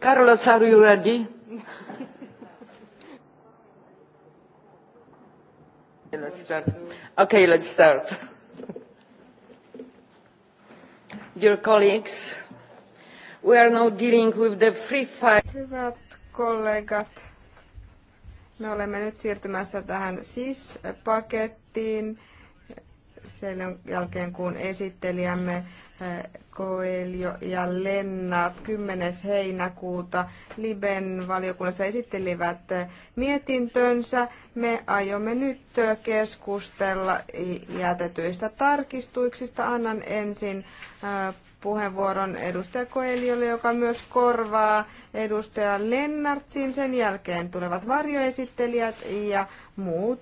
Carlos, are you ready? okay, let's start. Okay, let's start. Dear colleagues, we are now dealing with the free fight. Hyvät kollegat, me olemme nyt siirtymässä tähän SIS-pakettiin sen jälkeen, kun esittelijämme eh, Koelio ja Lenna 10. heinäkuuta Liben valiokunnassa esittelivät eh, mietintönsä. Me aiomme nyt eh, keskustella jätetyistä tarkistuksista. Annan ensin puheenvuoron edustaja Koeliolle, joka myös korvaa edustaja Lennartsin. Sen jälkeen tulevat varjoesittelijät ja muut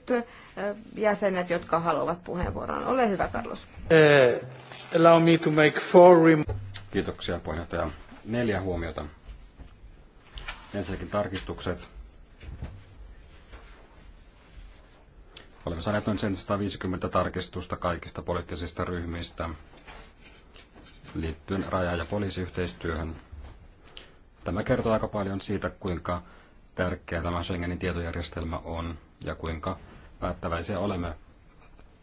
jäsenet, jotka haluavat puheenvuoron. Ole hyvä, Carlos. Uh, allow me to make four Kiitoksia, puheenjohtaja. Neljä huomiota. Ensinnäkin tarkistukset. Olemme saaneet noin 150 tarkistusta kaikista poliittisista ryhmistä liittyen raja- ja poliisiyhteistyöhön. Tämä kertoo aika paljon siitä, kuinka tärkeä tämä Schengenin tietojärjestelmä on ja kuinka päättäväisiä olemme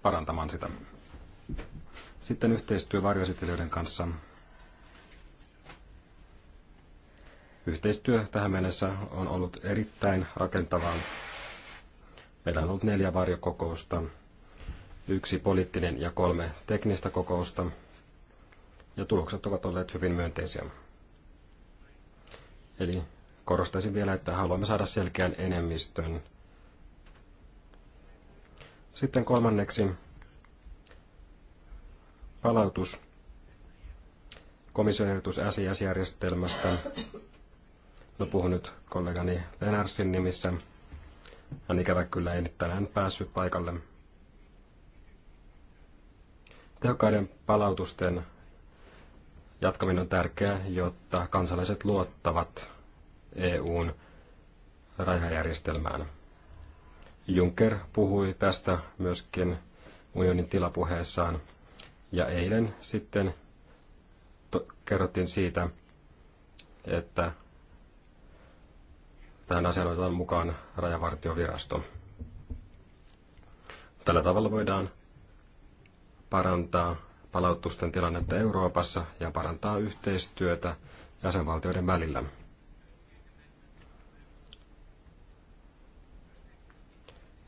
parantamaan sitä. Sitten yhteistyö varjoesittelijöiden kanssa. Yhteistyö tähän mennessä on ollut erittäin rakentavaa. Meillä on ollut neljä varjokokousta, yksi poliittinen ja kolme teknistä kokousta – ja tulokset ovat olleet hyvin myönteisiä. Eli korostaisin vielä, että haluamme saada selkeän enemmistön. Sitten kolmanneksi palautus komission ehdotus SIS-järjestelmästä. No puhun nyt kollegani Lenarsin nimissä. Hän ikävä kyllä ei nyt tänään päässyt paikalle. Tehokkaiden palautusten jatkaminen on tärkeää, jotta kansalaiset luottavat EUn rajajärjestelmään. Juncker puhui tästä myöskin unionin tilapuheessaan, ja eilen sitten kerrottiin siitä, että tähän asiaan otetaan mukaan rajavartiovirasto. Tällä tavalla voidaan parantaa palautusten tilannetta Euroopassa ja parantaa yhteistyötä jäsenvaltioiden välillä.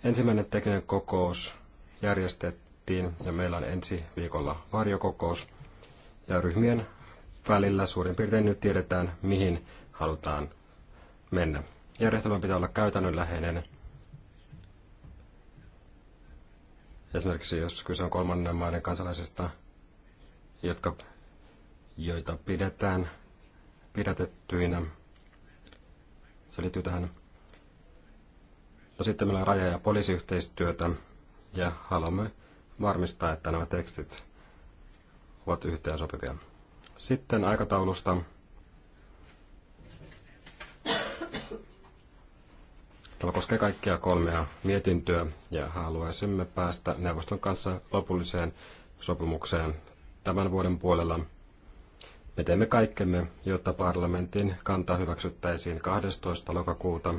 Ensimmäinen tekninen kokous järjestettiin ja meillä on ensi viikolla varjokokous. Ja ryhmien välillä suurin piirtein nyt tiedetään, mihin halutaan mennä. Järjestelmä pitää olla käytännönläheinen. Esimerkiksi jos kyse on kolmannen maiden kansalaisista, jotka, joita pidetään pidätettyinä. Se liittyy tähän. No sitten meillä on raja- ja poliisiyhteistyötä ja haluamme varmistaa, että nämä tekstit ovat yhteensopivia. Sitten aikataulusta. Tämä koskee kaikkia kolmea mietintöä ja haluaisimme päästä neuvoston kanssa lopulliseen sopimukseen tämän vuoden puolella. Me teemme kaikkemme, jotta parlamentin kanta hyväksyttäisiin 12. lokakuuta.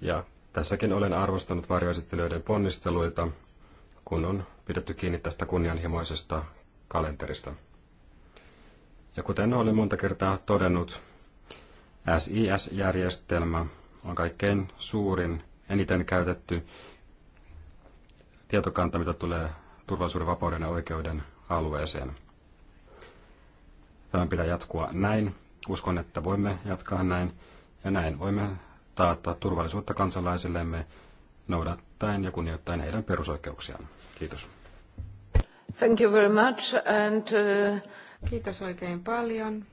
Ja tässäkin olen arvostanut varjoesittelijöiden ponnisteluita, kun on pidetty kiinni tästä kunnianhimoisesta kalenterista. Ja kuten olen monta kertaa todennut, SIS-järjestelmä on kaikkein suurin, eniten käytetty tietokanta, mitä tulee turvallisuuden, vapauden ja oikeuden alueeseen. Tämän pitää jatkua näin. Uskon, että voimme jatkaa näin ja näin voimme taata turvallisuutta kansalaisillemme noudattaen ja kunnioittaen heidän perusoikeuksiaan. Kiitos. Thank you very much and, uh... Kiitos oikein paljon.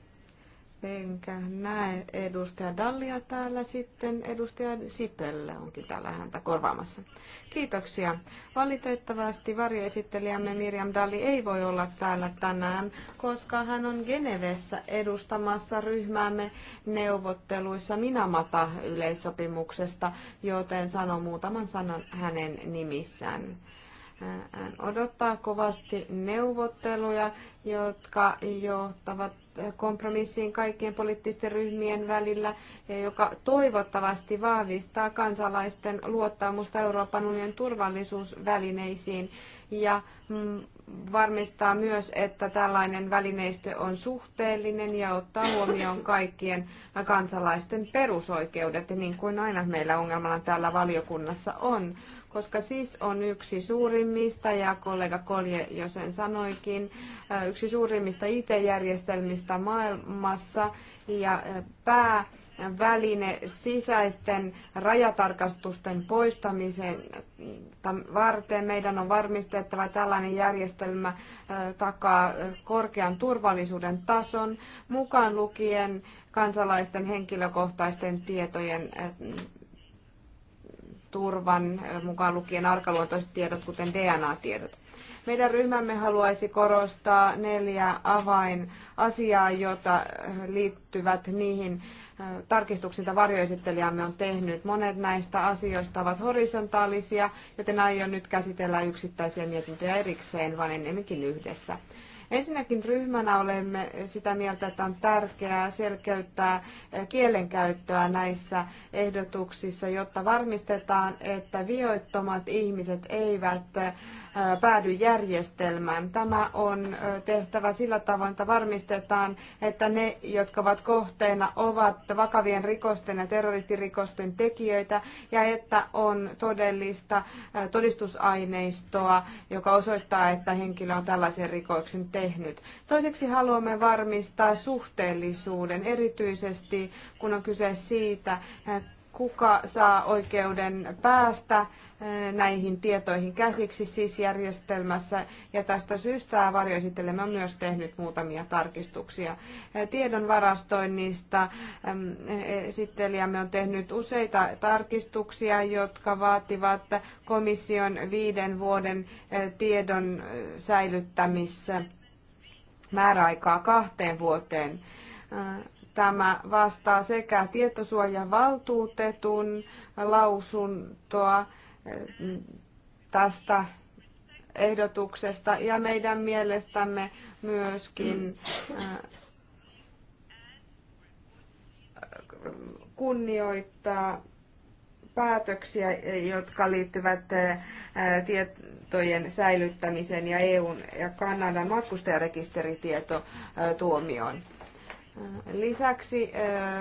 Enkä näe edustaja Dallia täällä sitten. Edustaja Sipelle onkin täällä häntä korvaamassa. Kiitoksia. Valitettavasti varjoesittelijämme Miriam Dalli ei voi olla täällä tänään, koska hän on Genevessä edustamassa ryhmäämme neuvotteluissa Minamata yleissopimuksesta, joten sano muutaman sanan hänen nimissään. Hän odottaa kovasti neuvotteluja, jotka johtavat kompromissiin kaikkien poliittisten ryhmien välillä, joka toivottavasti vahvistaa kansalaisten luottamusta Euroopan unionin turvallisuusvälineisiin ja mm, varmistaa myös, että tällainen välineistö on suhteellinen ja ottaa huomioon kaikkien kansalaisten perusoikeudet, niin kuin aina meillä ongelmana täällä valiokunnassa on, koska siis on yksi suurimmista, ja kollega Kolje jo sen sanoikin, äh, yksi suurimmista IT-järjestelmistä maailmassa, ja äh, pää väline sisäisten rajatarkastusten poistamisen varten. Meidän on varmistettava, että tällainen järjestelmä takaa korkean turvallisuuden tason, mukaan lukien kansalaisten henkilökohtaisten tietojen turvan, mukaan lukien arkaluontoiset tiedot, kuten DNA-tiedot. Meidän ryhmämme haluaisi korostaa neljä avainasiaa, jota liittyvät niihin tarkistuksilta varjoesittelijämme on tehnyt. Monet näistä asioista ovat horisontaalisia, joten aion nyt käsitellä yksittäisiä mietintöjä erikseen, vaan ennemminkin yhdessä. Ensinnäkin ryhmänä olemme sitä mieltä, että on tärkeää selkeyttää kielenkäyttöä näissä ehdotuksissa, jotta varmistetaan, että vioittomat ihmiset eivät päädy järjestelmään. Tämä on tehtävä sillä tavoin, että varmistetaan, että ne, jotka ovat kohteena, ovat vakavien rikosten ja terroristirikosten tekijöitä ja että on todellista todistusaineistoa, joka osoittaa, että henkilö on tällaisen rikoksen tehnyt. Toiseksi haluamme varmistaa suhteellisuuden, erityisesti kun on kyse siitä, kuka saa oikeuden päästä näihin tietoihin käsiksi siis järjestelmässä ja tästä syystä varjoesittelemme on myös tehnyt muutamia tarkistuksia. Tiedon varastoinnista e, esittelijämme on tehnyt useita tarkistuksia, jotka vaativat komission viiden vuoden tiedon säilyttämissä määräaikaa kahteen vuoteen. Tämä vastaa sekä tietosuojavaltuutetun lausuntoa, tästä ehdotuksesta ja meidän mielestämme myöskin äh, kunnioittaa päätöksiä, jotka liittyvät äh, tietojen säilyttämiseen ja EUn ja Kanadan matkustajarekisteritietotuomioon. Lisäksi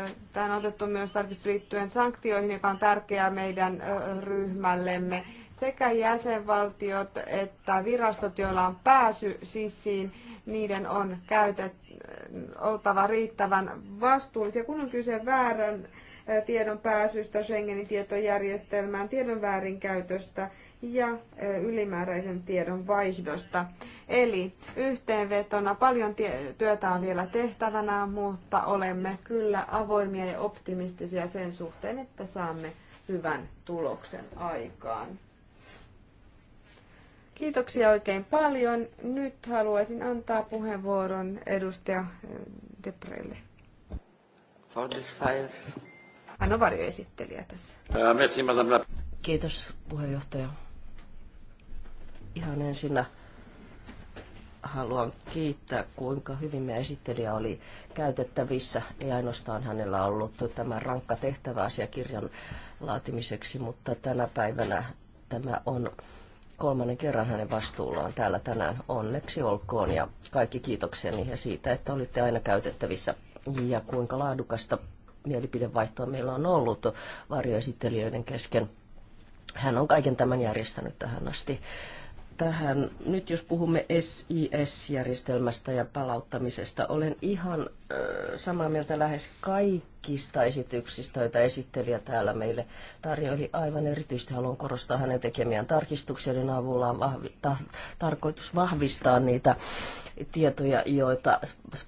äh, tämä on otettu myös tarkistus liittyen sanktioihin, joka on tärkeää meidän äh, ryhmällemme. Sekä jäsenvaltiot että virastot, joilla on pääsy sissiin, niiden on käytet, oltava riittävän vastuullisia. Kun on kyse väärän äh, tiedon pääsystä Schengenin tietojärjestelmään, tiedon väärinkäytöstä ja ylimääräisen tiedon vaihdosta. Eli yhteenvetona paljon työtä on vielä tehtävänä, mutta olemme kyllä avoimia ja optimistisia sen suhteen, että saamme hyvän tuloksen aikaan. Kiitoksia oikein paljon. Nyt haluaisin antaa puheenvuoron edustaja Deprelle. For this files. Hän on varjoesittelijä tässä. Kiitos puheenjohtaja. Ihan ensinnä haluan kiittää, kuinka hyvin meidän esittelijä oli käytettävissä. Ei ainoastaan hänellä ollut tämä rankka tehtävä asiakirjan laatimiseksi, mutta tänä päivänä tämä on kolmannen kerran hänen vastuullaan täällä tänään. Onneksi olkoon ja kaikki kiitokseni ja siitä, että olitte aina käytettävissä ja kuinka laadukasta mielipidevaihtoa meillä on ollut varjoesittelijöiden kesken. Hän on kaiken tämän järjestänyt tähän asti tähän. Nyt jos puhumme SIS-järjestelmästä ja palauttamisesta, olen ihan samaa mieltä lähes kaikista esityksistä, joita esittelijä täällä meille tarjoili. Aivan erityisesti haluan korostaa hänen tekemiään tarkistuksia, joiden avulla on vahvi, ta, tarkoitus vahvistaa niitä tietoja, joita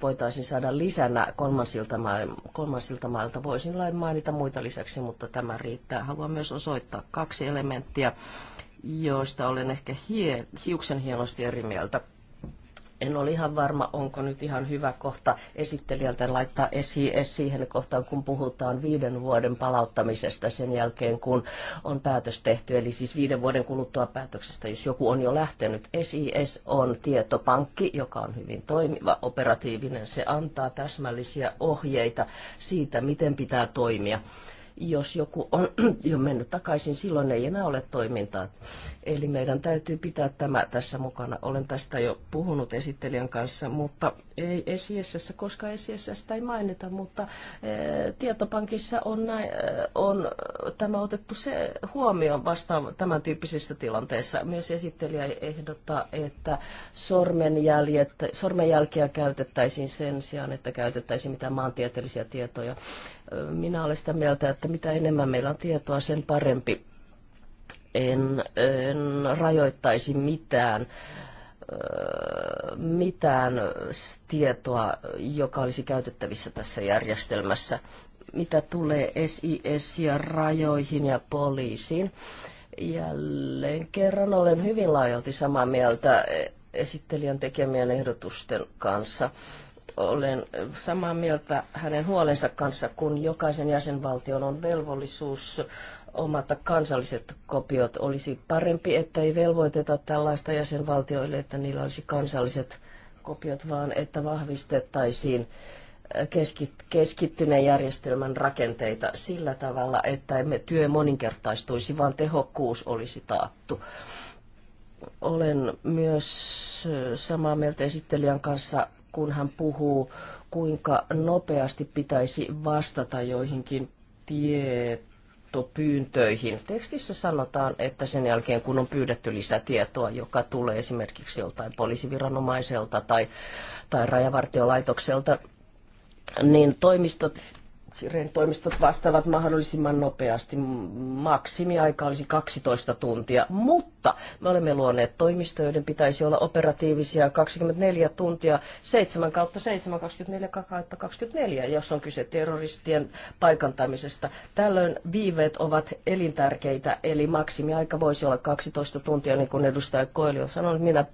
voitaisiin saada lisänä kolmansilta, kolmansilta mailta. Voisin lain mainita muita lisäksi, mutta tämä riittää. Haluan myös osoittaa kaksi elementtiä joista olen ehkä hie, hiuksen hienosti eri mieltä. En ole ihan varma, onko nyt ihan hyvä kohta esittelijältä laittaa esiin siihen kohtaan, kun puhutaan viiden vuoden palauttamisesta sen jälkeen, kun on päätös tehty. Eli siis viiden vuoden kuluttua päätöksestä, jos joku on jo lähtenyt. SIS on tietopankki, joka on hyvin toimiva, operatiivinen. Se antaa täsmällisiä ohjeita siitä, miten pitää toimia jos joku on jo mennyt takaisin, silloin ei enää ole toimintaa. Eli meidän täytyy pitää tämä tässä mukana. Olen tästä jo puhunut esittelijän kanssa, mutta ei ESS, koska ESS ei mainita, mutta eh, tietopankissa on, näin, eh, on eh, tämä otettu se huomioon vastaan tämän tyyppisissä tilanteissa. Myös esittelijä ehdottaa, että sormenjäljet, sormenjälkiä käytettäisiin sen sijaan, että käytettäisiin mitään maantieteellisiä tietoja. Minä olen sitä mieltä, että mitä enemmän meillä on tietoa, sen parempi. En, en rajoittaisi mitään mitään tietoa, joka olisi käytettävissä tässä järjestelmässä. Mitä tulee SIS ja rajoihin ja poliisiin, jälleen kerran olen hyvin laajalti samaa mieltä esittelijän tekemien ehdotusten kanssa olen samaa mieltä hänen huolensa kanssa, kun jokaisen jäsenvaltion on velvollisuus omata kansalliset kopiot. Olisi parempi, että ei velvoiteta tällaista jäsenvaltioille, että niillä olisi kansalliset kopiot, vaan että vahvistettaisiin keskittyneen järjestelmän rakenteita sillä tavalla, että emme työ moninkertaistuisi, vaan tehokkuus olisi taattu. Olen myös samaa mieltä esittelijän kanssa kun hän puhuu, kuinka nopeasti pitäisi vastata joihinkin tietopyyntöihin. Tekstissä sanotaan, että sen jälkeen kun on pyydetty lisätietoa, joka tulee esimerkiksi joltain poliisiviranomaiselta tai, tai rajavartiolaitokselta, niin toimistot Sireen toimistot vastaavat mahdollisimman nopeasti. Maksimiaika olisi 12 tuntia, mutta uutta. Me olemme luoneet toimistoja, joiden pitäisi olla operatiivisia 24 tuntia 7 kautta 7, 24 kautta 24, jos on kyse terroristien paikantamisesta. Tällöin viiveet ovat elintärkeitä, eli maksimiaika voisi olla 12 tuntia, niin kuin edustaja on sanonut. Minä,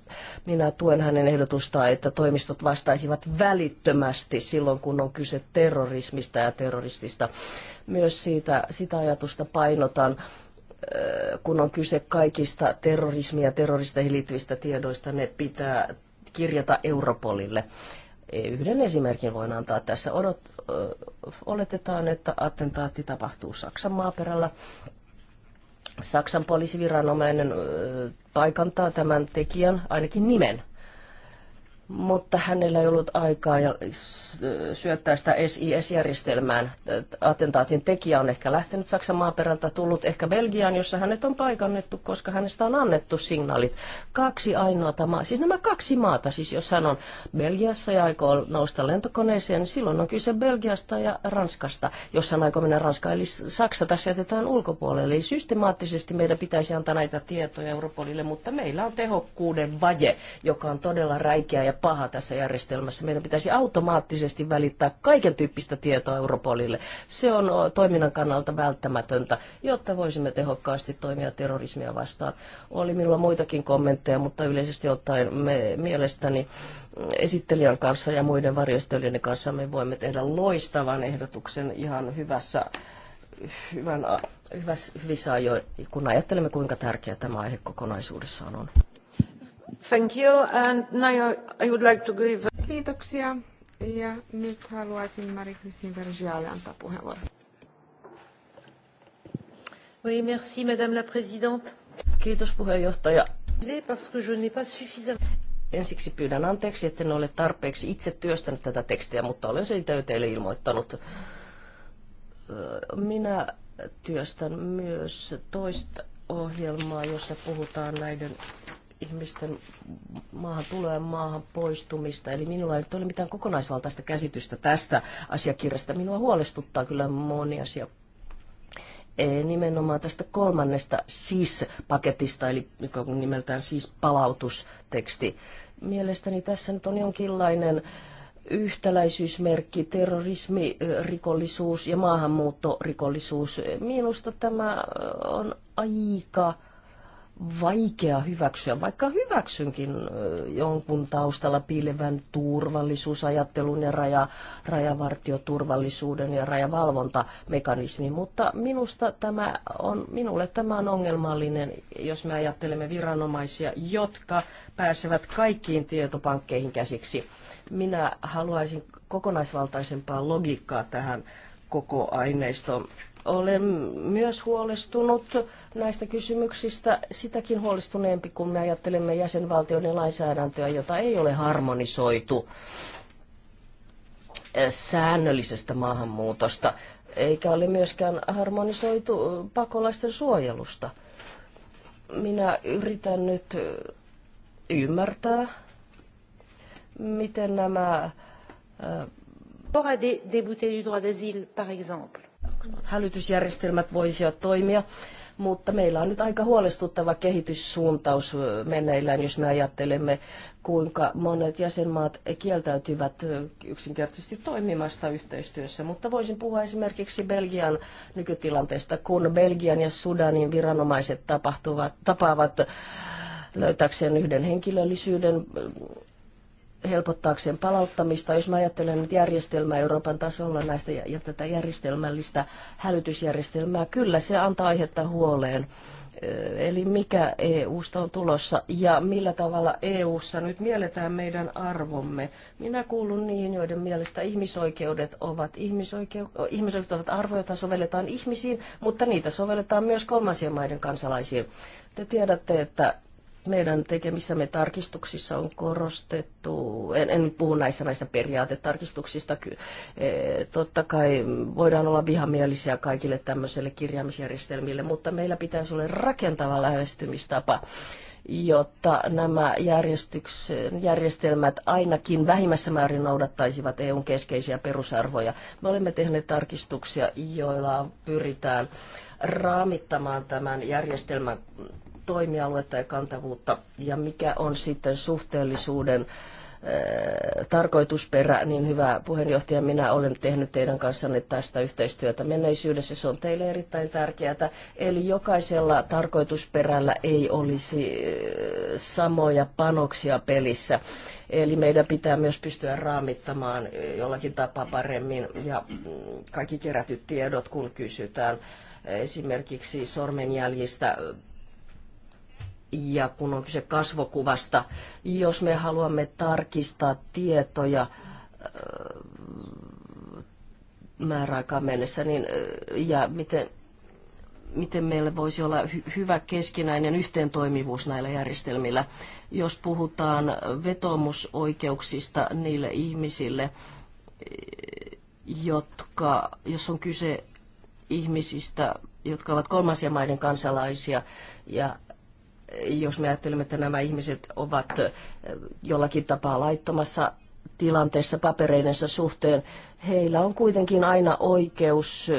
minä tuen hänen ehdotustaan, että toimistot vastaisivat välittömästi silloin, kun on kyse terrorismista ja terroristista. Myös siitä, sitä ajatusta painotan kun on kyse kaikista terrorismia ja terroristeihin liittyvistä tiedoista, ne pitää kirjata Europolille. E, yhden esimerkin voin antaa tässä. Odot, oletetaan, että attentaatti tapahtuu Saksan maaperällä. Saksan poliisiviranomainen paikantaa tämän tekijän, ainakin nimen, mutta hänellä ei ollut aikaa syöttää sitä SIS-järjestelmään. Attentaatin tekijä on ehkä lähtenyt Saksan maaperältä, tullut ehkä Belgiaan, jossa hänet on paikannettu, koska hänestä on annettu signaalit. Kaksi ainoata maata, siis nämä kaksi maata, siis jos hän on Belgiassa ja aikoo nousta lentokoneeseen, niin silloin on kyse Belgiasta ja Ranskasta, jos hän aikoo mennä Ranskaan. Eli Saksa tässä jätetään ulkopuolelle. Eli systemaattisesti meidän pitäisi antaa näitä tietoja Europolille, mutta meillä on tehokkuuden vaje, joka on todella räikeä ja paha tässä järjestelmässä. Meidän pitäisi automaattisesti välittää kaiken tyyppistä tietoa Europolille. Se on toiminnan kannalta välttämätöntä, jotta voisimme tehokkaasti toimia terrorismia vastaan. Oli minulla muitakin kommentteja, mutta yleisesti ottaen me, mielestäni esittelijän kanssa ja muiden varjostelijoiden kanssa me voimme tehdä loistavan ehdotuksen ihan hyvässä hyvän, hyvässä, hyvissä ajoin, kun ajattelemme kuinka tärkeä tämä aihe kokonaisuudessaan on. Thank you. And now I would like to give... Kiitoksia. Ja nyt haluaisin Marie-Christine Vergialle antaa puheenvuoron. Oui, merci, Madame la Présidente. Kiitos puheenjohtaja. Parce que je n'ai pas suffisamment... Ensiksi pyydän anteeksi, että en ole tarpeeksi itse työstänyt tätä tekstiä, mutta olen sen teille ilmoittanut. Minä työstän myös toista ohjelmaa, jossa puhutaan näiden ihmisten maahan tuloa ja maahan poistumista. Eli minulla ei nyt ole mitään kokonaisvaltaista käsitystä tästä asiakirjasta. Minua huolestuttaa kyllä moni asia e, nimenomaan tästä kolmannesta SIS-paketista, eli nimeltään sis palautusteksti. Mielestäni tässä nyt on jonkinlainen yhtäläisyysmerkki, terrorismirikollisuus e, ja maahanmuuttorikollisuus. Minusta tämä e, on aika vaikea hyväksyä, vaikka hyväksynkin jonkun taustalla piilevän turvallisuusajattelun ja raja, rajavartioturvallisuuden ja rajavalvontamekanismin, mutta minusta tämä on, minulle tämä on ongelmallinen, jos me ajattelemme viranomaisia, jotka pääsevät kaikkiin tietopankkeihin käsiksi. Minä haluaisin kokonaisvaltaisempaa logiikkaa tähän koko aineiston olen myös huolestunut näistä kysymyksistä, sitäkin huolestuneempi, kun me ajattelemme jäsenvaltioiden lainsäädäntöä, jota ei ole harmonisoitu säännöllisestä maahanmuutosta, eikä ole myöskään harmonisoitu pakolaisten suojelusta. Minä yritän nyt ymmärtää, miten nämä... Äh, des, du droit d'asile, par exemple hälytysjärjestelmät voisivat toimia. Mutta meillä on nyt aika huolestuttava kehityssuuntaus meneillään, jos me ajattelemme, kuinka monet jäsenmaat kieltäytyvät yksinkertaisesti toimimasta yhteistyössä. Mutta voisin puhua esimerkiksi Belgian nykytilanteesta, kun Belgian ja Sudanin viranomaiset tapahtuvat, tapaavat löytääkseen yhden henkilöllisyyden helpottaakseen palauttamista. Jos mä ajattelen nyt järjestelmää Euroopan tasolla näistä ja tätä järjestelmällistä hälytysjärjestelmää, kyllä se antaa aihetta huoleen. Eli mikä EUsta on tulossa ja millä tavalla EUssa nyt mielletään meidän arvomme. Minä kuulun niihin, joiden mielestä ihmisoikeudet ovat, ihmisoikeu- ihmisoikeudet ovat arvoja, joita sovelletaan ihmisiin, mutta niitä sovelletaan myös kolmansien maiden kansalaisiin. Te tiedätte, että meidän tekemissämme tarkistuksissa on korostettu, en, en puhu näissä näissä periaatetarkistuksista, e, totta kai voidaan olla vihamielisiä kaikille tämmöiselle kirjaamisjärjestelmille, mutta meillä pitäisi olla rakentava lähestymistapa, jotta nämä järjestelmät ainakin vähimmässä määrin noudattaisivat EUn keskeisiä perusarvoja. Me olemme tehneet tarkistuksia, joilla pyritään raamittamaan tämän järjestelmän toimialuetta ja kantavuutta ja mikä on sitten suhteellisuuden eh, tarkoitusperä, niin hyvä puheenjohtaja, minä olen tehnyt teidän kanssanne tästä yhteistyötä menneisyydessä. Se on teille erittäin tärkeää. Eli jokaisella tarkoitusperällä ei olisi eh, samoja panoksia pelissä. Eli meidän pitää myös pystyä raamittamaan eh, jollakin tapaa paremmin ja mm, kaikki kerätyt tiedot, kun kysytään esimerkiksi sormenjäljistä ja kun on kyse kasvokuvasta, jos me haluamme tarkistaa tietoja äh, määräaikaan mennessä, niin, äh, ja miten, miten meille voisi olla hy- hyvä keskinäinen yhteentoimivuus näillä järjestelmillä, jos puhutaan vetomusoikeuksista niille ihmisille, jotka, jos on kyse ihmisistä, jotka ovat kolmansien maiden kansalaisia ja jos me ajattelemme, että nämä ihmiset ovat jollakin tapaa laittomassa tilanteessa papereidensa suhteen, heillä on kuitenkin aina oikeus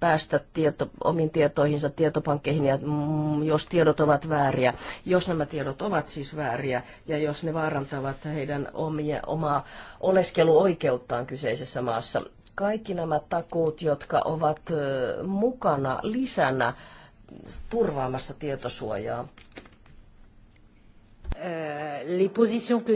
päästä tieto, omiin tietoihinsa tietopankkeihin, ja, mm, jos tiedot ovat vääriä. Jos nämä tiedot ovat siis vääriä, ja jos ne vaarantavat heidän omia, omaa oleskeluoikeuttaan kyseisessä maassa. Kaikki nämä takuut, jotka ovat mukana lisänä turvaamassa tietosuojaa. Euh,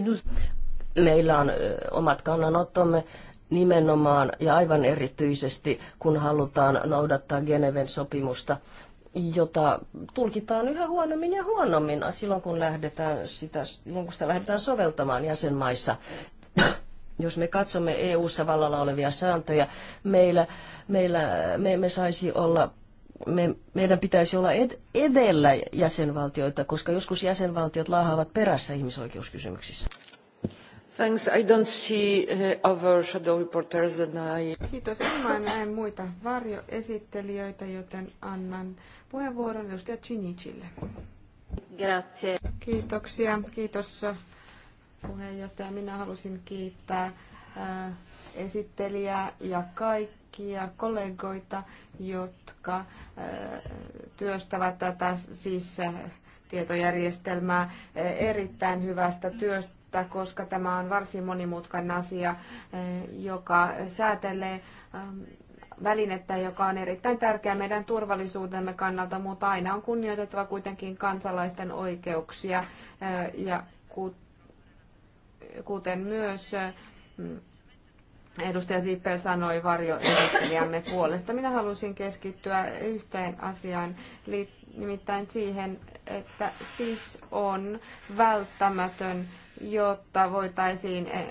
meillä on omat kannanottomme nimenomaan ja aivan erityisesti, kun halutaan noudattaa Geneven sopimusta, jota tulkitaan yhä huonommin ja huonommin silloin, kun, lähdetään sitä, silloin, kun sitä lähdetään soveltamaan jäsenmaissa. Jos me katsomme EU-ssa vallalla olevia sääntöjä, meillä, meillä, me me saisi olla me, meidän pitäisi olla ed, edellä jäsenvaltioita, koska joskus jäsenvaltiot laahaavat perässä ihmisoikeuskysymyksissä. Thanks. I don't see uh, other shadow reporters than I... Kiitos. En näe muita varjoesittelijöitä, joten annan puheenvuoron edustaja Chinichille. Grazie. Kiitoksia. Kiitos äh, puheenjohtaja. Minä halusin kiittää äh, esittelijää ja kaikki kaikkia kollegoita, jotka äh, työstävät tätä siis äh, tietojärjestelmää äh, erittäin hyvästä työstä, koska tämä on varsin monimutkainen asia, joka säätelee ähm, välinettä, joka on erittäin tärkeä meidän turvallisuutemme kannalta, mutta aina on kunnioitettava kuitenkin kansalaisten oikeuksia ja kuten myös edustaja Zippel sanoi varjoesittelijämme puolesta. Minä halusin keskittyä yhteen asiaan, nimittäin siihen, että siis on välttämätön, jotta voitaisiin eh,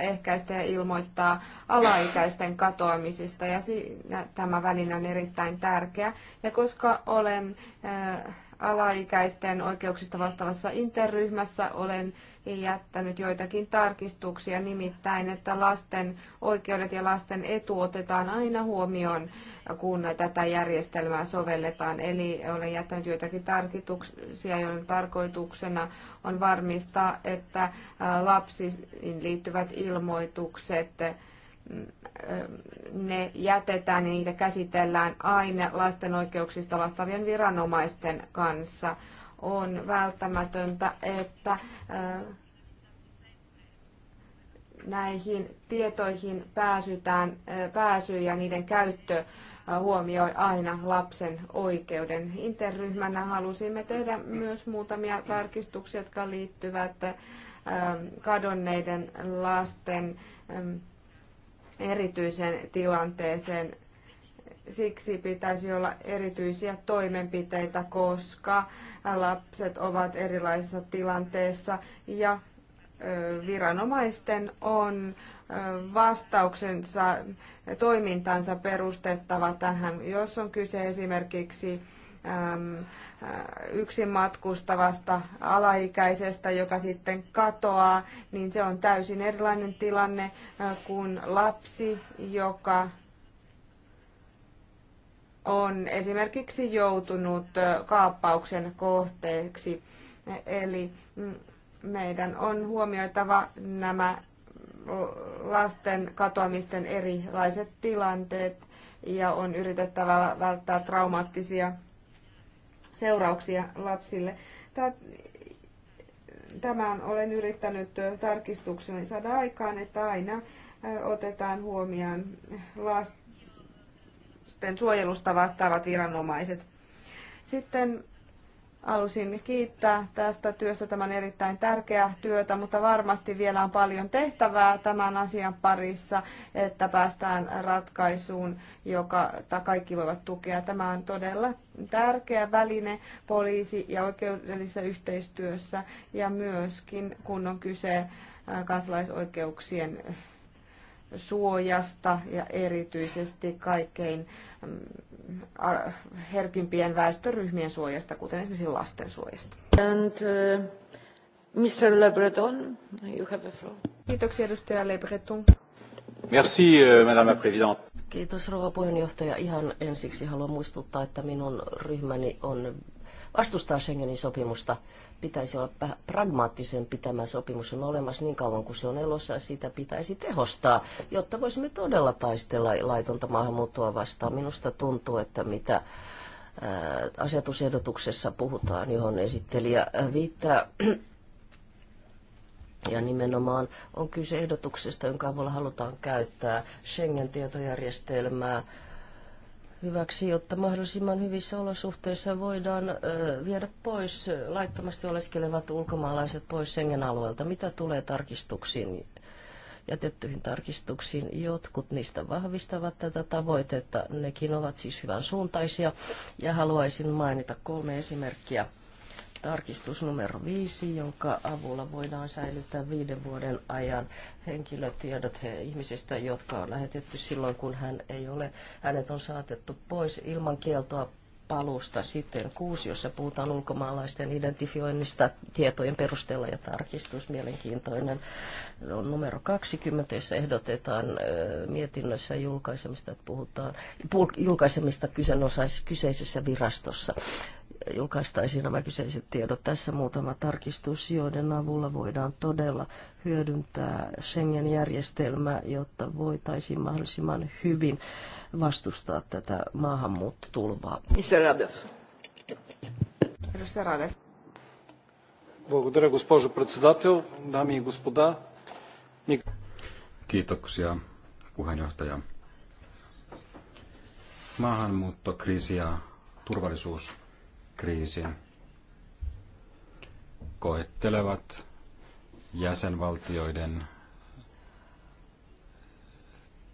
eh, ehkäistä ja ilmoittaa alaikäisten katoamisista. Ja siinä tämä väline on erittäin tärkeä. Ja koska olen eh, alaikäisten oikeuksista vastaavassa interryhmässä, olen jättänyt joitakin tarkistuksia, nimittäin, että lasten oikeudet ja lasten etu otetaan aina huomioon, kun tätä järjestelmää sovelletaan. Eli olen jättänyt joitakin tarkistuksia, joiden tarkoituksena on varmistaa, että lapsiin liittyvät ilmoitukset ne jätetään ja niitä käsitellään aina lasten oikeuksista vastaavien viranomaisten kanssa on välttämätöntä, että äh, näihin tietoihin pääsytään, äh, pääsy ja niiden käyttö äh, huomioi aina lapsen oikeuden. Interryhmänä halusimme tehdä myös muutamia tarkistuksia, jotka liittyvät kadonneiden lasten ähm, erityisen tilanteeseen siksi pitäisi olla erityisiä toimenpiteitä, koska lapset ovat erilaisessa tilanteessa ja viranomaisten on vastauksensa, toimintansa perustettava tähän. Jos on kyse esimerkiksi yksin matkustavasta alaikäisestä, joka sitten katoaa, niin se on täysin erilainen tilanne kuin lapsi, joka on esimerkiksi joutunut kaappauksen kohteeksi. Eli mm, meidän on huomioitava nämä lasten katoamisten erilaiset tilanteet ja on yritettävä välttää traumaattisia seurauksia lapsille. Tämän olen yrittänyt tarkistukseni saada aikaan, että aina otetaan huomioon lasten sitten suojelusta vastaavat viranomaiset. Sitten halusin kiittää tästä työstä. Tämä on erittäin tärkeää työtä, mutta varmasti vielä on paljon tehtävää tämän asian parissa, että päästään ratkaisuun, joka kaikki voivat tukea. Tämä on todella tärkeä väline poliisi- ja oikeudellisessa yhteistyössä ja myöskin kun on kyse äh, kansalaisoikeuksien suojasta ja erityisesti kaikkein Mm, herkimpien väestöryhmien suojasta, kuten esimerkiksi lasten suojasta. And, uh, Mr. Le Breton, you have a floor. Kiitoksia edustaja Le Breton. Merci, euh, madame la présidente. Kiitos rouva puheenjohtaja. Ihan ensiksi haluan muistuttaa, että minun ryhmäni on vastustaa Schengenin sopimusta. Pitäisi olla pragmaattisempi tämä sopimus on olemassa niin kauan kuin se on elossa ja sitä pitäisi tehostaa, jotta voisimme todella taistella laitonta maahanmuuttoa vastaan. Minusta tuntuu, että mitä äh, asetusehdotuksessa puhutaan, johon esittelijä äh, viittaa. Ja nimenomaan on kyse ehdotuksesta, jonka avulla halutaan käyttää Schengen-tietojärjestelmää hyväksi, jotta mahdollisimman hyvissä olosuhteissa voidaan viedä pois laittomasti oleskelevat ulkomaalaiset pois Schengen-alueelta. Mitä tulee tarkistuksiin, jätettyihin tarkistuksiin? Jotkut niistä vahvistavat tätä tavoitetta. Nekin ovat siis hyvän suuntaisia. Ja haluaisin mainita kolme esimerkkiä tarkistus numero viisi, jonka avulla voidaan säilyttää viiden vuoden ajan henkilötiedot he, ihmisistä, jotka on lähetetty silloin, kun hän ei ole, hänet on saatettu pois ilman kieltoa palusta. Sitten kuusi, jossa puhutaan ulkomaalaisten identifioinnista tietojen perusteella ja tarkistus. Mielenkiintoinen on numero 20, jossa ehdotetaan mietinnössä julkaisemista, että puhutaan julkaisemista kyseisessä virastossa julkaistaisiin nämä kyseiset tiedot. Tässä muutama tarkistus, joiden avulla voidaan todella hyödyntää Schengen-järjestelmää, jotta voitaisiin mahdollisimman hyvin vastustaa tätä maahanmuuttotulvaa. Mr. Radev. Mr. Radev. Благодаря, госпожо председател, дами и господа. Kiitoksia, puheenjohtaja. Maahanmuuttokriisi ja turvallisuus kriisin, koettelevat jäsenvaltioiden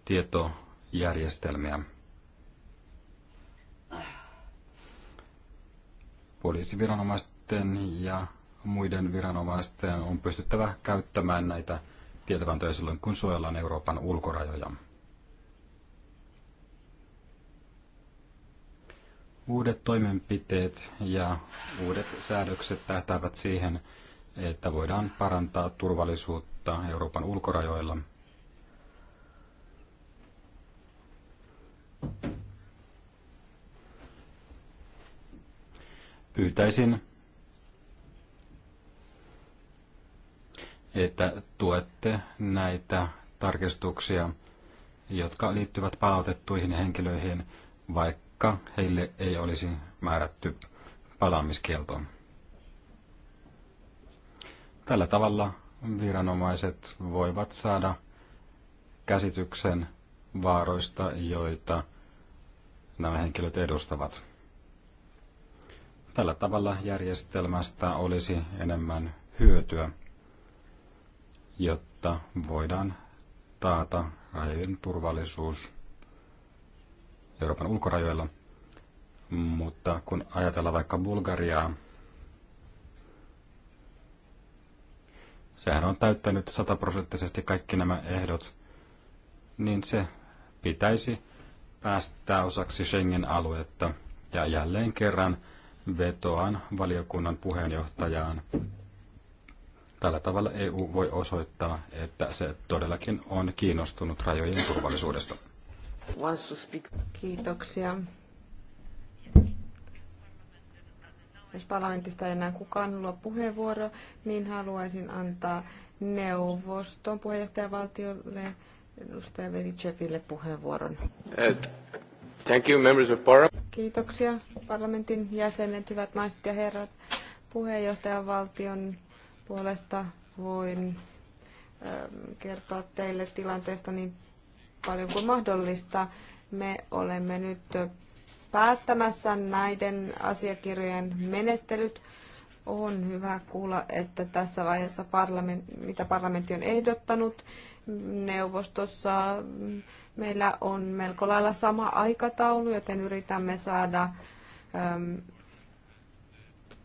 tietojärjestelmiä. Poliisiviranomaisten ja muiden viranomaisten on pystyttävä käyttämään näitä tietokantoja silloin, kun suojellaan Euroopan ulkorajoja. Uudet toimenpiteet ja uudet säädökset tähtäävät siihen, että voidaan parantaa turvallisuutta Euroopan ulkorajoilla. Pyytäisin, että tuette näitä tarkistuksia, jotka liittyvät palautettuihin henkilöihin, vaikka vaikka heille ei olisi määrätty palaamiskieltoa. Tällä tavalla viranomaiset voivat saada käsityksen vaaroista, joita nämä henkilöt edustavat. Tällä tavalla järjestelmästä olisi enemmän hyötyä, jotta voidaan taata rajojen turvallisuus Euroopan ulkorajoilla. Mutta kun ajatellaan vaikka Bulgariaa, sehän on täyttänyt sataprosenttisesti kaikki nämä ehdot, niin se pitäisi päästää osaksi Schengen-aluetta. Ja jälleen kerran vetoan valiokunnan puheenjohtajaan. Tällä tavalla EU voi osoittaa, että se todellakin on kiinnostunut rajojen turvallisuudesta. Kiitoksia. Jos parlamentista ei enää kukaan halua puheenvuoro, niin haluaisin antaa neuvoston puheenjohtajavaltiolle edustaja Vericheville puheenvuoron. Uh, thank you, members of parliament. Kiitoksia parlamentin jäsenet, hyvät naiset ja herrat. Puheenjohtajavaltion puolesta voin ähm, kertoa teille tilanteesta niin paljon kuin mahdollista. Me olemme nyt päättämässä näiden asiakirjojen menettelyt. On hyvä kuulla, että tässä vaiheessa parlament, mitä parlamentti on ehdottanut neuvostossa, meillä on melko lailla sama aikataulu, joten yritämme saada ähm,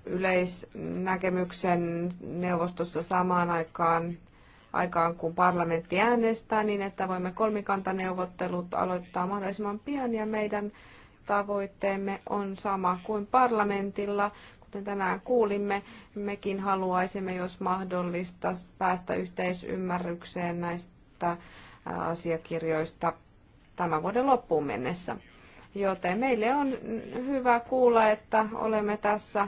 yleisnäkemyksen neuvostossa samaan aikaan aikaan, kun parlamentti äänestää, niin että voimme kolmikantaneuvottelut aloittaa mahdollisimman pian ja meidän tavoitteemme on sama kuin parlamentilla. Kuten tänään kuulimme, mekin haluaisimme, jos mahdollista, päästä yhteisymmärrykseen näistä äh, asiakirjoista tämän vuoden loppuun mennessä. Joten meille on hyvä kuulla, että olemme tässä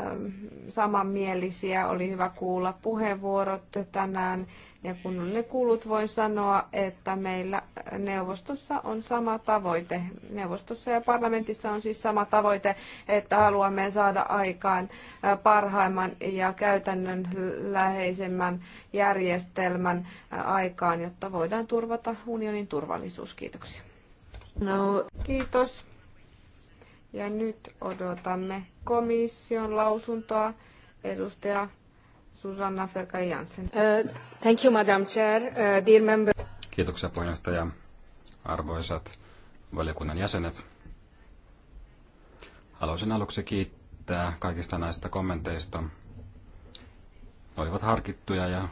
Ähm, samanmielisiä. Oli hyvä kuulla puheenvuorot tänään. Ja kun ne kuulut, voin sanoa, että meillä neuvostossa on sama tavoite. Neuvostossa ja parlamentissa on siis sama tavoite, että haluamme saada aikaan äh, parhaimman ja käytännön läheisemmän järjestelmän äh, aikaan, jotta voidaan turvata unionin turvallisuus. Kiitoksia. No. Kiitos. Ja nyt odotamme komission lausuntoa. Edustaja Susanna Ferka Jansen. Uh, thank you, Madam Chair. Uh, dear member. Kiitoksia puheenjohtaja. Arvoisat valiokunnan jäsenet. Haluaisin aluksi kiittää kaikista näistä kommenteista. Ne olivat harkittuja ja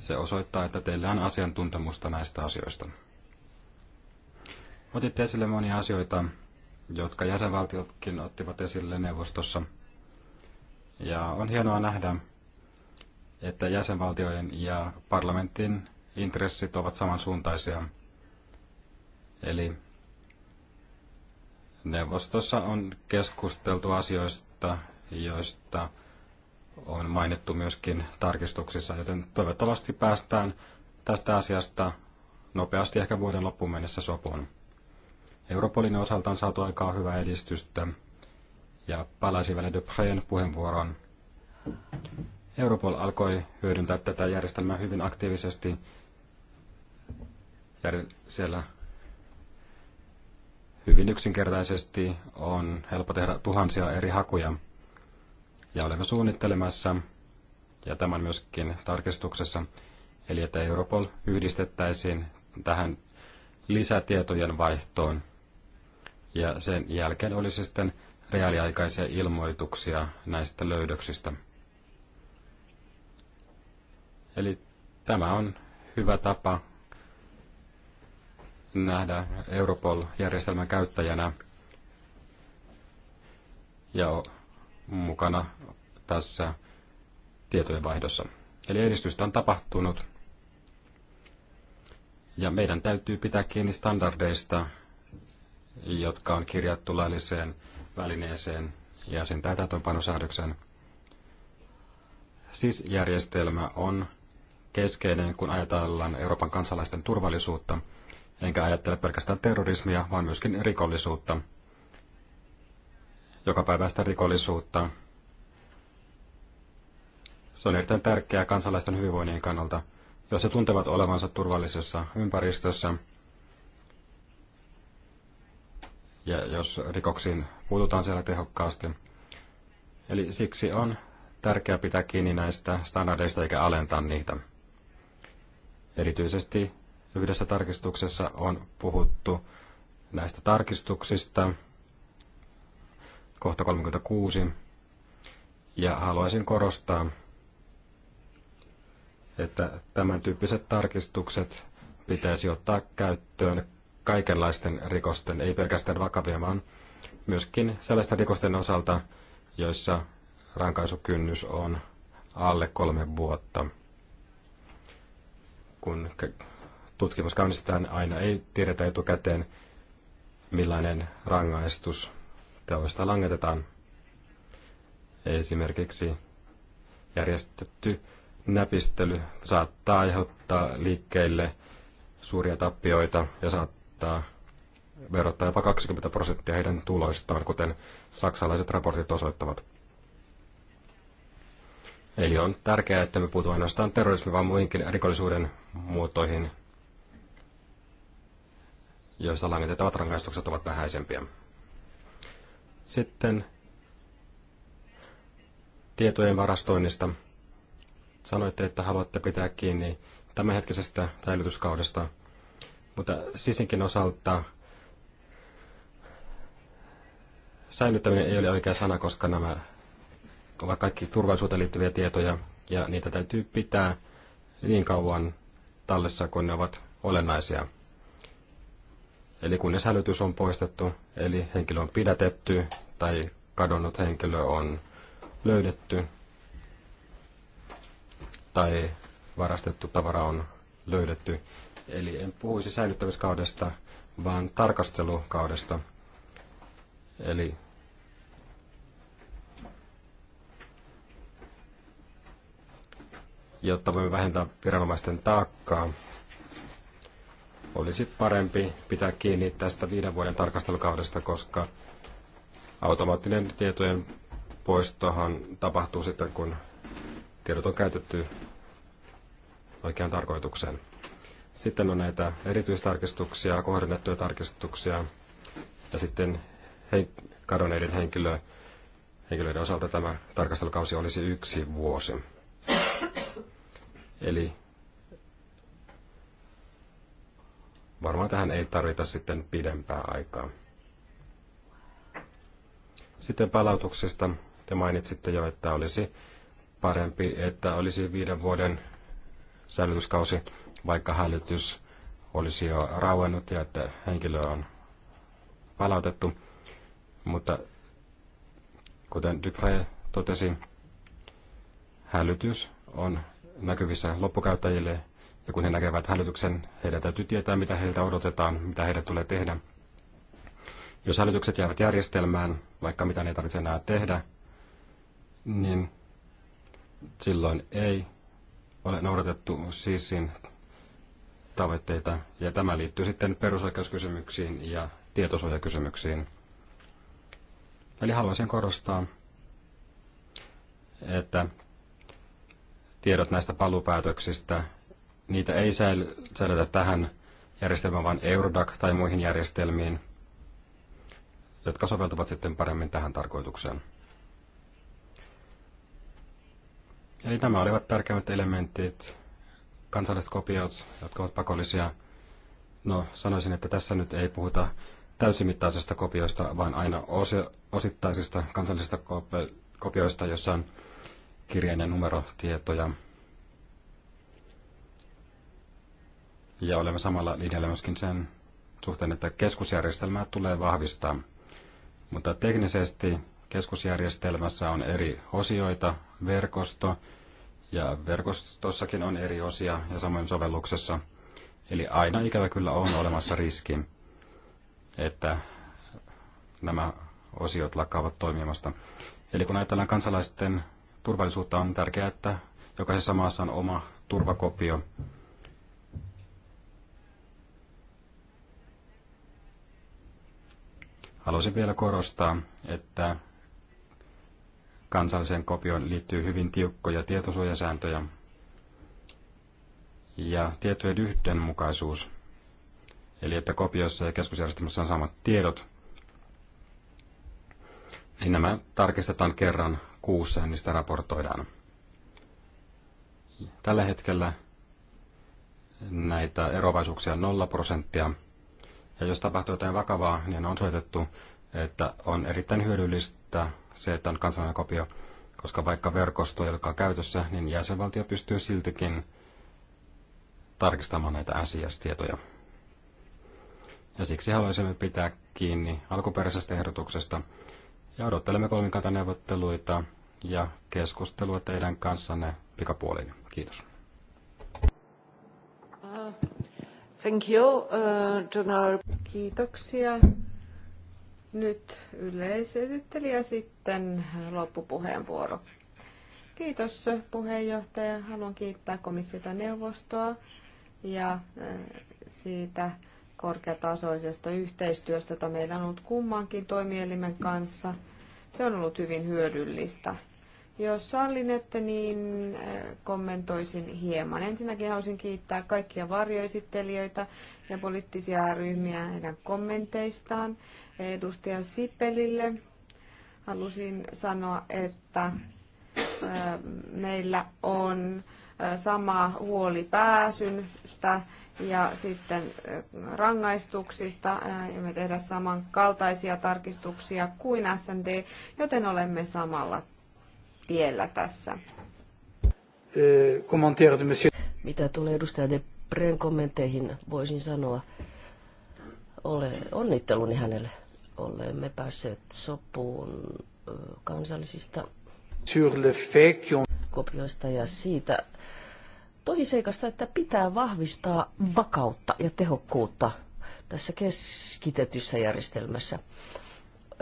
se osoittaa, että teillä on asiantuntemusta näistä asioista. Otitte esille monia asioita, jotka jäsenvaltiotkin ottivat esille neuvostossa. Ja on hienoa nähdä, että jäsenvaltioiden ja parlamentin intressit ovat samansuuntaisia. Eli neuvostossa on keskusteltu asioista, joista on mainittu myöskin tarkistuksissa, joten toivottavasti päästään tästä asiasta nopeasti ehkä vuoden loppuun mennessä sopuun. Europolin osalta on saatu aikaa hyvää edistystä ja palasi Väle Dupreen puheenvuoroon. Europol alkoi hyödyntää tätä järjestelmää hyvin aktiivisesti. ja Siellä hyvin yksinkertaisesti on helppo tehdä tuhansia eri hakuja. Ja olemme suunnittelemassa, ja tämän myöskin tarkistuksessa, eli että Europol yhdistettäisiin tähän lisätietojen vaihtoon ja sen jälkeen olisi sitten reaaliaikaisia ilmoituksia näistä löydöksistä. Eli tämä on hyvä tapa nähdä Europol-järjestelmän käyttäjänä ja mukana tässä tietojenvaihdossa. Eli edistystä on tapahtunut ja meidän täytyy pitää kiinni standardeista, jotka on kirjattu lailliseen välineeseen ja sen täytäntöönpanosäädöksen. Siis järjestelmä on keskeinen, kun ajatellaan Euroopan kansalaisten turvallisuutta, enkä ajattele pelkästään terrorismia, vaan myöskin rikollisuutta, jokapäiväistä rikollisuutta. Se on erittäin tärkeää kansalaisten hyvinvoinnin kannalta, jos he tuntevat olevansa turvallisessa ympäristössä – ja jos rikoksiin puututaan siellä tehokkaasti. Eli siksi on tärkeää pitää kiinni näistä standardeista eikä alentaa niitä. Erityisesti yhdessä tarkistuksessa on puhuttu näistä tarkistuksista, kohta 36, ja haluaisin korostaa, että tämän tyyppiset tarkistukset pitäisi ottaa käyttöön kaikenlaisten rikosten, ei pelkästään vakavia, vaan myöskin sellaisten rikosten osalta, joissa rankaisukynnys on alle kolme vuotta. Kun tutkimus käynnistetään, aina ei tiedetä etukäteen, millainen rangaistus teoista langetetaan. Esimerkiksi järjestetty näpistely saattaa aiheuttaa liikkeille suuria tappioita ja saattaa saattaa verottaa jopa 20 prosenttia heidän tuloistaan, kuten saksalaiset raportit osoittavat. Eli on tärkeää, että me puutu ainoastaan terrorismiin, vaan muihinkin rikollisuuden muotoihin, joissa langitettavat rangaistukset ovat vähäisempiä. Sitten tietojen varastoinnista. Sanoitte, että haluatte pitää kiinni tämänhetkisestä säilytyskaudesta – mutta sisinkin osalta säilyttäminen ei ole oikea sana, koska nämä ovat kaikki turvallisuuteen liittyviä tietoja ja niitä täytyy pitää niin kauan tallessa, kun ne ovat olennaisia. Eli ne säilytys on poistettu, eli henkilö on pidätetty tai kadonnut henkilö on löydetty tai varastettu tavara on löydetty, Eli en puhuisi säilyttämiskaudesta, vaan tarkastelukaudesta. Eli jotta voimme vähentää viranomaisten taakkaa, olisi parempi pitää kiinni tästä viiden vuoden tarkastelukaudesta, koska automaattinen tietojen poistohan tapahtuu sitten, kun tiedot on käytetty oikeaan tarkoitukseen. Sitten on näitä erityistarkistuksia, kohdennettuja tarkistuksia ja sitten hen- kadonneiden henkilö, henkilöiden osalta tämä tarkastelukausi olisi yksi vuosi. Eli varmaan tähän ei tarvita sitten pidempää aikaa. Sitten palautuksista. Te mainitsitte jo, että olisi parempi, että olisi viiden vuoden säilytyskausi vaikka hälytys olisi jo rauennut ja että henkilö on palautettu. Mutta kuten Dupre totesi, hälytys on näkyvissä loppukäyttäjille ja kun he näkevät hälytyksen, heidän täytyy tietää, mitä heiltä odotetaan, mitä heidän tulee tehdä. Jos hälytykset jäävät järjestelmään, vaikka mitä ei tarvitse enää tehdä, niin silloin ei ole noudatettu SISin tavoitteita, ja tämä liittyy sitten perusoikeuskysymyksiin ja tietosuojakysymyksiin. Eli haluaisin korostaa, että tiedot näistä palupäätöksistä, niitä ei säilytä tähän järjestelmään, vaan Eurodac tai muihin järjestelmiin, jotka soveltuvat sitten paremmin tähän tarkoitukseen. Eli nämä olivat tärkeimmät elementit kansalliset kopiot, jotka ovat pakollisia. No, sanoisin, että tässä nyt ei puhuta täysimittaisista kopioista, vaan aina osittaisista kansallisista kopioista, jossa on kirjain- ja numerotietoja. Ja olemme samalla linjalla myöskin sen suhteen, että keskusjärjestelmää tulee vahvistaa. Mutta teknisesti keskusjärjestelmässä on eri osioita, verkosto, ja verkostossakin on eri osia ja samoin sovelluksessa. Eli aina ikävä kyllä on olemassa riski, että nämä osiot lakkaavat toimimasta. Eli kun ajatellaan kansalaisten turvallisuutta, on tärkeää, että jokaisessa maassa on oma turvakopio. Haluaisin vielä korostaa, että kansalliseen kopioon liittyy hyvin tiukkoja tietosuojasääntöjä ja tietojen yhdenmukaisuus, eli että kopioissa ja keskusjärjestelmässä on samat tiedot, niin nämä tarkistetaan kerran kuussa ja niistä raportoidaan. Tällä hetkellä näitä erovaisuuksia on 0 prosenttia. Ja jos tapahtuu jotain vakavaa, niin on soitettu, että on erittäin hyödyllistä se, että on kansallinen kopio, koska vaikka verkosto ei käytössä, niin jäsenvaltio pystyy siltikin tarkistamaan näitä SIS-tietoja. Ja siksi haluaisimme pitää kiinni alkuperäisestä ehdotuksesta ja odottelemme kolmikantaneuvotteluita ja keskustelua teidän kanssanne pikapuoliin. Kiitos. Uh, thank you, uh, Kiitoksia. Nyt yleisesitteli ja sitten loppupuheenvuoro. Kiitos puheenjohtaja. Haluan kiittää komissiota neuvostoa ja äh, siitä korkeatasoisesta yhteistyöstä, jota meillä on ollut kummankin toimielimen kanssa. Se on ollut hyvin hyödyllistä. Jos sallinette, niin äh, kommentoisin hieman. Ensinnäkin haluaisin kiittää kaikkia varjoesittelijöitä ja poliittisia ryhmiä heidän kommenteistaan edustaja Sipelille. Halusin sanoa, että meillä on sama huoli pääsystä ja sitten rangaistuksista. Ja me tehdään samankaltaisia tarkistuksia kuin SND, joten olemme samalla tiellä tässä. Mitä tulee edustaja De kommentteihin, voisin sanoa, ole onnitteluni hänelle olemme päässeet sopuun kansallisista kopioista ja siitä tosiseikasta, että pitää vahvistaa vakautta ja tehokkuutta tässä keskitetyssä järjestelmässä.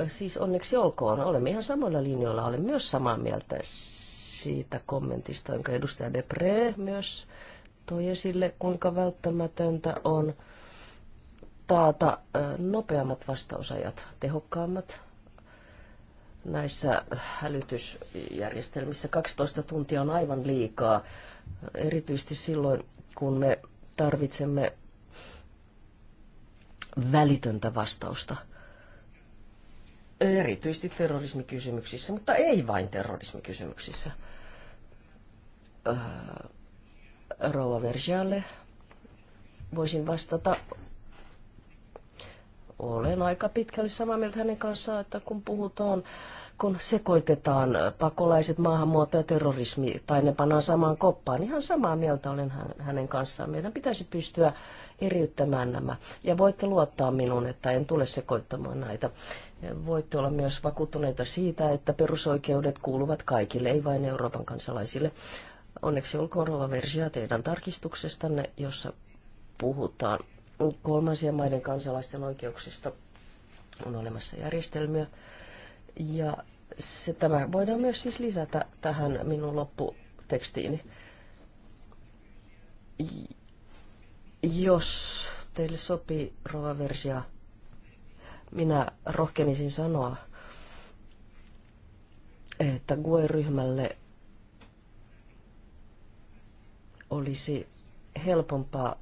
Siis onneksi olkoon, olemme ihan samoilla linjoilla, olen myös samaa mieltä siitä kommentista, jonka edustaja Depre myös toi esille, kuinka välttämätöntä on taata nopeammat vastausajat, tehokkaammat näissä hälytysjärjestelmissä. 12 tuntia on aivan liikaa, erityisesti silloin, kun me tarvitsemme välitöntä vastausta. Erityisesti terrorismikysymyksissä, mutta ei vain terrorismikysymyksissä. Rouva Verjalle voisin vastata olen aika pitkälle samaa mieltä hänen kanssaan, että kun puhutaan, kun sekoitetaan pakolaiset, maahanmuutto ja terrorismi, tai ne pannaan samaan koppaan, niin ihan samaa mieltä olen hänen kanssaan. Meidän pitäisi pystyä eriyttämään nämä. Ja voitte luottaa minuun, että en tule sekoittamaan näitä. Voitte olla myös vakuuttuneita siitä, että perusoikeudet kuuluvat kaikille, ei vain Euroopan kansalaisille. Onneksi olkoon Rova versio teidän tarkistuksestanne, jossa puhutaan kolmansien maiden kansalaisten oikeuksista on olemassa järjestelmiä. Ja se, tämä voidaan myös siis lisätä tähän minun lopputekstiini. Jos teille sopii rova versia, minä rohkenisin sanoa, että GUE-ryhmälle olisi helpompaa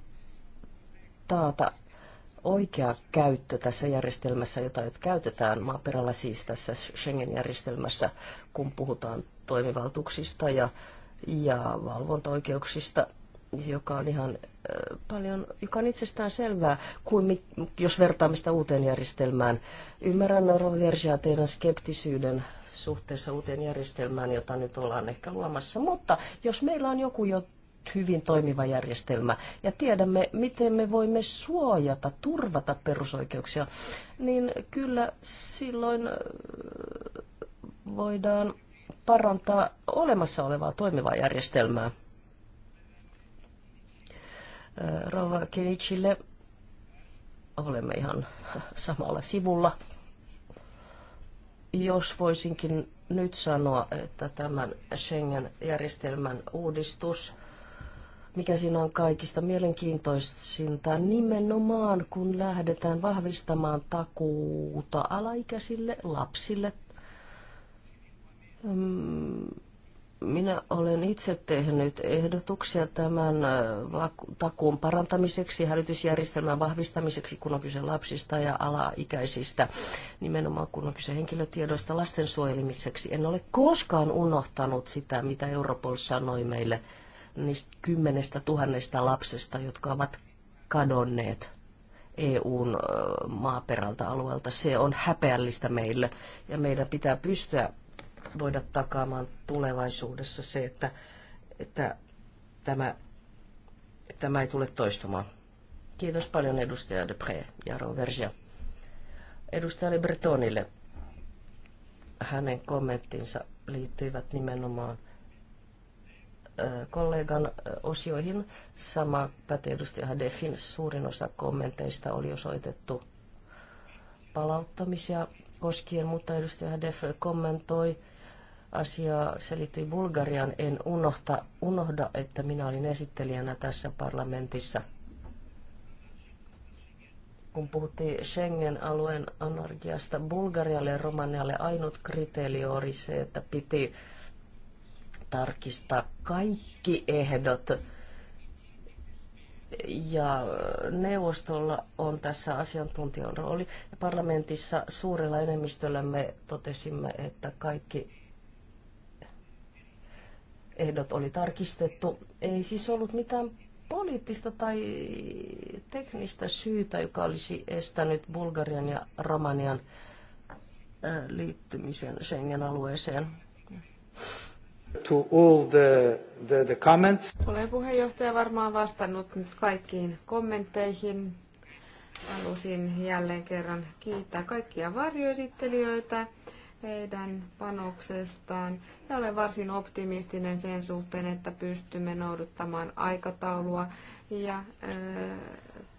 taata oikea käyttö tässä järjestelmässä, jota nyt käytetään maaperällä siis tässä Schengen-järjestelmässä, kun puhutaan toimivaltuuksista ja, ja valvontaoikeuksista, joka on ihan paljon, joka on itsestään selvää, kuin jos vertaamme sitä uuteen järjestelmään. Ymmärrän Roversia teidän skeptisyyden suhteessa uuteen järjestelmään, jota nyt ollaan ehkä luomassa, mutta jos meillä on joku, jo hyvin toimiva järjestelmä. Ja tiedämme, miten me voimme suojata, turvata perusoikeuksia. Niin kyllä silloin voidaan parantaa olemassa olevaa toimivaa järjestelmää. Rova Kenichille olemme ihan samalla sivulla. Jos voisinkin nyt sanoa, että tämän Schengen-järjestelmän uudistus – mikä siinä on kaikista mielenkiintoisinta, nimenomaan kun lähdetään vahvistamaan takuuta alaikäisille lapsille. Mm, minä olen itse tehnyt ehdotuksia tämän äh, takuun parantamiseksi, hälytysjärjestelmän vahvistamiseksi, kun on kyse lapsista ja alaikäisistä, nimenomaan kun on kyse henkilötiedoista lastensuojelimiseksi. En ole koskaan unohtanut sitä, mitä Europol sanoi meille – niistä kymmenestä tuhannesta lapsesta, jotka ovat kadonneet EUn maaperältä alueelta. Se on häpeällistä meille ja meidän pitää pystyä voida takaamaan tulevaisuudessa se, että, että tämä, tämä ei tule toistumaan. Kiitos paljon edustaja Depre ja Roversia. Edustaja Libertonille hänen kommenttinsa liittyivät nimenomaan kollegan osioihin. Sama pätee edustaja Hadefin. Suurin osa kommenteista oli osoitettu palauttamisia koskien, mutta edustaja Hadef kommentoi asiaa, se liittyi Bulgarian. En unohta, unohda, että minä olin esittelijänä tässä parlamentissa, kun puhuttiin Schengen-alueen anarkiasta. Bulgarialle ja Romanialle ainut kriteeri oli se, että piti tarkistaa kaikki ehdot. Ja neuvostolla on tässä asiantuntijan rooli. Ja parlamentissa suurella enemmistöllä me totesimme, että kaikki ehdot oli tarkistettu. Ei siis ollut mitään poliittista tai teknistä syytä, joka olisi estänyt Bulgarian ja Romanian liittymisen Schengen-alueeseen. To all the, the, the comments. Olen puheenjohtaja varmaan vastannut nyt kaikkiin kommentteihin. Halusin jälleen kerran kiittää kaikkia varjoesittelijöitä heidän panoksestaan ja olen varsin optimistinen sen suhteen, että pystymme noudattamaan aikataulua ja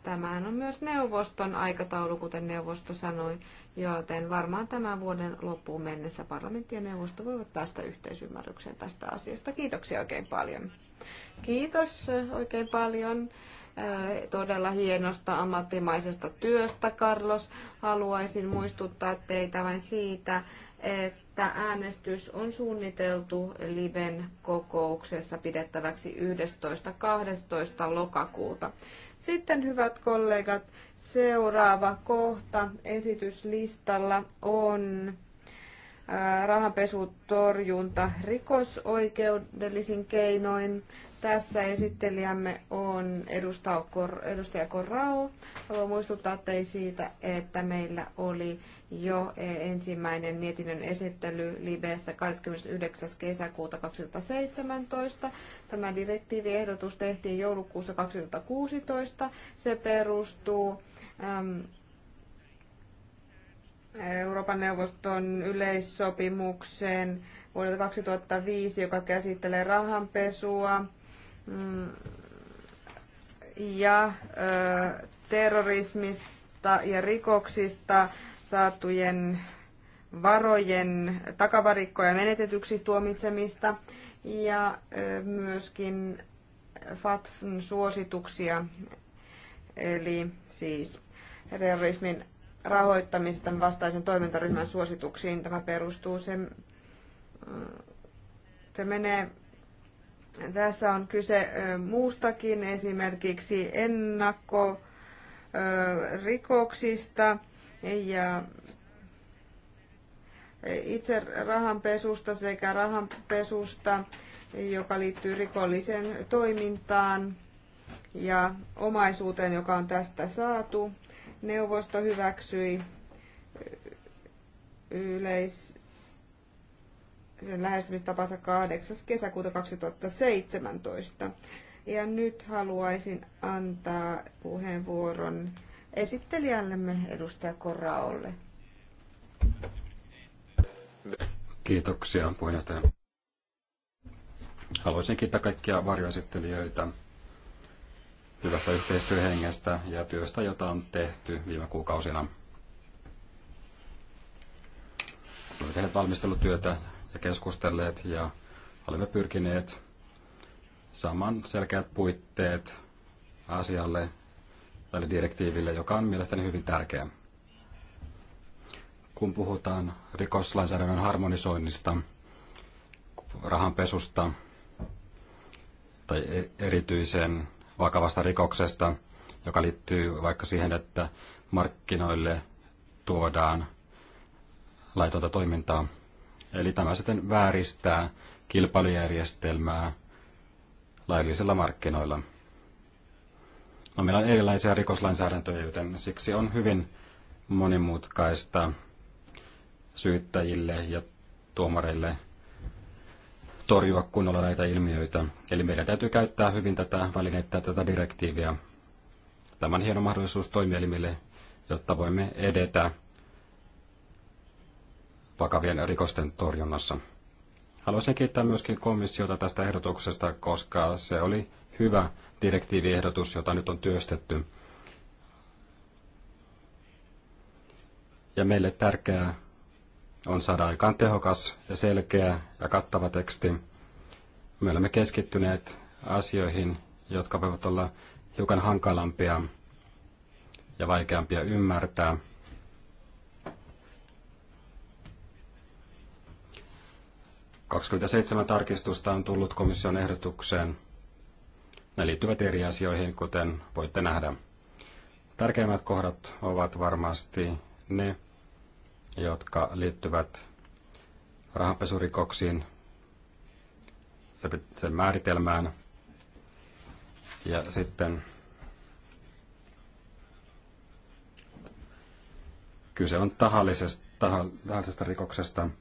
Tämähän on myös neuvoston aikataulu, kuten neuvosto sanoi, joten varmaan tämän vuoden loppuun mennessä parlamentti ja neuvosto voivat päästä yhteisymmärrykseen tästä asiasta. Kiitoksia oikein paljon. Kiitos oikein paljon äh, todella hienosta ammattimaisesta työstä, Carlos. Haluaisin muistuttaa teitä vain siitä, että äänestys on suunniteltu Liben kokouksessa pidettäväksi 11.12. lokakuuta. Sitten, hyvät kollegat, seuraava kohta esityslistalla on rahanpesutorjunta rikosoikeudellisin keinoin. Tässä esittelijämme on edustaja Korrao. Haluan muistuttaa teitä siitä, että meillä oli jo e, ensimmäinen mietinnön esittely Libessä 29. kesäkuuta 2017. Tämä direktiiviehdotus tehtiin joulukuussa 2016. Se perustuu äm, Euroopan neuvoston yleissopimukseen vuodelta 2005, joka käsittelee rahanpesua, Mm. ja terrorismista ja rikoksista saatujen varojen takavarikkoja menetetyksi tuomitsemista ja myöskin FATFn suosituksia, eli siis terrorismin rahoittamisen vastaisen toimintaryhmän suosituksiin tämä perustuu. Se, se menee tässä on kyse muustakin, esimerkiksi ennakkorikoksista ja itse rahanpesusta sekä rahanpesusta, joka liittyy rikolliseen toimintaan ja omaisuuteen, joka on tästä saatu. Neuvosto hyväksyi yleis, sen lähestymistapansa 8. kesäkuuta 2017. Ja nyt haluaisin antaa puheenvuoron esittelijällemme edustaja Koraolle. Kiitoksia puheenjohtaja. Haluaisin kiittää kaikkia varjoesittelijöitä hyvästä yhteistyöhengestä ja työstä, jota on tehty viime kuukausina. Olemme tehneet valmistelutyötä ja keskustelleet ja olemme pyrkineet saman selkeät puitteet asialle tälle direktiiville, joka on mielestäni hyvin tärkeä. Kun puhutaan rikoslainsäädännön harmonisoinnista, rahanpesusta tai e- erityisen vakavasta rikoksesta, joka liittyy vaikka siihen, että markkinoille tuodaan laitonta toimintaa, Eli tämä sitten vääristää kilpailujärjestelmää laillisilla markkinoilla. No, meillä on erilaisia rikoslainsäädäntöjä, joten siksi on hyvin monimutkaista syyttäjille ja tuomareille torjua kunnolla näitä ilmiöitä. Eli meidän täytyy käyttää hyvin tätä välinettä, tätä direktiiviä. Tämä on hieno mahdollisuus toimielimille, jotta voimme edetä vakavien rikosten torjunnassa. Haluaisin kiittää myöskin komissiota tästä ehdotuksesta, koska se oli hyvä direktiiviehdotus, jota nyt on työstetty. Ja meille tärkeää on saada aikaan tehokas ja selkeä ja kattava teksti. Me olemme keskittyneet asioihin, jotka voivat olla hiukan hankalampia ja vaikeampia ymmärtää – 27 tarkistusta on tullut komission ehdotukseen. Ne liittyvät eri asioihin, kuten voitte nähdä. Tärkeimmät kohdat ovat varmasti ne, jotka liittyvät rahanpesurikoksiin, sen määritelmään ja sitten kyse on tahallisesta, tahallisesta rikoksesta –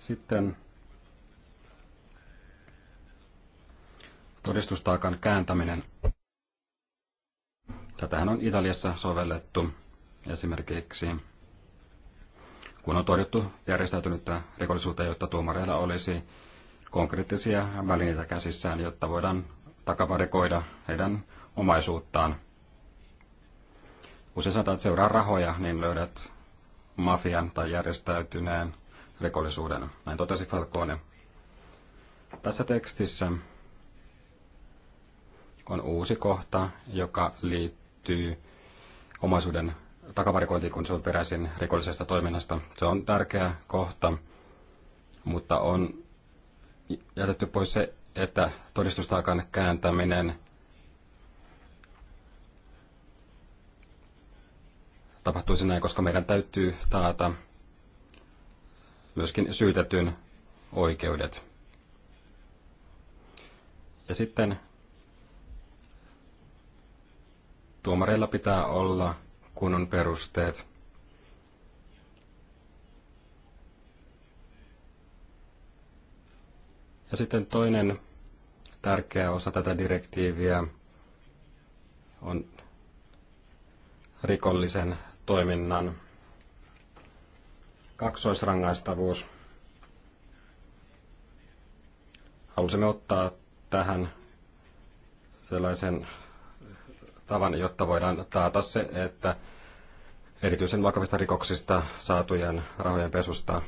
Sitten todistustaakan kääntäminen. Tätähän on Italiassa sovellettu esimerkiksi, kun on todettu järjestäytynyttä rikollisuutta, jotta tuomareilla olisi konkreettisia välineitä käsissään, jotta voidaan takavarikoida heidän omaisuuttaan. Usein saatat seuraa rahoja, niin löydät mafian tai järjestäytyneen rikollisuuden. Näin totesi Falcone. Tässä tekstissä on uusi kohta, joka liittyy omaisuuden takavarikointiin, kun se on peräisin rikollisesta toiminnasta. Se on tärkeä kohta, mutta on jätetty pois se, että todistustaakan kääntäminen tapahtuisi näin, koska meidän täytyy taata myöskin syytetyn oikeudet. Ja sitten tuomareilla pitää olla kunnon perusteet. Ja sitten toinen tärkeä osa tätä direktiiviä on rikollisen toiminnan kaksoisrangaistavuus. Halusimme ottaa tähän sellaisen tavan, jotta voidaan taata se, että erityisen vakavista rikoksista saatujen rahojen pesusta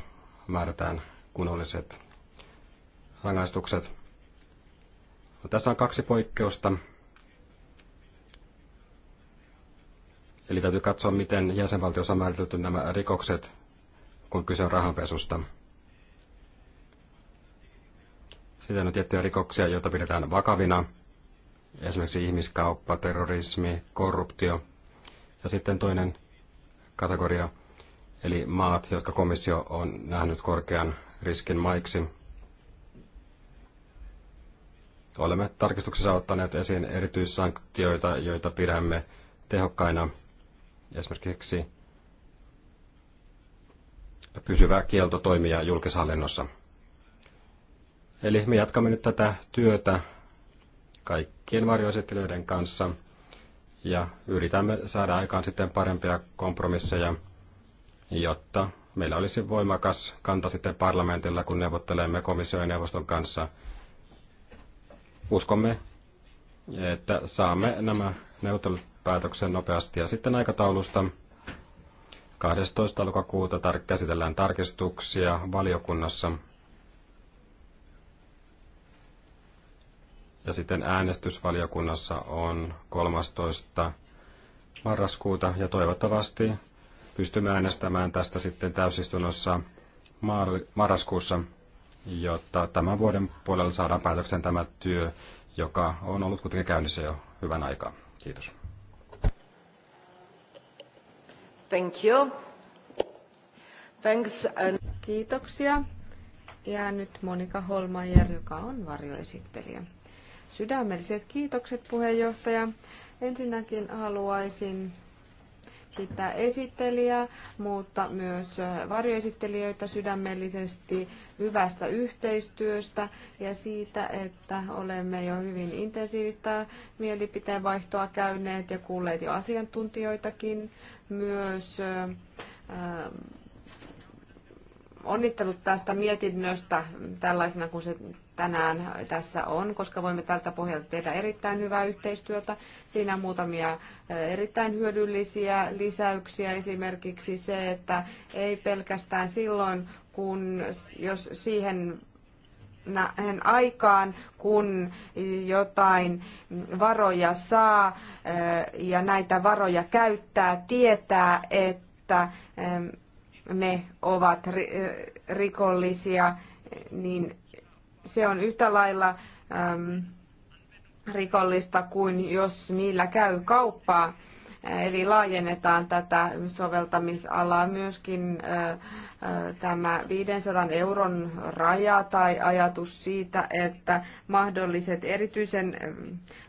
määrätään kunnolliset rangaistukset. No, tässä on kaksi poikkeusta. Eli täytyy katsoa, miten jäsenvaltiossa on määritelty nämä rikokset kun kyse on rahanpesusta. Sitten on tiettyjä rikoksia, joita pidetään vakavina, esimerkiksi ihmiskauppa, terrorismi, korruptio. Ja sitten toinen kategoria, eli maat, jotka komissio on nähnyt korkean riskin maiksi. Olemme tarkistuksessa ottaneet esiin erityissanktioita, joita pidämme tehokkaina, esimerkiksi pysyvä kielto toimia julkishallinnossa. Eli me jatkamme nyt tätä työtä kaikkien varjoesittelijöiden kanssa ja yritämme saada aikaan sitten parempia kompromisseja, jotta meillä olisi voimakas kanta sitten parlamentilla, kun neuvottelemme komission ja neuvoston kanssa. Uskomme, että saamme nämä neuvottelupäätöksen nopeasti ja sitten aikataulusta. 12. lokakuuta tar- käsitellään tarkistuksia valiokunnassa. Ja sitten äänestysvaliokunnassa on 13. marraskuuta ja toivottavasti pystymme äänestämään tästä sitten täysistunnossa marraskuussa, jotta tämän vuoden puolella saadaan päätöksen tämä työ, joka on ollut kuitenkin käynnissä jo hyvän aikaa. Kiitos. Thank you. Thanks and... Kiitoksia. Ja nyt Monika Holmajer, joka on varjoesittelijä. Sydämelliset kiitokset puheenjohtaja. Ensinnäkin haluaisin kiittää esittelijää, mutta myös äh, varjoesittelijöitä sydämellisesti hyvästä yhteistyöstä ja siitä, että olemme jo hyvin intensiivistä mielipiteen vaihtoa käyneet ja kuulleet jo asiantuntijoitakin myös onnittelut tästä mietinnöstä tällaisena kuin se tänään tässä on, koska voimme tältä pohjalta tehdä erittäin hyvää yhteistyötä. Siinä on muutamia erittäin hyödyllisiä lisäyksiä, esimerkiksi se, että ei pelkästään silloin, kun jos siihen aikaan, kun jotain varoja saa eh, ja näitä varoja käyttää, tietää, että eh, ne ovat eh, rikollisia, niin se on yhtä lailla ehm, rikollista kuin jos niillä käy kauppaa. Eli laajennetaan tätä soveltamisalaa myöskin äh, tämä 500 euron raja tai ajatus siitä, että mahdolliset erityisen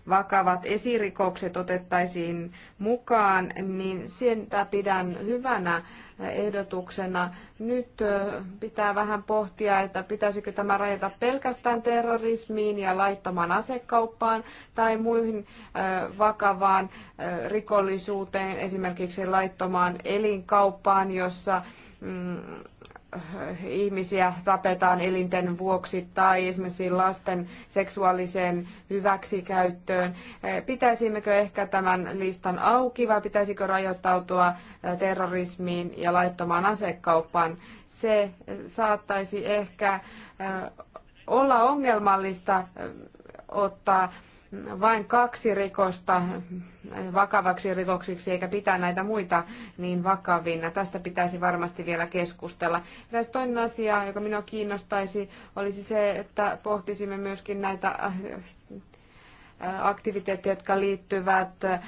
vakavat esirikokset otettaisiin mukaan, niin sitä pidän hyvänä ehdotuksena. Nyt pitää vähän pohtia, että pitäisikö tämä rajata pelkästään terrorismiin ja laittomaan asekauppaan tai muihin vakavaan rikollisuuteen, esimerkiksi laittomaan elinkauppaan, jossa Mm, ihmisiä tapetaan elinten vuoksi tai esimerkiksi lasten seksuaaliseen hyväksikäyttöön. Eh, pitäisimmekö ehkä tämän listan auki vai pitäisikö rajoittautua eh, terrorismiin ja laittomaan asekauppaan? Se eh, saattaisi ehkä olla ongelmallista ottaa vain kaksi rikosta vakavaksi rikoksiksi eikä pitää näitä muita niin vakavina. Tästä pitäisi varmasti vielä keskustella. Eräs toinen asia, joka minua kiinnostaisi, olisi se, että pohtisimme myöskin näitä äh, aktiviteetteja, jotka liittyvät äh,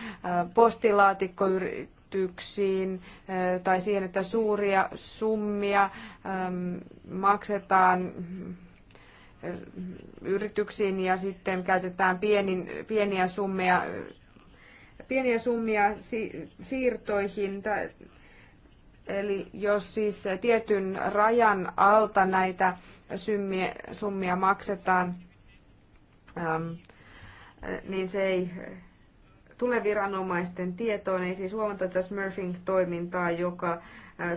postilaatikkoyrityksiin äh, tai siihen, että suuria summia ähm, maksetaan yrityksiin ja sitten käytetään pienin, pieniä summia pieniä summia si- siirtoihin. Eli jos siis tietyn rajan alta näitä summia, summia maksetaan, ähm, niin se ei tule viranomaisten tietoon. Ei siis huomata tätä smurfing-toimintaa, joka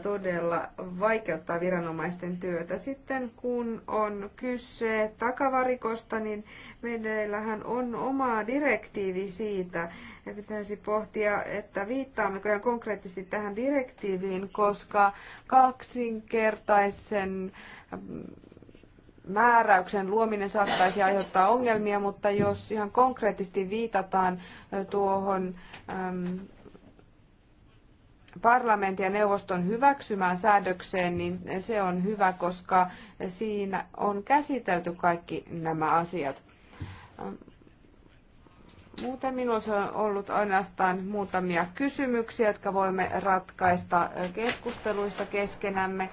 todella vaikeuttaa viranomaisten työtä. Sitten kun on kyse takavarikosta, niin meillähän on oma direktiivi siitä. Ja pitäisi pohtia, että viittaammeko ihan konkreettisesti tähän direktiiviin, koska kaksinkertaisen määräyksen luominen saattaisi aiheuttaa ongelmia, mutta jos ihan konkreettisesti viitataan tuohon äm, parlamentin ja neuvoston hyväksymään säädökseen, niin se on hyvä, koska siinä on käsitelty kaikki nämä asiat. Muuten minulla on ollut ainoastaan muutamia kysymyksiä, jotka voimme ratkaista keskusteluissa keskenämme.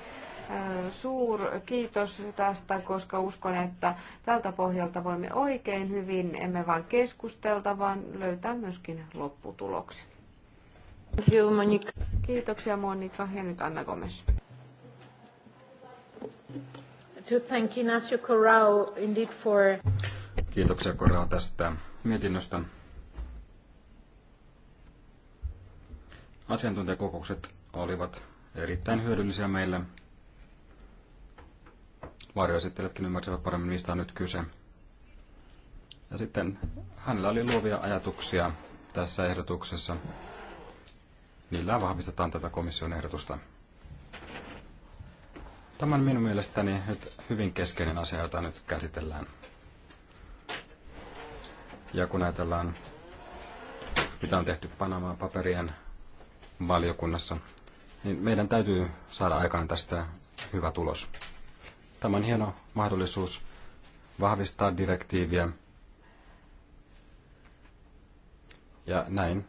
Suur kiitos tästä, koska uskon, että tältä pohjalta voimme oikein hyvin, emme vain keskustelta, vaan löytää myöskin lopputuloksen. Kiitoksia Monika ja nyt Anna Gomes. To thank Ignacio Corrao indeed for... Kiitoksia Corrao tästä mietinnöstä. Asiantuntijakokoukset olivat erittäin hyödyllisiä meille. Varjoesittelijätkin ymmärsivät paremmin, mistä on nyt kyse. Ja sitten hänellä oli luovia ajatuksia tässä ehdotuksessa millään vahvistetaan tätä komission ehdotusta. Tämä on minun mielestäni nyt hyvin keskeinen asia, jota nyt käsitellään. Ja kun ajatellaan, mitä on tehty Panamaa paperien valiokunnassa, niin meidän täytyy saada aikaan tästä hyvä tulos. Tämä on hieno mahdollisuus vahvistaa direktiiviä ja näin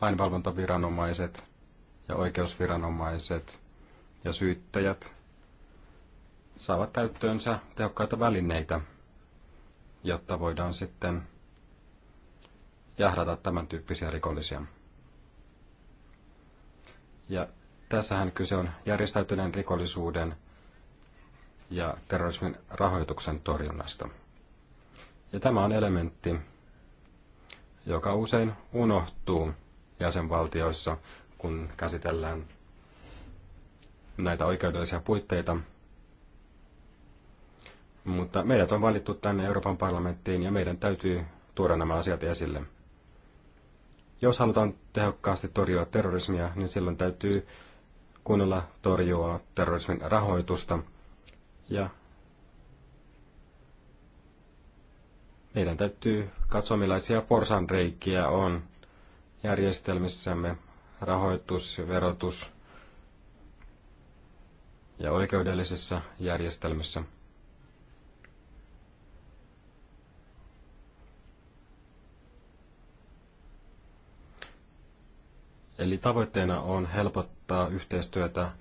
lainvalvontaviranomaiset ja oikeusviranomaiset ja syyttäjät saavat käyttöönsä tehokkaita välineitä, jotta voidaan sitten jahdata tämän tyyppisiä rikollisia. Ja tässähän kyse on järjestäytyneen rikollisuuden ja terrorismin rahoituksen torjunnasta. Ja tämä on elementti, joka usein unohtuu jäsenvaltioissa, kun käsitellään näitä oikeudellisia puitteita. Mutta meidät on valittu tänne Euroopan parlamenttiin ja meidän täytyy tuoda nämä asiat esille. Jos halutaan tehokkaasti torjua terrorismia, niin silloin täytyy kunnolla torjua terrorismin rahoitusta ja meidän täytyy katsoa, millaisia porsanreikiä on järjestelmissämme, rahoitus, verotus ja oikeudellisissa järjestelmissä. Eli tavoitteena on helpottaa yhteistyötä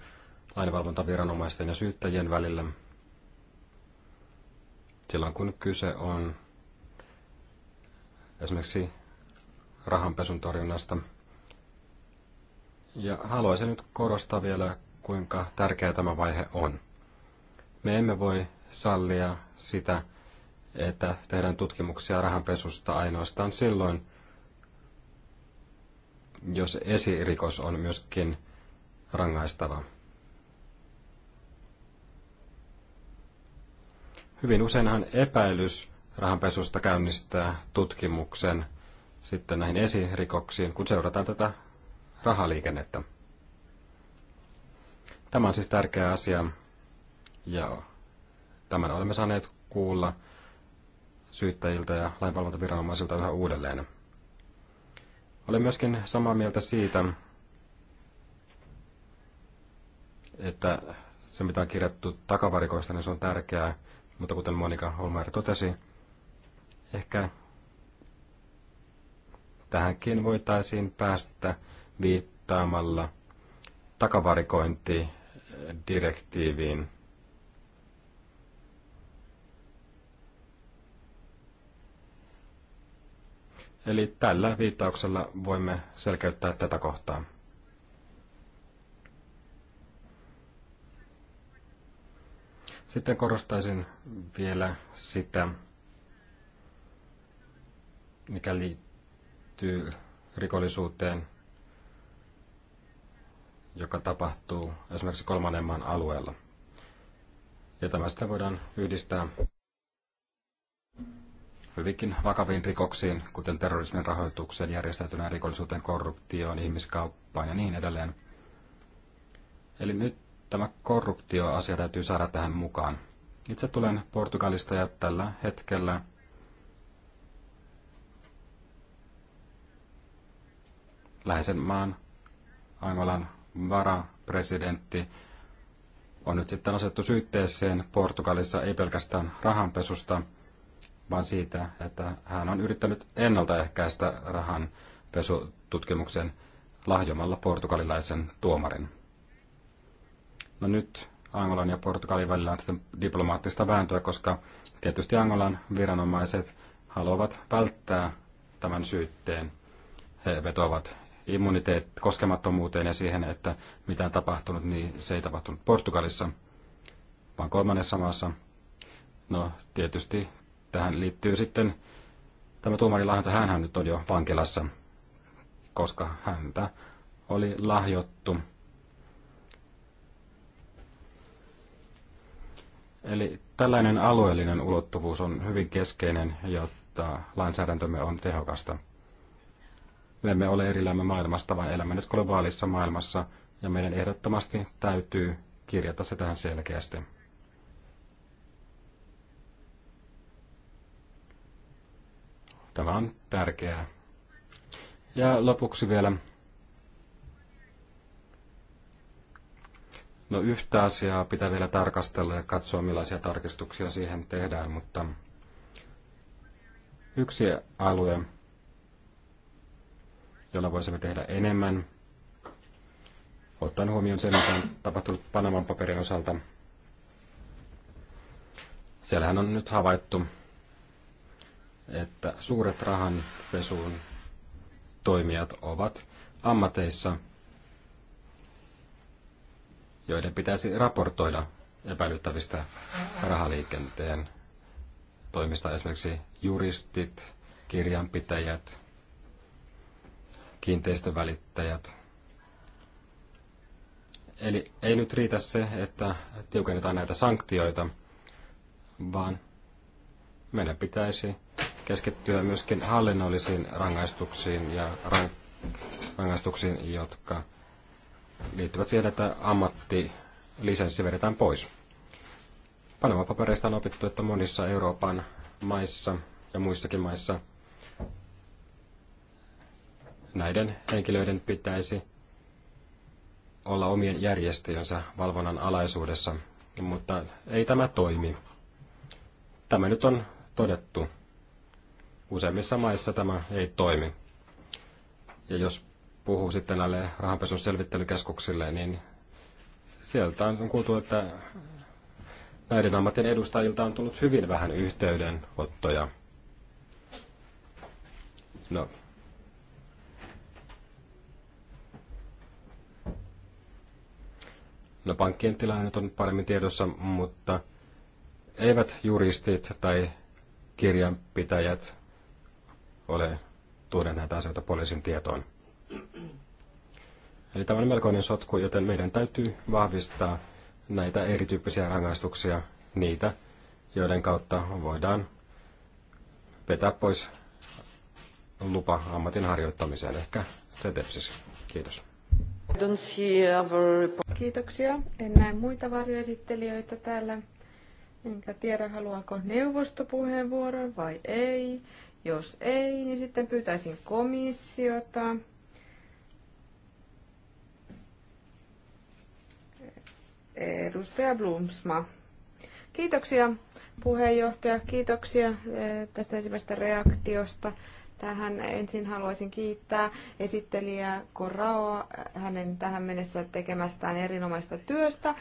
lainvalvontaviranomaisten ja syyttäjien välillä silloin, kun kyse on esimerkiksi rahanpesun torjunnasta. Ja haluaisin nyt korostaa vielä, kuinka tärkeä tämä vaihe on. Me emme voi sallia sitä, että tehdään tutkimuksia rahanpesusta ainoastaan silloin, jos esirikos on myöskin rangaistava. Hyvin useinhan epäilys rahanpesusta käynnistää tutkimuksen – sitten näihin esirikoksiin, kun seurataan tätä rahaliikennettä. Tämä on siis tärkeä asia ja tämän olemme saaneet kuulla syyttäjiltä ja lainvalvontaviranomaisilta yhä uudelleen. Olen myöskin samaa mieltä siitä, että se mitä on kirjattu takavarikoista, niin se on tärkeää, mutta kuten Monika Holmer totesi, ehkä Tähänkin voitaisiin päästä viittaamalla takavarikointidirektiiviin. Eli tällä viittauksella voimme selkeyttää tätä kohtaa. Sitten korostaisin vielä sitä, mikä liittyy liittyy rikollisuuteen, joka tapahtuu esimerkiksi kolmannen maan alueella. Ja tämä sitä voidaan yhdistää hyvinkin vakaviin rikoksiin, kuten terrorismin rahoitukseen, järjestäytyneen rikollisuuteen, korruptioon, ihmiskauppaan ja niin edelleen. Eli nyt tämä korruptioasia täytyy saada tähän mukaan. Itse tulen Portugalista ja tällä hetkellä läheisen maan, Angolan varapresidentti, on nyt sitten asettu syytteeseen Portugalissa ei pelkästään rahanpesusta, vaan siitä, että hän on yrittänyt ennaltaehkäistä rahanpesututkimuksen lahjomalla portugalilaisen tuomarin. No nyt Angolan ja Portugalin välillä on diplomaattista vääntöä, koska tietysti Angolan viranomaiset haluavat välttää tämän syytteen. He vetoavat immuniteet koskemattomuuteen ja siihen, että mitä on tapahtunut, niin se ei tapahtunut Portugalissa, vaan kolmannessa maassa. No tietysti tähän liittyy sitten tämä tuomari lahjonta, hänhän nyt on jo vankilassa, koska häntä oli lahjottu. Eli tällainen alueellinen ulottuvuus on hyvin keskeinen, jotta lainsäädäntömme on tehokasta. Me emme ole erillämme maailmasta, vaan elämme nyt globaalissa maailmassa, ja meidän ehdottomasti täytyy kirjata se tähän selkeästi. Tämä on tärkeää. Ja lopuksi vielä. No yhtä asiaa pitää vielä tarkastella ja katsoa millaisia tarkistuksia siihen tehdään, mutta yksi alue, jolla voisimme tehdä enemmän, ottaen huomioon sen, mitä on tapahtunut Panaman paperin osalta. Siellähän on nyt havaittu, että suuret rahanpesuun toimijat ovat ammateissa, joiden pitäisi raportoida epäilyttävistä rahaliikenteen toimista, esimerkiksi juristit, kirjanpitäjät, kiinteistövälittäjät. Eli ei nyt riitä se, että tiukennetaan näitä sanktioita, vaan meidän pitäisi keskittyä myöskin hallinnollisiin rangaistuksiin ja rangaistuksiin, jotka liittyvät siihen, että ammattilisenssi vedetään pois. Panama-papereista on opittu, että monissa Euroopan maissa ja muissakin maissa – näiden henkilöiden pitäisi olla omien järjestöjensä valvonnan alaisuudessa, mutta ei tämä toimi. Tämä nyt on todettu. Useimmissa maissa tämä ei toimi. Ja jos puhuu sitten näille rahanpesun selvittelykeskuksille, niin sieltä on kuultu, että näiden ammattien edustajilta on tullut hyvin vähän yhteydenottoja. No, No pankkien tilanne nyt on paremmin tiedossa, mutta eivät juristit tai kirjanpitäjät ole tuoda näitä asioita poliisin tietoon. Eli tämä on melkoinen sotku, joten meidän täytyy vahvistaa näitä erityyppisiä rangaistuksia, niitä, joiden kautta voidaan vetää pois lupa ammatin harjoittamiseen. Ehkä se tepsis. Kiitos. Kiitoksia. En näe muita varjoesittelijöitä täällä. Enkä tiedä, haluaako neuvostopuheenvuoron vai ei. Jos ei, niin sitten pyytäisin komissiota. Edustaja Blumsma. Kiitoksia puheenjohtaja, kiitoksia eh, tästä ensimmäisestä reaktiosta. Tähän ensin haluaisin kiittää esittelijä Korraoa hänen tähän mennessä tekemästään erinomaista työstä.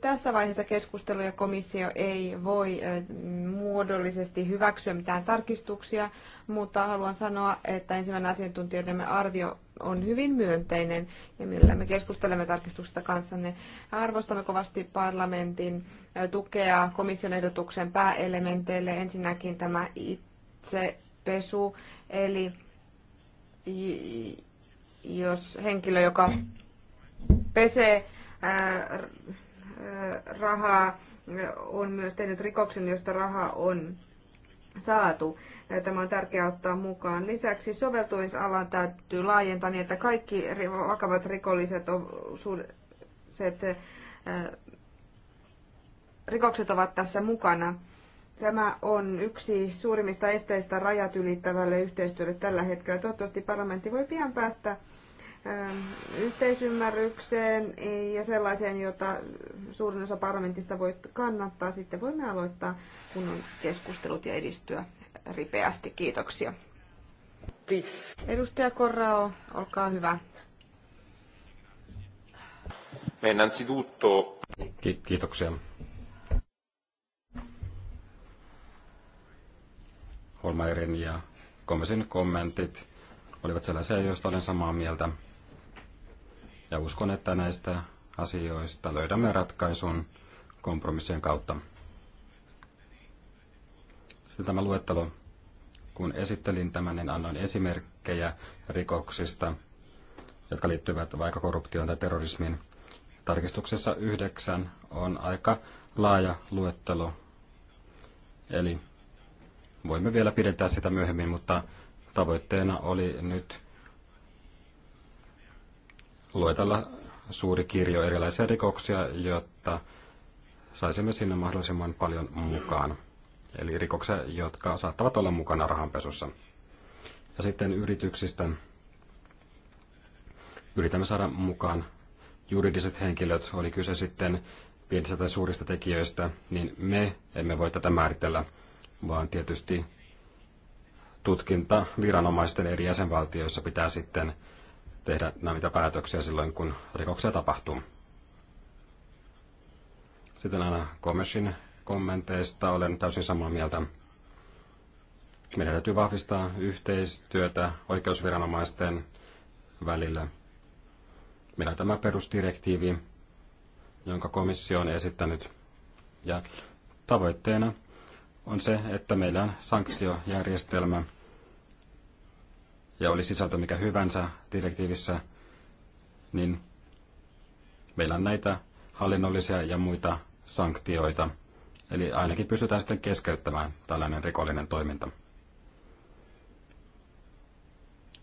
Tässä vaiheessa keskustelu ja komissio ei voi muodollisesti hyväksyä mitään tarkistuksia, mutta haluan sanoa, että ensimmäinen asiantuntijoidemme arvio on hyvin myönteinen ja millä me keskustelemme tarkistuksista kanssanne. Arvostamme kovasti parlamentin tukea komission ehdotuksen pääelementeille. Ensinnäkin tämä itse pesu eli jos henkilö, joka pesee rahaa, on myös tehnyt rikoksen, josta raha on saatu. Tämä on tärkeää ottaa mukaan. Lisäksi soveltumisalan täytyy laajentaa niin, että kaikki vakavat rikolliset osuudet, rikokset ovat tässä mukana. Tämä on yksi suurimmista esteistä rajat ylittävälle yhteistyölle tällä hetkellä. Toivottavasti parlamentti voi pian päästä ähm, yhteisymmärrykseen ja sellaiseen, jota suurin osa parlamentista voi kannattaa. Sitten voimme aloittaa kunnon keskustelut ja edistyä ripeästi. Kiitoksia. Please. Edustaja Korrao, olkaa hyvä. Kiitoksia. Holmairin ja Komesin kommentit olivat sellaisia, joista olen samaa mieltä. Ja uskon, että näistä asioista löydämme ratkaisun kompromissien kautta. Sitten tämä luettelo, kun esittelin tämän, niin annoin esimerkkejä rikoksista, jotka liittyvät vaikka korruptioon tai terrorismiin. Tarkistuksessa yhdeksän on aika laaja luettelo, eli Voimme vielä pidentää sitä myöhemmin, mutta tavoitteena oli nyt luetella suuri kirjo erilaisia rikoksia, jotta saisimme sinne mahdollisimman paljon mukaan. Eli rikoksia, jotka saattavat olla mukana rahanpesussa. Ja sitten yrityksistä yritämme saada mukaan juridiset henkilöt, oli kyse sitten pienistä tai suurista tekijöistä, niin me emme voi tätä määritellä vaan tietysti tutkinta viranomaisten eri jäsenvaltioissa pitää sitten tehdä näitä päätöksiä silloin, kun rikoksia tapahtuu. Sitten aina Komesin kommenteista olen täysin samaa mieltä. Meidän täytyy vahvistaa yhteistyötä oikeusviranomaisten välillä. Meillä on tämä perusdirektiivi, jonka komissio on esittänyt. Ja tavoitteena on se, että meillä on sanktiojärjestelmä ja oli sisältö mikä hyvänsä direktiivissä, niin meillä on näitä hallinnollisia ja muita sanktioita. Eli ainakin pystytään sitten keskeyttämään tällainen rikollinen toiminta.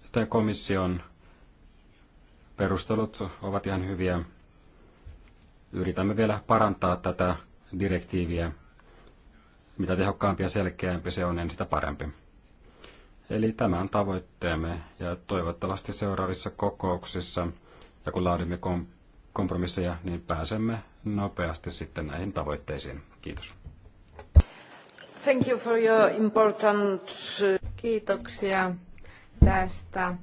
Sitten komission perustelut ovat ihan hyviä. Yritämme vielä parantaa tätä direktiiviä mitä tehokkaampi ja selkeämpi se on, niin sitä parempi. Eli tämä on tavoitteemme ja toivottavasti seuraavissa kokouksissa ja kun laadimme kompromisseja, niin pääsemme nopeasti sitten näihin tavoitteisiin. Kiitos. Thank you for your important... Kiitoksia tästä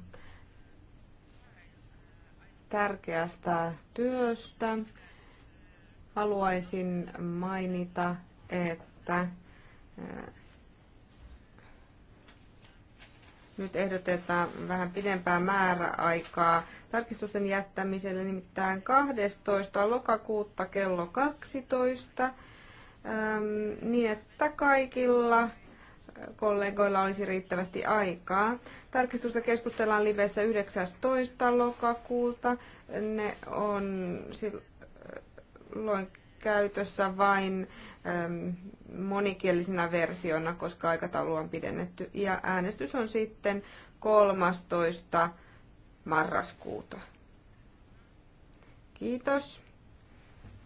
tärkeästä työstä. Haluaisin mainita, että nyt ehdotetaan vähän pidempää määräaikaa tarkistusten jättämiselle, nimittäin 12. lokakuuta kello 12, ähm, niin että kaikilla kollegoilla olisi riittävästi aikaa. Tarkistusta keskustellaan livessä 19. lokakuuta. Ne on silloin käytössä vain ähm, monikielisenä versiona, koska aikataulu on pidennetty. Ja äänestys on sitten 13. marraskuuta. Kiitos.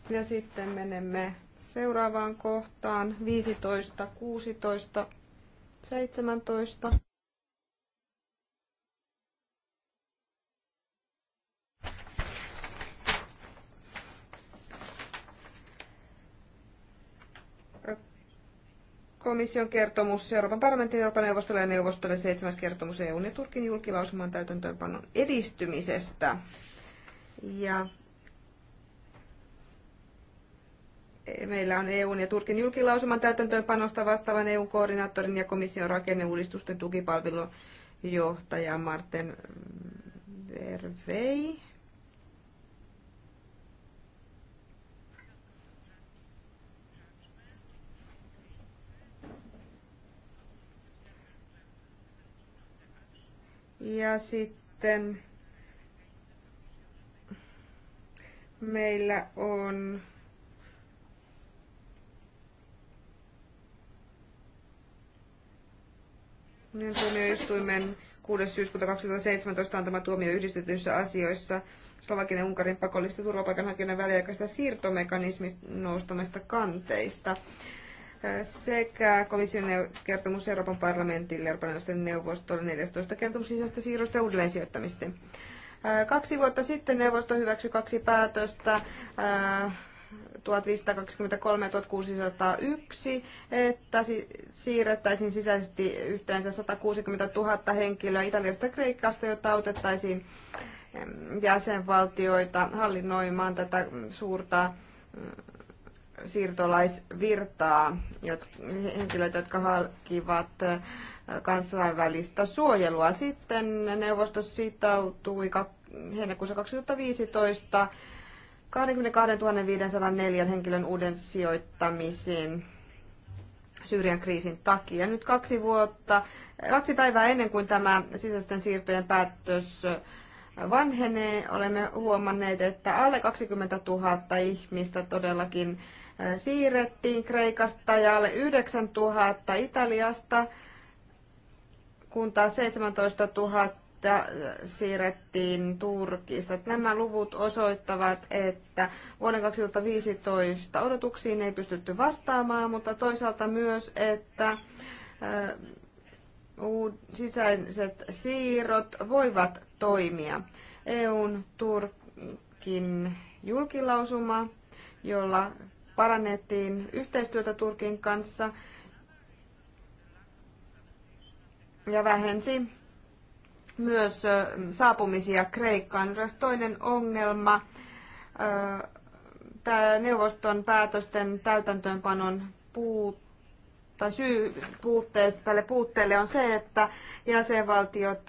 Ja sitten menemme seuraavaan kohtaan 15, 16, 17. Komission kertomus Euroopan parlamentin, Euroopan neuvostolle ja neuvostolle seitsemäs kertomus EUn ja Turkin julkilausuman täytäntöönpanon edistymisestä. Ja meillä on EUn ja Turkin julkilausuman täytäntöönpanosta vastaavan EUn koordinaattorin ja komission rakenneuudistusten tukipalvelujohtaja johtaja Marten Vervei. Ja sitten meillä on niin tuomioistuimen 6. syyskuuta 2017 antama tuomio yhdistetyissä asioissa Slovakian ja Unkarin pakollista turvapaikanhakijoiden väliaikaista siirtomekanismista noustamista kanteista. Äh, sekä komission kertomus Euroopan parlamentille, Euroopan neuvoston neuvostolle 14 kertomus sisäistä siirrosta ja uudelleensijoittamista. Äh, kaksi vuotta sitten neuvosto hyväksyi kaksi päätöstä. 1523 äh, 1601, että siirrettäisiin sisäisesti yhteensä 160 000 henkilöä Italiasta ja Kreikasta, jotta autettaisiin ähm, jäsenvaltioita hallinnoimaan tätä suurta mm, siirtolaisvirtaa, henkilöitä, jotka halkivat äh, kansainvälistä suojelua. Sitten neuvosto sitoutui heinäkuussa 2015 22 504 henkilön uuden sijoittamisiin Syyrian kriisin takia. Nyt kaksi, vuotta, kaksi päivää ennen kuin tämä sisäisten siirtojen päätös äh, vanhenee, olemme huomanneet, että alle 20 000 ihmistä todellakin siirrettiin Kreikasta ja alle 9000 Italiasta, kun taas 17 000 siirrettiin Turkista. Nämä luvut osoittavat, että vuoden 2015 odotuksiin ei pystytty vastaamaan, mutta toisaalta myös, että sisäiset siirrot voivat toimia. EUn Turkin julkilausuma, jolla parannettiin yhteistyötä Turkin kanssa ja vähensi myös saapumisia Kreikkaan. Myös toinen ongelma tämä neuvoston päätösten täytäntöönpanon puut tai syy puutteessa tälle puutteelle on se, että jäsenvaltiot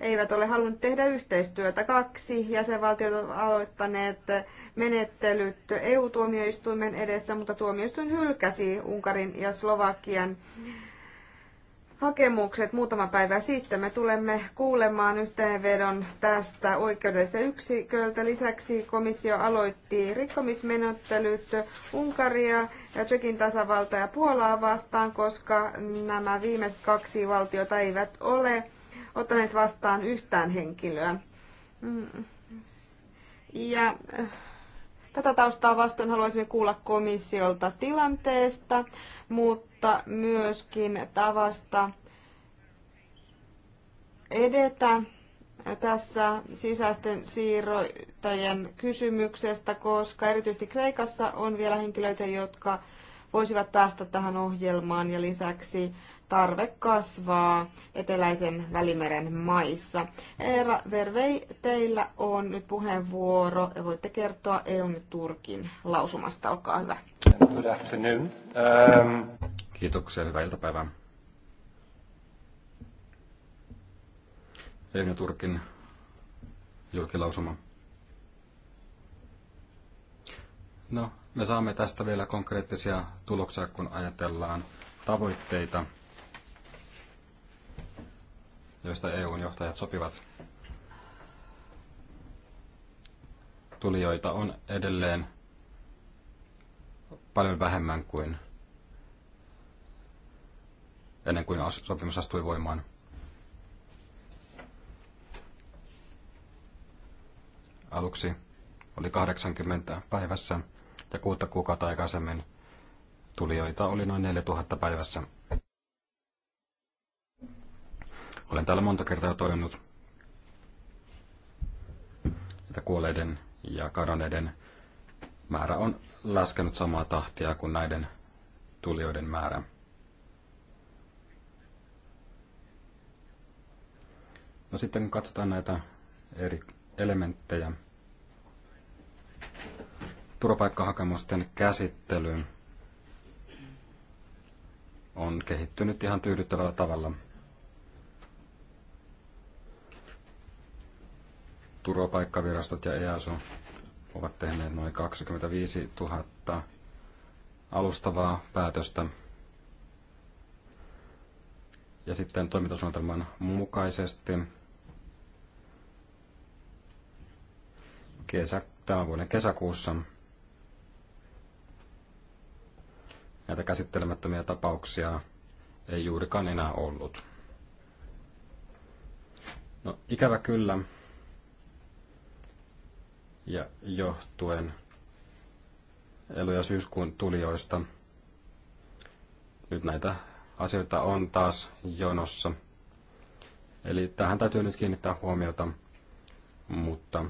eivät ole halunneet tehdä yhteistyötä. Kaksi jäsenvaltiot ovat aloittaneet menettelyt EU-tuomioistuimen edessä, mutta tuomioistuin hylkäsi Unkarin ja Slovakian hakemukset muutama päivä sitten. Me tulemme kuulemaan yhteenvedon tästä oikeudellisesta yksiköltä. Lisäksi komissio aloitti rikkomismenettelyt Unkaria, ja Tsekin tasavalta ja Puolaa vastaan, koska nämä viimeiset kaksi valtiota eivät ole ottaneet vastaan yhtään henkilöä. Mm. Ja äh, tätä taustaa vasten haluaisimme kuulla komissiolta tilanteesta, mutta mutta myöskin tavasta edetä tässä sisäisten siirrojen kysymyksestä, koska erityisesti Kreikassa on vielä henkilöitä, jotka voisivat päästä tähän ohjelmaan ja lisäksi tarve kasvaa eteläisen välimeren maissa. Eera Vervei, teillä on nyt puheenvuoro ja voitte kertoa EUn Turkin lausumasta. Olkaa hyvä. Good afternoon. Um... Kiitoksia, hyvää iltapäivää. EUn ja Turkin julkilausuma. No, me saamme tästä vielä konkreettisia tuloksia, kun ajatellaan tavoitteita – joista EUn johtajat sopivat. Tulijoita on edelleen paljon vähemmän kuin ennen kuin sopimus astui voimaan. Aluksi oli 80 päivässä ja kuutta kuukautta aikaisemmin tulijoita oli noin 4000 päivässä. Olen täällä monta kertaa todennut, että kuolleiden ja kadonneiden määrä on laskenut samaa tahtia kuin näiden tulijoiden määrä. No sitten kun katsotaan näitä eri elementtejä, turvapaikkahakemusten käsittely on kehittynyt ihan tyydyttävällä tavalla – turvapaikkavirastot ja EASO ovat tehneet noin 25 000 alustavaa päätöstä. Ja sitten toimintasuunnitelman mukaisesti kesä, tämän vuoden kesäkuussa näitä käsittelemättömiä tapauksia ei juurikaan enää ollut. No ikävä kyllä, ja johtuen elu- ja syyskuun tulijoista. Nyt näitä asioita on taas jonossa. Eli tähän täytyy nyt kiinnittää huomiota, mutta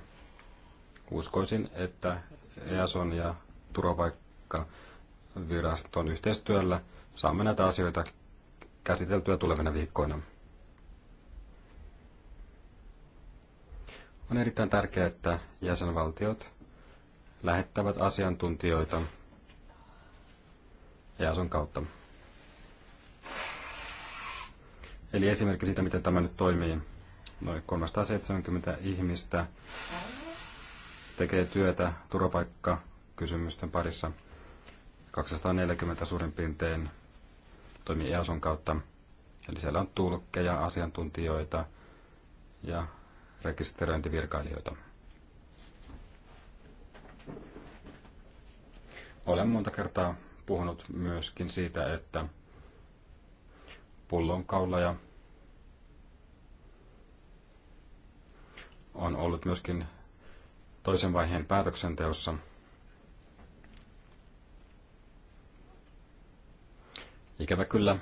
uskoisin, että EASON ja turvapaikkaviraston yhteistyöllä saamme näitä asioita käsiteltyä tulevina viikkoina. On erittäin tärkeää, että jäsenvaltiot lähettävät asiantuntijoita EASON kautta. Eli esimerkki siitä, miten tämä nyt toimii. Noin 370 ihmistä tekee työtä turvapaikkakysymysten parissa. 240 suurin piirtein toimii EASON kautta. Eli siellä on tulkkeja, asiantuntijoita ja rekisteröintivirkailijoita. Olen monta kertaa puhunut myöskin siitä, että pullonkaulaja on ollut myöskin toisen vaiheen päätöksenteossa. Ikävä kyllä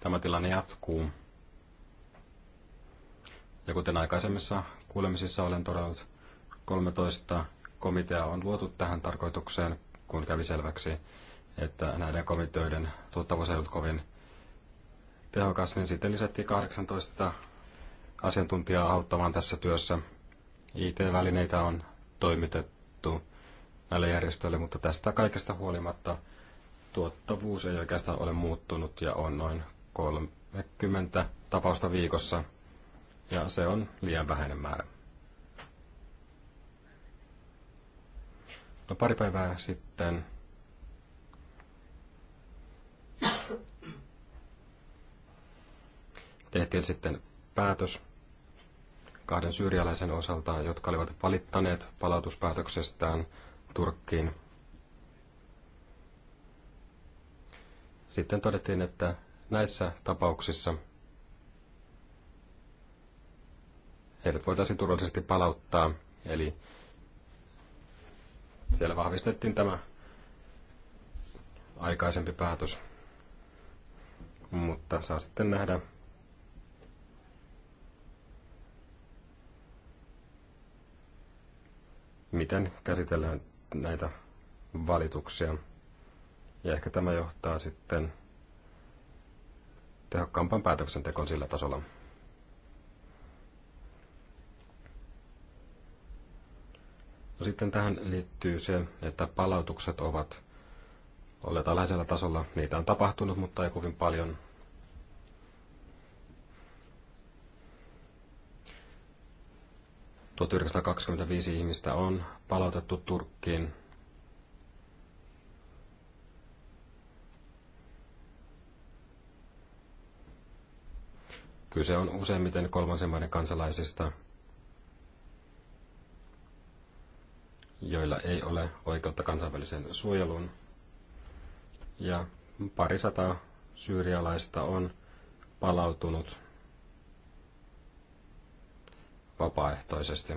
tämä tilanne jatkuu. Ja kuten aikaisemmissa kuulemisissa olen todennut, 13 komitea on luotu tähän tarkoitukseen, kun kävi selväksi, että näiden komiteoiden tuottavuus ei ollut kovin tehokas, niin sitten lisättiin 18 asiantuntijaa auttamaan tässä työssä. IT-välineitä on toimitettu näille järjestöille, mutta tästä kaikesta huolimatta tuottavuus ei oikeastaan ole muuttunut ja on noin 30 tapausta viikossa ja se on liian vähäinen määrä. No pari päivää sitten tehtiin sitten päätös kahden syyrialaisen osalta, jotka olivat valittaneet palautuspäätöksestään Turkkiin. Sitten todettiin, että näissä tapauksissa – heidät voitaisiin turvallisesti palauttaa. Eli siellä vahvistettiin tämä aikaisempi päätös. Mutta saa sitten nähdä, miten käsitellään näitä valituksia. Ja ehkä tämä johtaa sitten tehokkaampaan päätöksentekoon sillä tasolla. No sitten tähän liittyy se, että palautukset ovat olleet alhaisella tasolla. Niitä on tapahtunut, mutta ei kovin paljon. ...1925 ihmistä on palautettu Turkkiin. Kyse on useimmiten kolmansien maiden kansalaisista – joilla ei ole oikeutta kansainväliseen suojeluun. Ja sataa syyrialaista on palautunut vapaaehtoisesti.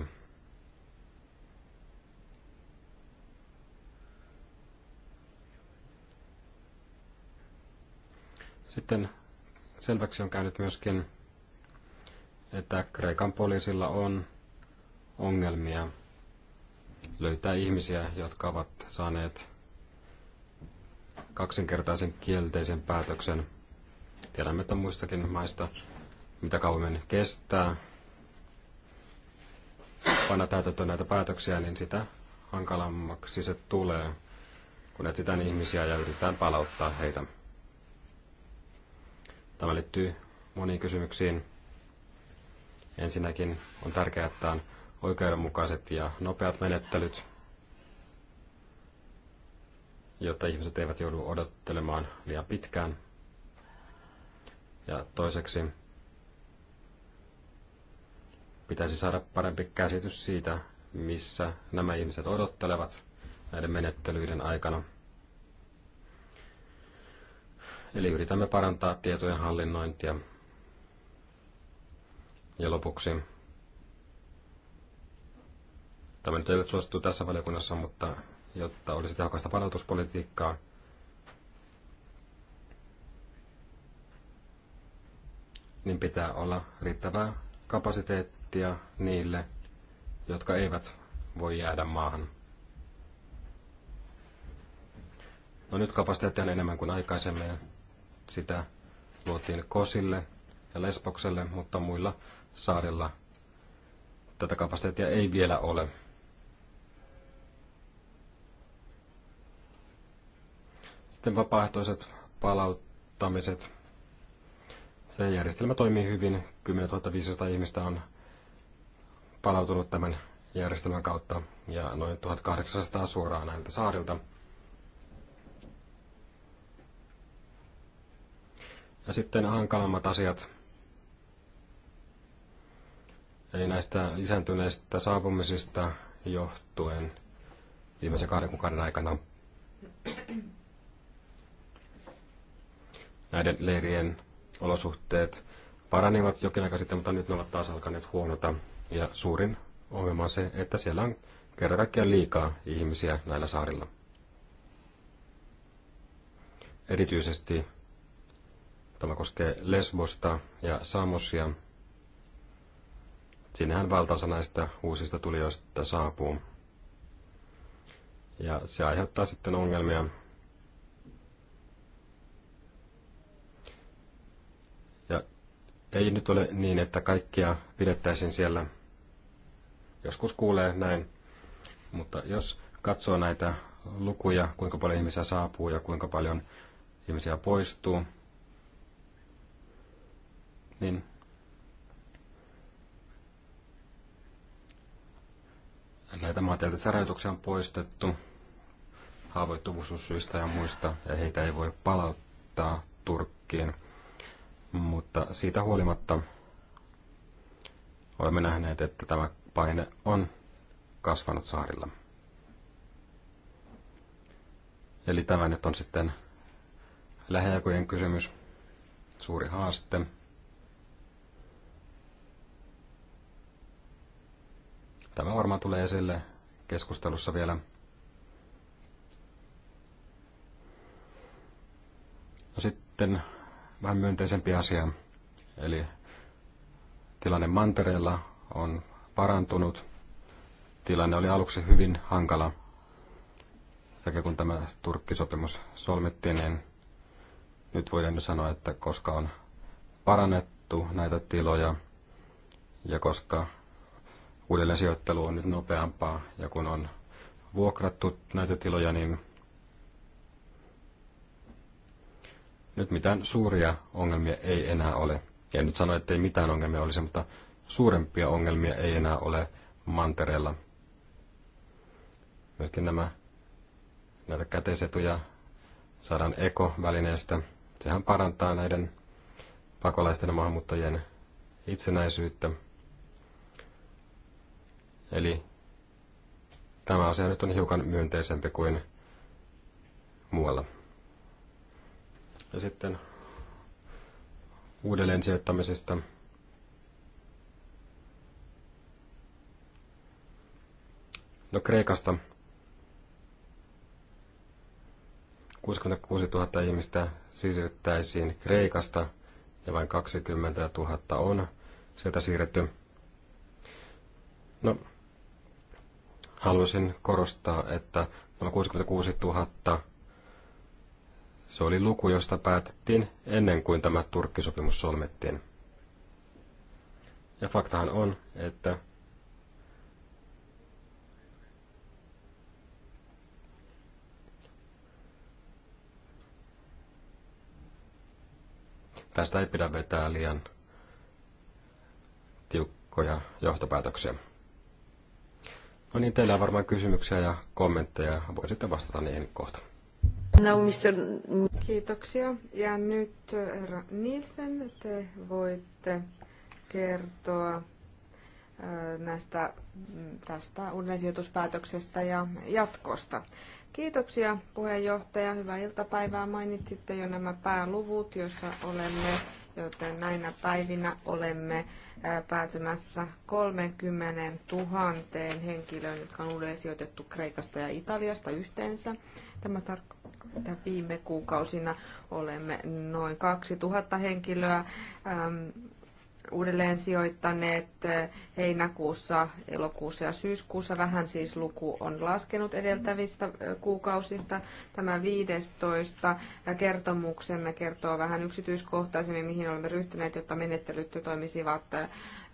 Sitten selväksi on käynyt myöskin, että Kreikan poliisilla on ongelmia löytää ihmisiä, jotka ovat saaneet kaksinkertaisen kielteisen päätöksen. Tiedämme, että muistakin maista, mitä kauemmin kestää panna täytäntöön näitä päätöksiä, niin sitä hankalammaksi se tulee, kun etsitään ihmisiä ja yritetään palauttaa heitä. Tämä liittyy moniin kysymyksiin. Ensinnäkin on tärkeää, että on oikeudenmukaiset ja nopeat menettelyt, jotta ihmiset eivät joudu odottelemaan liian pitkään. Ja toiseksi pitäisi saada parempi käsitys siitä, missä nämä ihmiset odottelevat näiden menettelyiden aikana. Eli yritämme parantaa tietojen hallinnointia. Ja lopuksi Tämä nyt ei ole suosittu tässä valiokunnassa, mutta jotta olisi tehokasta palautuspolitiikkaa, niin pitää olla riittävää kapasiteettia niille, jotka eivät voi jäädä maahan. No nyt kapasiteettia on enemmän kuin aikaisemmin. Sitä luotiin Kosille ja Lesbokselle, mutta muilla saarilla tätä kapasiteettia ei vielä ole. Sitten vapaaehtoiset palauttamiset. Se järjestelmä toimii hyvin. 10 500 ihmistä on palautunut tämän järjestelmän kautta ja noin 1800 suoraan näiltä saarilta. Ja sitten hankalammat asiat, eli näistä lisääntyneistä saapumisista johtuen viimeisen kahden kuukauden aikana näiden leirien olosuhteet paranivat jokin aika sitten, mutta nyt ne ovat taas alkaneet huonota. Ja suurin ongelma on se, että siellä on kerta kaikkiaan liikaa ihmisiä näillä saarilla. Erityisesti tämä koskee Lesbosta ja Samosia. Sinnehän valtaosa näistä uusista tulijoista saapuu. Ja se aiheuttaa sitten ongelmia Ei nyt ole niin, että kaikkia pidettäisiin siellä. Joskus kuulee näin, mutta jos katsoo näitä lukuja, kuinka paljon ihmisiä saapuu ja kuinka paljon ihmisiä poistuu, niin näitä maantieteellisiä rajoituksia on poistettu haavoittuvuussyistä ja muista, ja heitä ei voi palauttaa Turkkiin – mutta siitä huolimatta olemme nähneet, että tämä paine on kasvanut saarilla. Eli tämä nyt on sitten lähiaikojen kysymys, suuri haaste. Tämä varmaan tulee esille keskustelussa vielä. No sitten vähän myönteisempi asia. Eli tilanne mantereella on parantunut. Tilanne oli aluksi hyvin hankala. Sekä kun tämä Turkkisopimus solmittiin, niin nyt voidaan jo sanoa, että koska on parannettu näitä tiloja ja koska uudelleen sijoittelu on nyt nopeampaa ja kun on vuokrattu näitä tiloja, niin Nyt mitään suuria ongelmia ei enää ole. En nyt sano, että ei mitään ongelmia olisi, mutta suurempia ongelmia ei enää ole mantereella. Myöskin nämä, näitä käteisetuja saadaan ekovälineestä. Sehän parantaa näiden pakolaisten ja maahanmuuttajien itsenäisyyttä. Eli tämä asia nyt on hiukan myönteisempi kuin muualla. Ja sitten uudelleen sijoittamisesta. No Kreikasta 66 000 ihmistä sisyttäisiin Kreikasta ja vain 20 000 on sieltä siirretty. No, haluaisin korostaa, että nämä 66 000 se oli luku, josta päätettiin ennen kuin tämä Turkkisopimus solmettiin. Ja faktahan on, että tästä ei pidä vetää liian tiukkoja johtopäätöksiä. No niin, teillä on varmaan kysymyksiä ja kommentteja. Voisitte vastata niihin kohta. Now, Kiitoksia. Ja nyt herra Nielsen, te voitte kertoa näistä, mm, tästä uudelleensijoituspäätöksestä ja jatkosta. Kiitoksia puheenjohtaja. Hyvää iltapäivää. Mainitsitte jo nämä pääluvut, joissa olemme, joten näinä päivinä olemme päätymässä 30 000 henkilöön, jotka on uudelleen Kreikasta ja Italiasta yhteensä. Tämä tarkoittaa mitä viime kuukausina olemme noin 2000 henkilöä ähm, uudelleen sijoittaneet äh, heinäkuussa, elokuussa ja syyskuussa. Vähän siis luku on laskenut edeltävistä äh, kuukausista. Tämä 15 äh, kertomuksemme kertoo vähän yksityiskohtaisemmin, mihin olemme ryhtyneet, jotta menettelyt toimisivat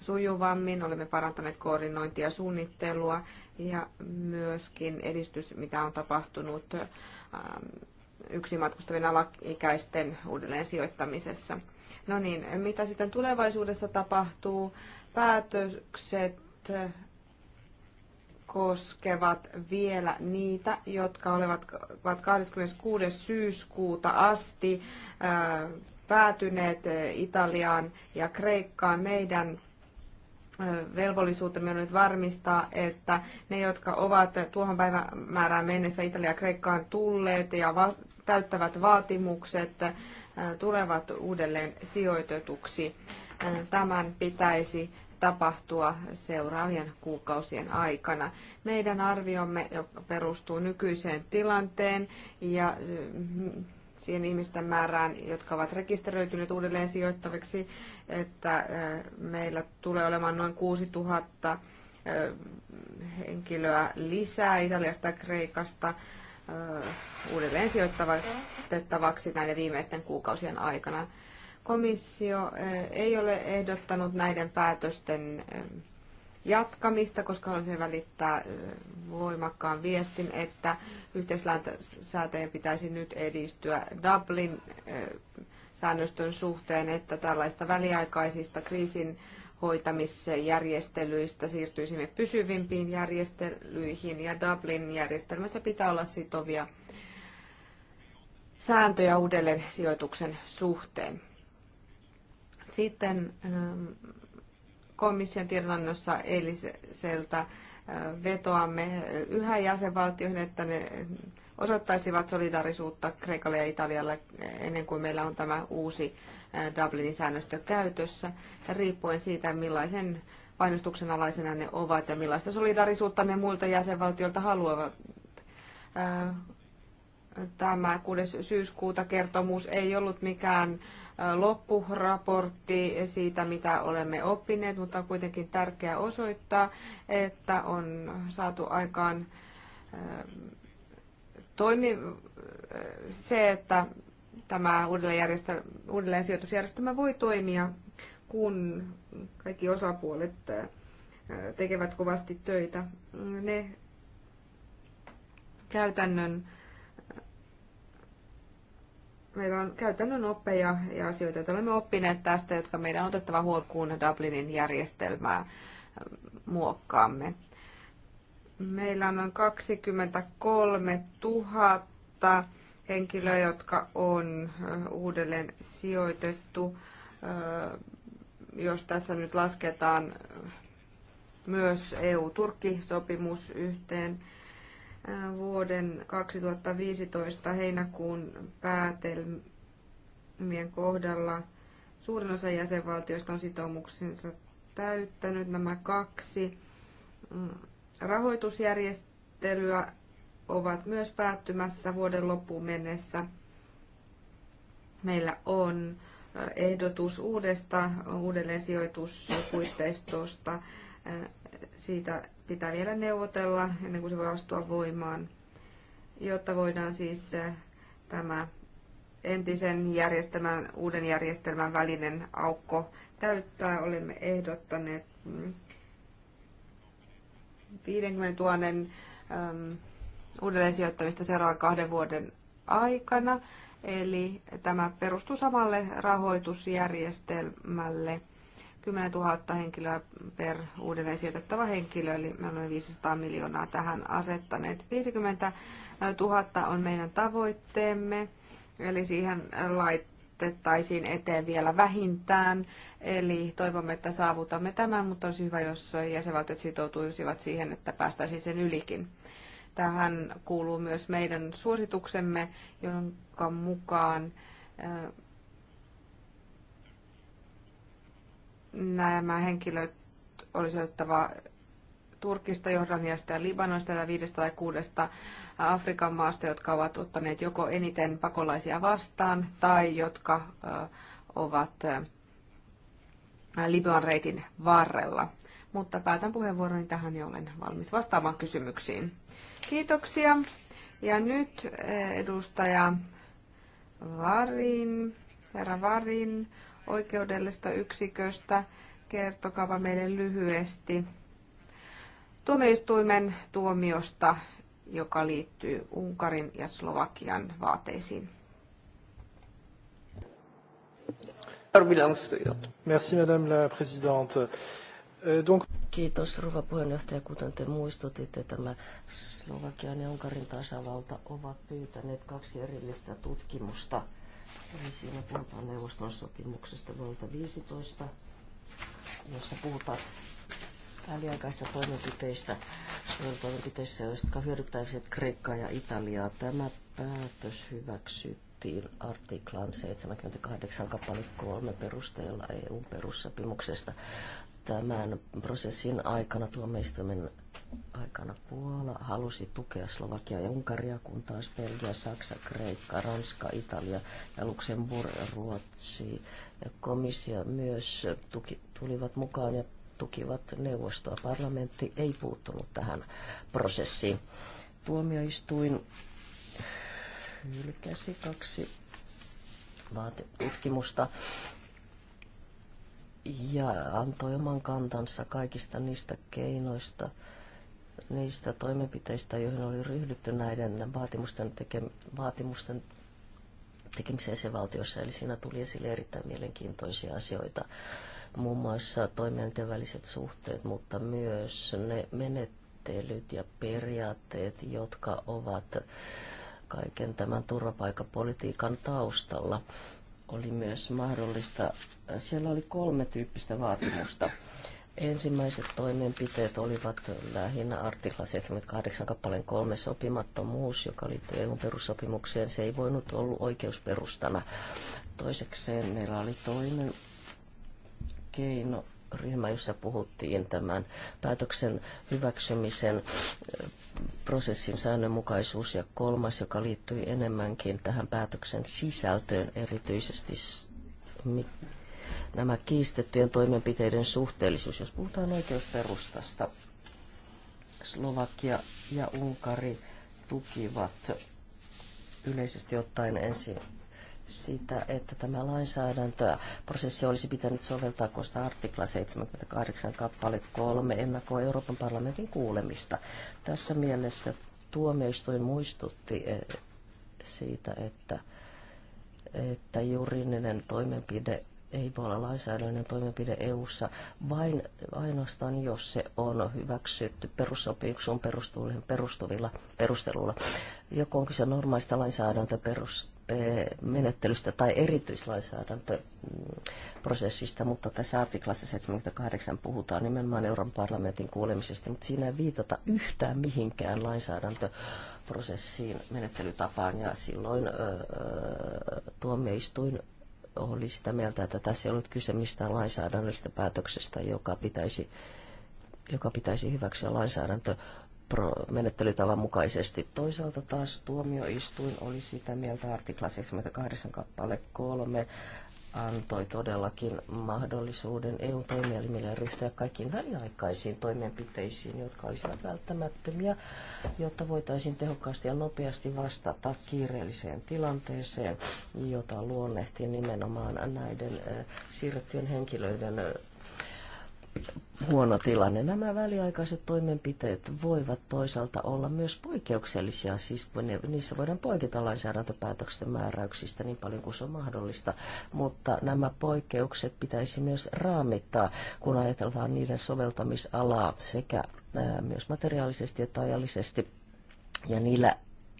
sujuvammin. Olemme parantaneet koordinointia ja suunnittelua ja myöskin edistys, mitä on tapahtunut ähm, yksin matkustavien alaikäisten uudelleen sijoittamisessa. No niin, mitä sitten tulevaisuudessa tapahtuu? Päätökset koskevat vielä niitä, jotka olivat 26. syyskuuta asti äh, päätyneet äh, Italiaan ja Kreikkaan. Meidän velvollisuutemme on nyt varmistaa, että ne, jotka ovat tuohon päivämäärään mennessä Italia ja Kreikkaan tulleet ja va- täyttävät vaatimukset, äh, tulevat uudelleen sijoitetuksi. Äh, tämän pitäisi tapahtua seuraavien kuukausien aikana. Meidän arviomme joka perustuu nykyiseen tilanteen ja äh, siihen ihmisten määrään, jotka ovat rekisteröityneet uudelleen sijoittaviksi että äh, meillä tulee olemaan noin 6000 äh, henkilöä lisää Italiasta ja Kreikasta äh, uudelleen sijoittavaksi näiden viimeisten kuukausien aikana. Komissio ei ole ehdottanut näiden päätösten jatkamista, koska haluaisin välittää voimakkaan viestin, että yhteislainsäätäjien pitäisi nyt edistyä Dublin säännöstön suhteen, että tällaista väliaikaisista kriisin hoitamisjärjestelyistä siirtyisimme pysyvimpiin järjestelyihin ja Dublin-järjestelmässä pitää olla sitovia sääntöjä uudelleen sijoituksen suhteen. Sitten ähm, komission tiedonannossa eiliseltä äh, vetoamme yhä jäsenvaltioihin, että ne osoittaisivat solidaarisuutta Kreikalle ja Italialle eh, ennen kuin meillä on tämä uusi eh, Dublinin säännöstö käytössä, riippuen siitä, millaisen painostuksen alaisena ne ovat ja millaista solidaarisuutta ne muilta jäsenvaltioilta haluavat. Eh, tämä 6. syyskuuta kertomus ei ollut mikään loppuraportti siitä, mitä olemme oppineet, mutta on kuitenkin tärkeää osoittaa, että on saatu aikaan toimi, se, että tämä uudelleen sijoitusjärjestelmä voi toimia, kun kaikki osapuolet tekevät kovasti töitä. Ne käytännön meillä on käytännön oppeja ja asioita, joita olemme oppineet tästä, jotka meidän on otettava huolkuun Dublinin järjestelmää muokkaamme. Meillä on noin 23 000 henkilöä, jotka on uudelleen sijoitettu. Jos tässä nyt lasketaan myös EU-Turkki-sopimus yhteen vuoden 2015 heinäkuun päätelmien kohdalla, suurin osa jäsenvaltioista on sitoumuksensa täyttänyt nämä kaksi mm, rahoitusjärjestelyä ovat myös päättymässä vuoden loppuun mennessä. Meillä on ehdotus uudesta uudelleen sijoituspuitteistosta. Siitä pitää vielä neuvotella ennen kuin se voi astua voimaan, jotta voidaan siis tämä entisen järjestelmän, uuden järjestelmän välinen aukko täyttää. Olemme ehdottaneet mm, 50 000 ähm, uudelleen sijoittamista seuraavan kahden vuoden aikana. Eli tämä perustuu samalle rahoitusjärjestelmälle. 10 000 henkilöä per uudelleen sijoitettava henkilö, eli me olemme 500 miljoonaa tähän asettaneet. 50 000 on meidän tavoitteemme, eli siihen lait nostettaisiin eteen vielä vähintään. Eli toivomme, että saavutamme tämän, mutta olisi hyvä, jos jäsenvaltiot sitoutuisivat siihen, että päästäisiin sen ylikin. Tähän kuuluu myös meidän suosituksemme, jonka mukaan äh, nämä henkilöt olisi otettava Turkista, Jordaniasta ja Libanoista ja viidestä tai kuudesta Afrikan maasta, jotka ovat ottaneet joko eniten pakolaisia vastaan tai jotka ovat Libyan reitin varrella. Mutta päätän puheenvuoroni tähän ja olen valmis vastaamaan kysymyksiin. Kiitoksia. Ja nyt edustaja Varin, herra Varin oikeudellista yksiköstä. Kertokaa meille lyhyesti tuomioistuimen tuomiosta joka liittyy Unkarin ja Slovakian vaateisiin. Merci, Madame la Présidente. Euh, donc... Kiitos, rouva puheenjohtaja. Kuten te muistutitte, tämä Slovakian ja Unkarin tasavalta ovat pyytäneet kaksi erillistä tutkimusta. Eli siinä puhutaan neuvoston sopimuksesta vuodelta 15, jossa puhutaan väliaikaista toimenpiteistä, toimenpiteistä, jotka hyödyttäisivät Kreikkaa ja Italiaa. Tämä päätös hyväksyttiin artiklan 78 kappale 3 perusteella EUn perussopimuksesta. Tämän prosessin aikana tuomioistuimen aikana Puola halusi tukea Slovakia ja Unkaria, kun taas Belgia, Saksa, Kreikka, Ranska, Italia ja Luxemburg, Ruotsi ja komissio myös tuki, tulivat mukaan ja tukivat neuvostoa. Parlamentti ei puuttunut tähän prosessiin. Tuomioistuin hylkäsi kaksi vaatetutkimusta ja antoi oman kantansa kaikista niistä keinoista, niistä toimenpiteistä, joihin oli ryhdytty näiden vaatimusten, teke, vaatimusten tekemiseen valtiossa. Eli siinä tuli esille erittäin mielenkiintoisia asioita muun muassa toimijoiden väliset suhteet, mutta myös ne menettelyt ja periaatteet, jotka ovat kaiken tämän turvapaikapolitiikan taustalla. Oli myös mahdollista, siellä oli kolme tyyppistä vaatimusta. Ensimmäiset toimenpiteet olivat lähinnä artikla 78 kappaleen 3 sopimattomuus, joka liittyy EUn perussopimukseen. Se ei voinut olla oikeusperustana. Toisekseen meillä oli toinen keinoryhmä, jossa puhuttiin tämän päätöksen hyväksymisen eh, prosessin säännönmukaisuus ja kolmas, joka liittyi enemmänkin tähän päätöksen sisältöön erityisesti nämä kiistettyjen toimenpiteiden suhteellisuus, jos puhutaan oikeusperustasta. Slovakia ja Unkari tukivat yleisesti ottaen ensin sitä, että tämä lainsäädäntöprosessi olisi pitänyt soveltaa koska artikla 78 kappale 3 ennakoi Euroopan parlamentin kuulemista. Tässä mielessä tuomioistuin muistutti e, siitä, että, että juridinen toimenpide ei voi olla lainsäädännön toimenpide EU-ssa vain ainoastaan, jos se on hyväksytty perussopimuksen perustuvilla perusteluilla. Joko on kyse normaalista lainsäädäntöperus, menettelystä tai erityislainsäädäntöprosessista, mutta tässä artiklassa 78 puhutaan nimenomaan Euroopan parlamentin kuulemisesta, mutta siinä ei viitata yhtään mihinkään lainsäädäntöprosessiin menettelytapaan ja silloin öö, tuomioistuin oli sitä mieltä, että tässä ei ollut kyse mistään lainsäädännöllisestä päätöksestä, joka pitäisi, joka pitäisi hyväksyä lainsäädäntö menettelytavan mukaisesti. Toisaalta taas tuomioistuin oli sitä mieltä artikla 78 kappale 3 antoi todellakin mahdollisuuden EU-toimielimille ryhtyä kaikkiin väliaikaisiin toimenpiteisiin, jotka olisivat välttämättömiä, jotta voitaisiin tehokkaasti ja nopeasti vastata kiireelliseen tilanteeseen, jota luonnehti nimenomaan näiden eh, siirrettyjen henkilöiden eh, huono tilanne. Nämä väliaikaiset toimenpiteet voivat toisaalta olla myös poikkeuksellisia, siis niissä voidaan poiketa lainsäädäntöpäätöksen määräyksistä niin paljon kuin se on mahdollista, mutta nämä poikkeukset pitäisi myös raamittaa, kun ajatellaan niiden soveltamisalaa sekä myös materiaalisesti että ajallisesti, ja niillä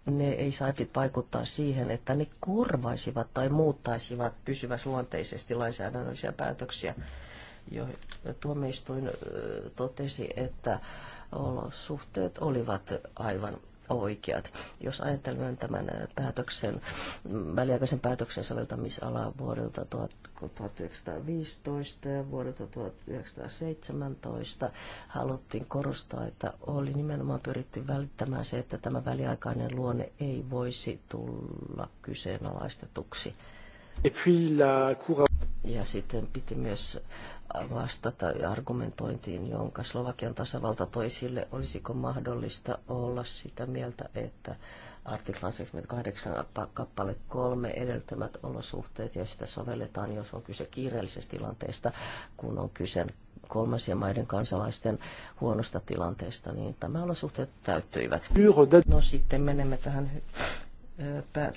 ne ei saisi vaikuttaa siihen, että ne korvaisivat tai muuttaisivat pysyväsluonteisesti lainsäädännöllisiä päätöksiä jo tuomioistuin totesi, että olosuhteet olivat aivan oikeat. Jos ajatellaan tämän päätöksen, väliaikaisen päätöksen soveltamisalaa vuodelta 1915 ja vuodelta 1917, haluttiin korostaa, että oli nimenomaan pyritty välittämään se, että tämä väliaikainen luonne ei voisi tulla kyseenalaistetuksi. Ja sitten piti myös vastata argumentointiin, jonka Slovakian tasavalta toisille olisiko mahdollista olla sitä mieltä, että artiklan 78 kappale 3 edellyttämät olosuhteet, joista sovelletaan, jos on kyse kiireellisestä tilanteesta, kun on kyse kolmansien maiden kansalaisten huonosta tilanteesta, niin tämä olosuhteet täyttyivät. No sitten menemme tähän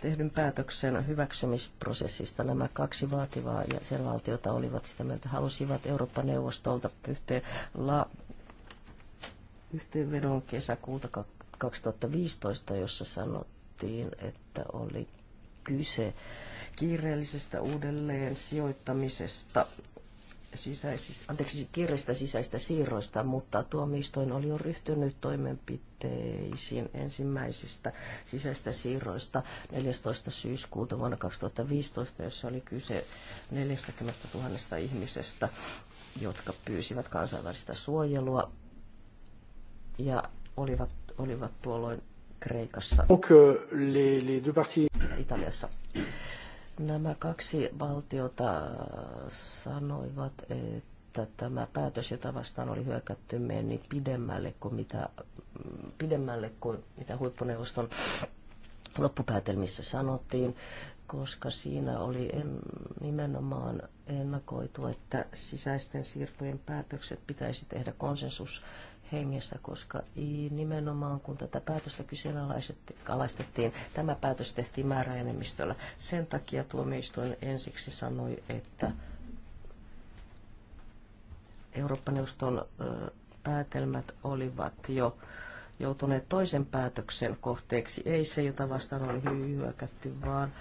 tehdyn päätöksen hyväksymisprosessista nämä kaksi vaativaa jäsenvaltiota olivat sitä mieltä, halusivat Euroopan neuvostolta yhteen, la, yhteenvedon kesäkuuta 2015, jossa sanottiin, että oli kyse kiireellisestä uudelleen sijoittamisesta sisäisistä, anteeksi, kiireistä sisäistä siirroista, mutta tuomioistuin oli jo ryhtynyt toimenpiteisiin ensimmäisistä sisäistä siirroista 14. syyskuuta vuonna 2015, jossa oli kyse 40 000 ihmisestä, jotka pyysivät kansainvälistä suojelua ja olivat, olivat tuolloin Kreikassa Donc, euh, les, les deux parties... Italiassa. Nämä kaksi valtiota sanoivat, että tämä päätös, jota vastaan oli hyökätty, meni pidemmälle kuin mitä, pidemmälle kuin mitä huippuneuvoston loppupäätelmissä sanottiin, koska siinä oli en, nimenomaan ennakoitu, että sisäisten siirtojen päätökset pitäisi tehdä konsensus hengessä, koska nimenomaan kun tätä päätöstä kyseenalaistettiin, tämä päätös tehtiin määräenemmistöllä. Sen takia tuomioistuin ensiksi sanoi, että Eurooppa-neuvoston päätelmät olivat jo joutuneet toisen päätöksen kohteeksi. Ei se, jota vastaan oli hyökätty, vaan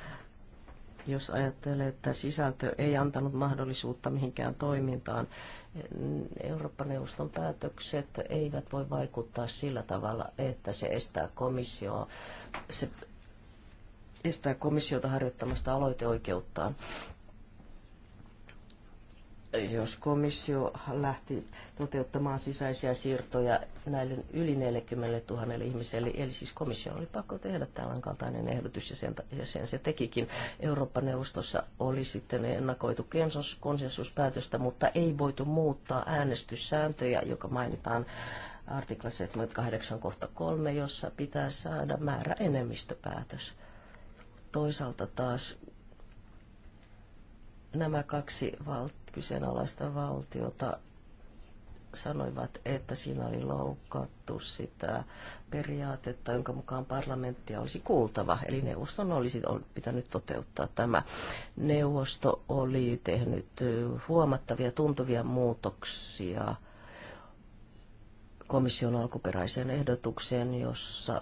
jos ajattelee, että sisältö ei antanut mahdollisuutta mihinkään toimintaan, Eurooppa-neuvoston päätökset eivät voi vaikuttaa sillä tavalla, että se estää komissioa, se estää komissiota harjoittamasta aloiteoikeuttaan jos komissio lähti toteuttamaan sisäisiä siirtoja näille yli 40 000 ihmiselle, eli siis komissio oli pakko tehdä tällainen kaltainen ehdotus ja sen, ja sen se tekikin. Eurooppa-neuvostossa oli sitten ennakoitu konsensuspäätöstä, mutta ei voitu muuttaa äänestyssääntöjä, joka mainitaan artikla 78 kohta 3, jossa pitää saada määrä enemmistöpäätös. Toisaalta taas nämä kaksi valtaa kyseenalaista valtiota sanoivat, että siinä oli loukattu sitä periaatetta, jonka mukaan parlamenttia olisi kuultava. Eli neuvoston olisi pitänyt toteuttaa tämä. Neuvosto oli tehnyt huomattavia tuntuvia muutoksia komission alkuperäiseen ehdotukseen, jossa,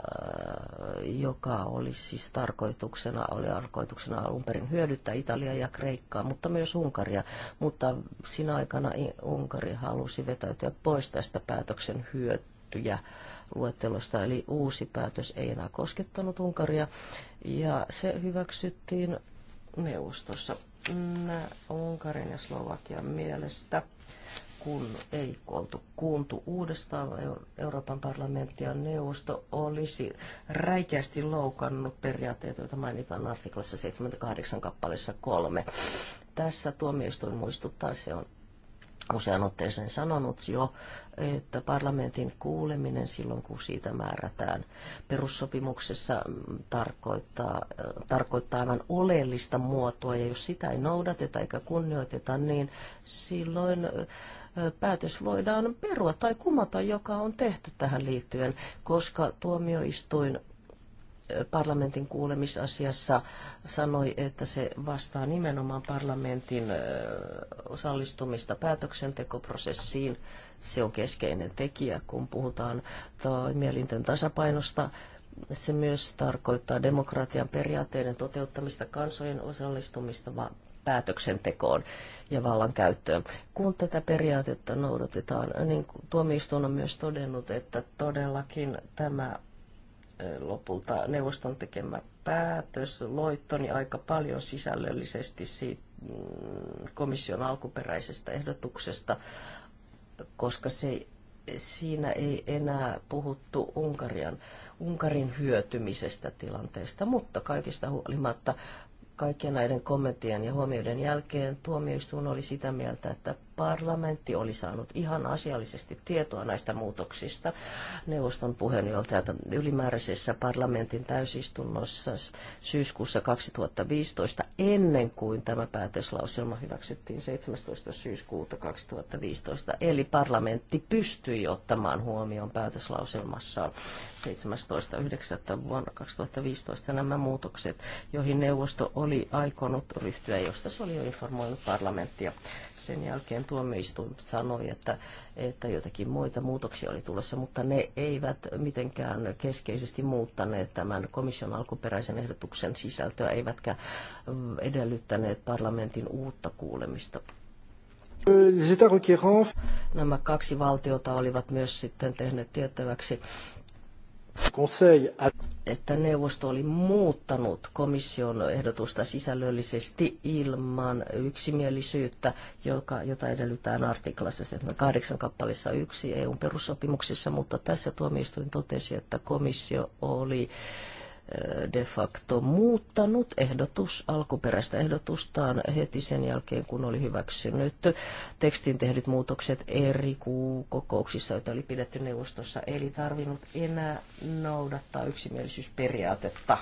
joka oli siis tarkoituksena, oli tarkoituksena alun perin hyödyttää Italiaa ja Kreikkaa, mutta myös Unkaria. Mutta sinä aikana Unkari halusi vetäytyä pois tästä päätöksen hyötyjä luettelosta, eli uusi päätös ei enää koskettanut Unkaria, ja se hyväksyttiin neuvostossa Unkarin ja Slovakian mielestä kun ei oltu kuultu uudestaan Euroopan ja neuvosto olisi räikeästi loukannut periaatteita, joita mainitaan artiklassa 78 kappaleessa 3. Tässä tuomioistuin muistuttaa, se on usean otteeseen sanonut jo, että parlamentin kuuleminen silloin, kun siitä määrätään perussopimuksessa, tarkoittaa, tarkoittaa aivan oleellista muotoa, ja jos sitä ei noudateta eikä kunnioiteta, niin silloin päätös voidaan perua tai kumota, joka on tehty tähän liittyen, koska tuomioistuin parlamentin kuulemisasiassa sanoi, että se vastaa nimenomaan parlamentin osallistumista päätöksentekoprosessiin. Se on keskeinen tekijä, kun puhutaan toimielinten tasapainosta. Se myös tarkoittaa demokratian periaatteiden toteuttamista, kansojen osallistumista päätöksentekoon ja käyttöön. Kun tätä periaatetta noudatetaan, niin tuomioistuin on myös todennut, että todellakin tämä lopulta neuvoston tekemä päätös loittoni niin aika paljon sisällöllisesti siitä mm, komission alkuperäisestä ehdotuksesta, koska se, siinä ei enää puhuttu Unkarian, Unkarin hyötymisestä tilanteesta, mutta kaikista huolimatta Kaikkien näiden kommenttien ja huomioiden jälkeen tuomioistuin oli sitä mieltä, että parlamentti oli saanut ihan asiallisesti tietoa näistä muutoksista neuvoston puheenjohtajalta ylimääräisessä parlamentin täysistunnossa syyskuussa 2015 ennen kuin tämä päätöslauselma hyväksyttiin 17. syyskuuta 2015. Eli parlamentti pystyi ottamaan huomioon päätöslauselmassaan 17.9. vuonna 2015 nämä muutokset, joihin neuvosto oli aikonut ryhtyä, josta se oli jo informoinut parlamenttia sen jälkeen tuomioistuin sanoi, että, että jotakin muita muutoksia oli tulossa, mutta ne eivät mitenkään keskeisesti muuttaneet tämän komission alkuperäisen ehdotuksen sisältöä, eivätkä edellyttäneet parlamentin uutta kuulemista. Nämä kaksi valtiota olivat myös sitten tehneet tiettäväksi että neuvosto oli muuttanut komission ehdotusta sisällöllisesti ilman yksimielisyyttä, joka, jota edellytään artiklassa 8 kappalissa yksi EUn perussopimuksessa mutta tässä tuomioistuin totesi, että komissio oli äh, de facto muuttanut ehdotus, alkuperäistä ehdotustaan heti sen jälkeen, kun oli hyväksynyt tekstin tehdyt muutokset eri kokouksissa, joita oli pidetty neuvostossa, eli tarvinnut enää noudattaa yksimielisyysperiaatetta.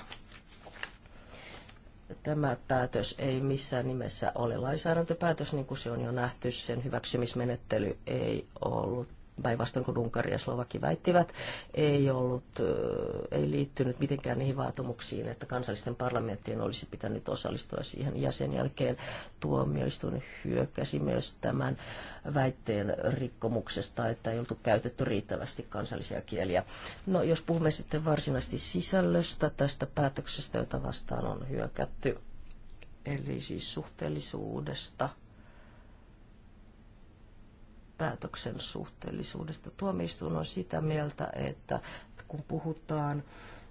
Tämä päätös ei missään nimessä ole lainsäädäntöpäätös, niin kuin se on jo nähty. Sen hyväksymismenettely ei ollut päinvastoin kuin Unkari ja Slovakki väittivät, ei, ollut, ei liittynyt mitenkään niihin vaatimuksiin, että kansallisten parlamenttien olisi pitänyt osallistua siihen. Ja sen jälkeen tuomioistuin hyökkäsi myös tämän väitteen rikkomuksesta, että ei oltu käytetty riittävästi kansallisia kieliä. No, jos puhumme sitten varsinaisesti sisällöstä tästä päätöksestä, jota vastaan on hyökätty, eli siis suhteellisuudesta – päätöksen suhteellisuudesta. Tuomioistuin on sitä mieltä, että kun puhutaan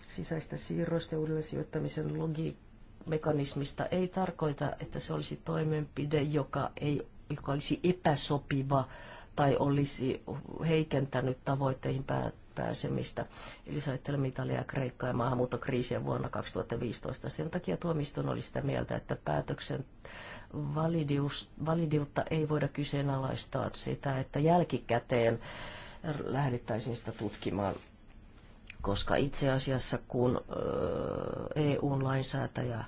sisäistä siirroista ja uudelleen sijoittamisen logiikmekanismista, ei tarkoita, että se olisi toimenpide, joka, ei, joka olisi epäsopiva tai olisi heikentänyt tavoitteihin pääsemistä. Eli ajattelemme Italiaa, Kreikkaa ja maahanmuuttokriisiä vuonna 2015. Sen takia tuomistoon oli sitä mieltä, että päätöksen validius, validiutta ei voida kyseenalaistaa sitä, että jälkikäteen lähdettäisiin sitä tutkimaan koska itse asiassa kun eu lainsäätäjä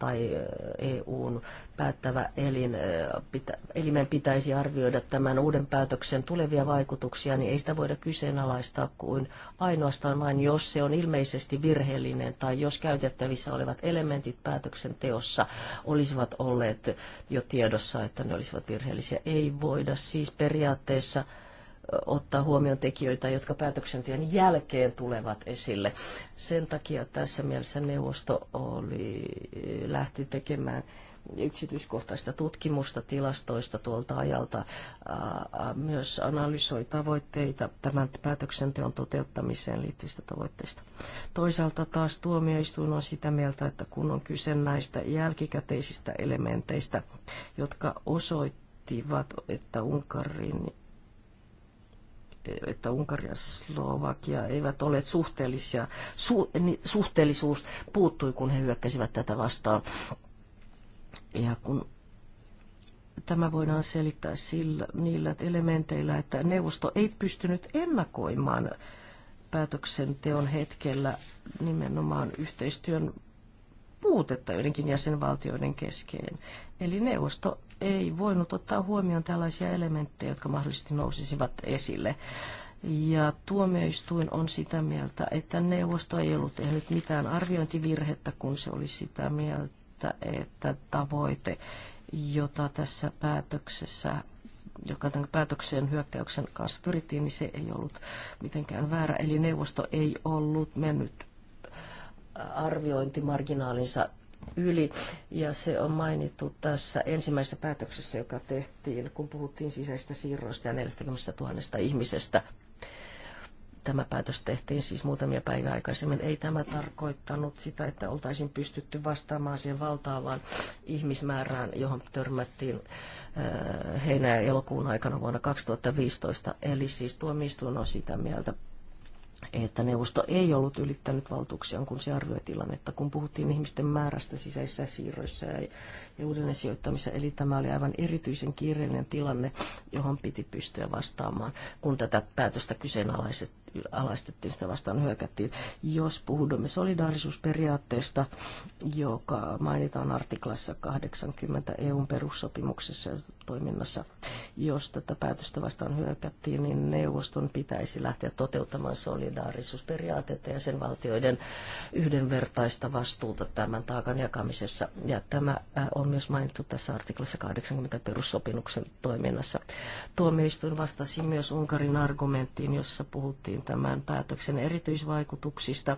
tai EUn eh, e päättävä elin, eh, pitä, elimen pitäisi arvioida tämän uuden päätöksen tulevia vaikutuksia, niin ei sitä voida kyseenalaistaa kuin ainoastaan vain, jos se on ilmeisesti virheellinen tai jos käytettävissä olevat elementit päätöksenteossa olisivat olleet jo tiedossa, että ne olisivat virheellisiä. Ei voida siis periaatteessa ottaa huomioon tekijöitä, jotka päätöksenteon jälkeen tulevat esille. Sen takia tässä mielessä neuvosto oli, lähti tekemään yksityiskohtaista tutkimusta tilastoista tuolta ajalta. Myös analysoi tavoitteita tämän päätöksenteon toteuttamiseen liittyvistä tavoitteista. Toisaalta taas tuomioistuin on sitä mieltä, että kun on kyse näistä jälkikäteisistä elementeistä, jotka osoittavat, että Unkarin että Unkari ja Slovakia eivät ole suhteellisia. Su, suhteellisuus puuttui, kun he hyökkäsivät tätä vastaan. Ja kun tämä voidaan selittää sillä, niillä elementeillä, että neuvosto ei pystynyt ennakoimaan päätöksenteon hetkellä nimenomaan yhteistyön puutetta joidenkin jäsenvaltioiden keskeen. Eli neuvosto ei voinut ottaa huomioon tällaisia elementtejä, jotka mahdollisesti nousisivat esille. Ja tuomioistuin on sitä mieltä, että neuvosto ei ollut tehnyt mitään arviointivirhettä, kun se oli sitä mieltä, että tavoite, jota tässä päätöksessä joka tämän päätöksen hyökkäyksen kanssa pyrittiin, niin se ei ollut mitenkään väärä. Eli neuvosto ei ollut mennyt arviointimarginaalinsa yli. Ja se on mainittu tässä ensimmäisessä päätöksessä, joka tehtiin, kun puhuttiin sisäistä siirroista ja 40 000 ihmisestä. Tämä päätös tehtiin siis muutamia päivää aikaisemmin. Ei tämä tarkoittanut sitä, että oltaisiin pystytty vastaamaan siihen valtaavaan ihmismäärään, johon törmättiin äh, heinä- ja elokuun aikana vuonna 2015. Eli siis tuomioistuin on sitä mieltä että neuvosto ei ollut ylittänyt valtuuksiaan, kun se arvioi tilannetta, kun puhuttiin ihmisten määrästä sisäisissä siirroissa ja, ja uudelleen sijoittamissa. Eli tämä oli aivan erityisen kiireellinen tilanne, johon piti pystyä vastaamaan, kun tätä päätöstä kyseenalaiset, alaistettiin, sitä vastaan hyökättiin. Jos puhumme solidaarisuusperiaatteesta, joka mainitaan artiklassa 80 EUn perussopimuksessa ja toiminnassa, jos tätä päätöstä vastaan hyökättiin, niin neuvoston pitäisi lähteä toteuttamaan solidaarisuusperiaatetta ja sen valtioiden yhdenvertaista vastuuta tämän taakan jakamisessa. Ja tämä äh, on myös mainittu tässä artiklassa 80 perussopimuksen toiminnassa. Tuomioistuin vastasi myös Unkarin argumenttiin, jossa puhuttiin tämän päätöksen erityisvaikutuksista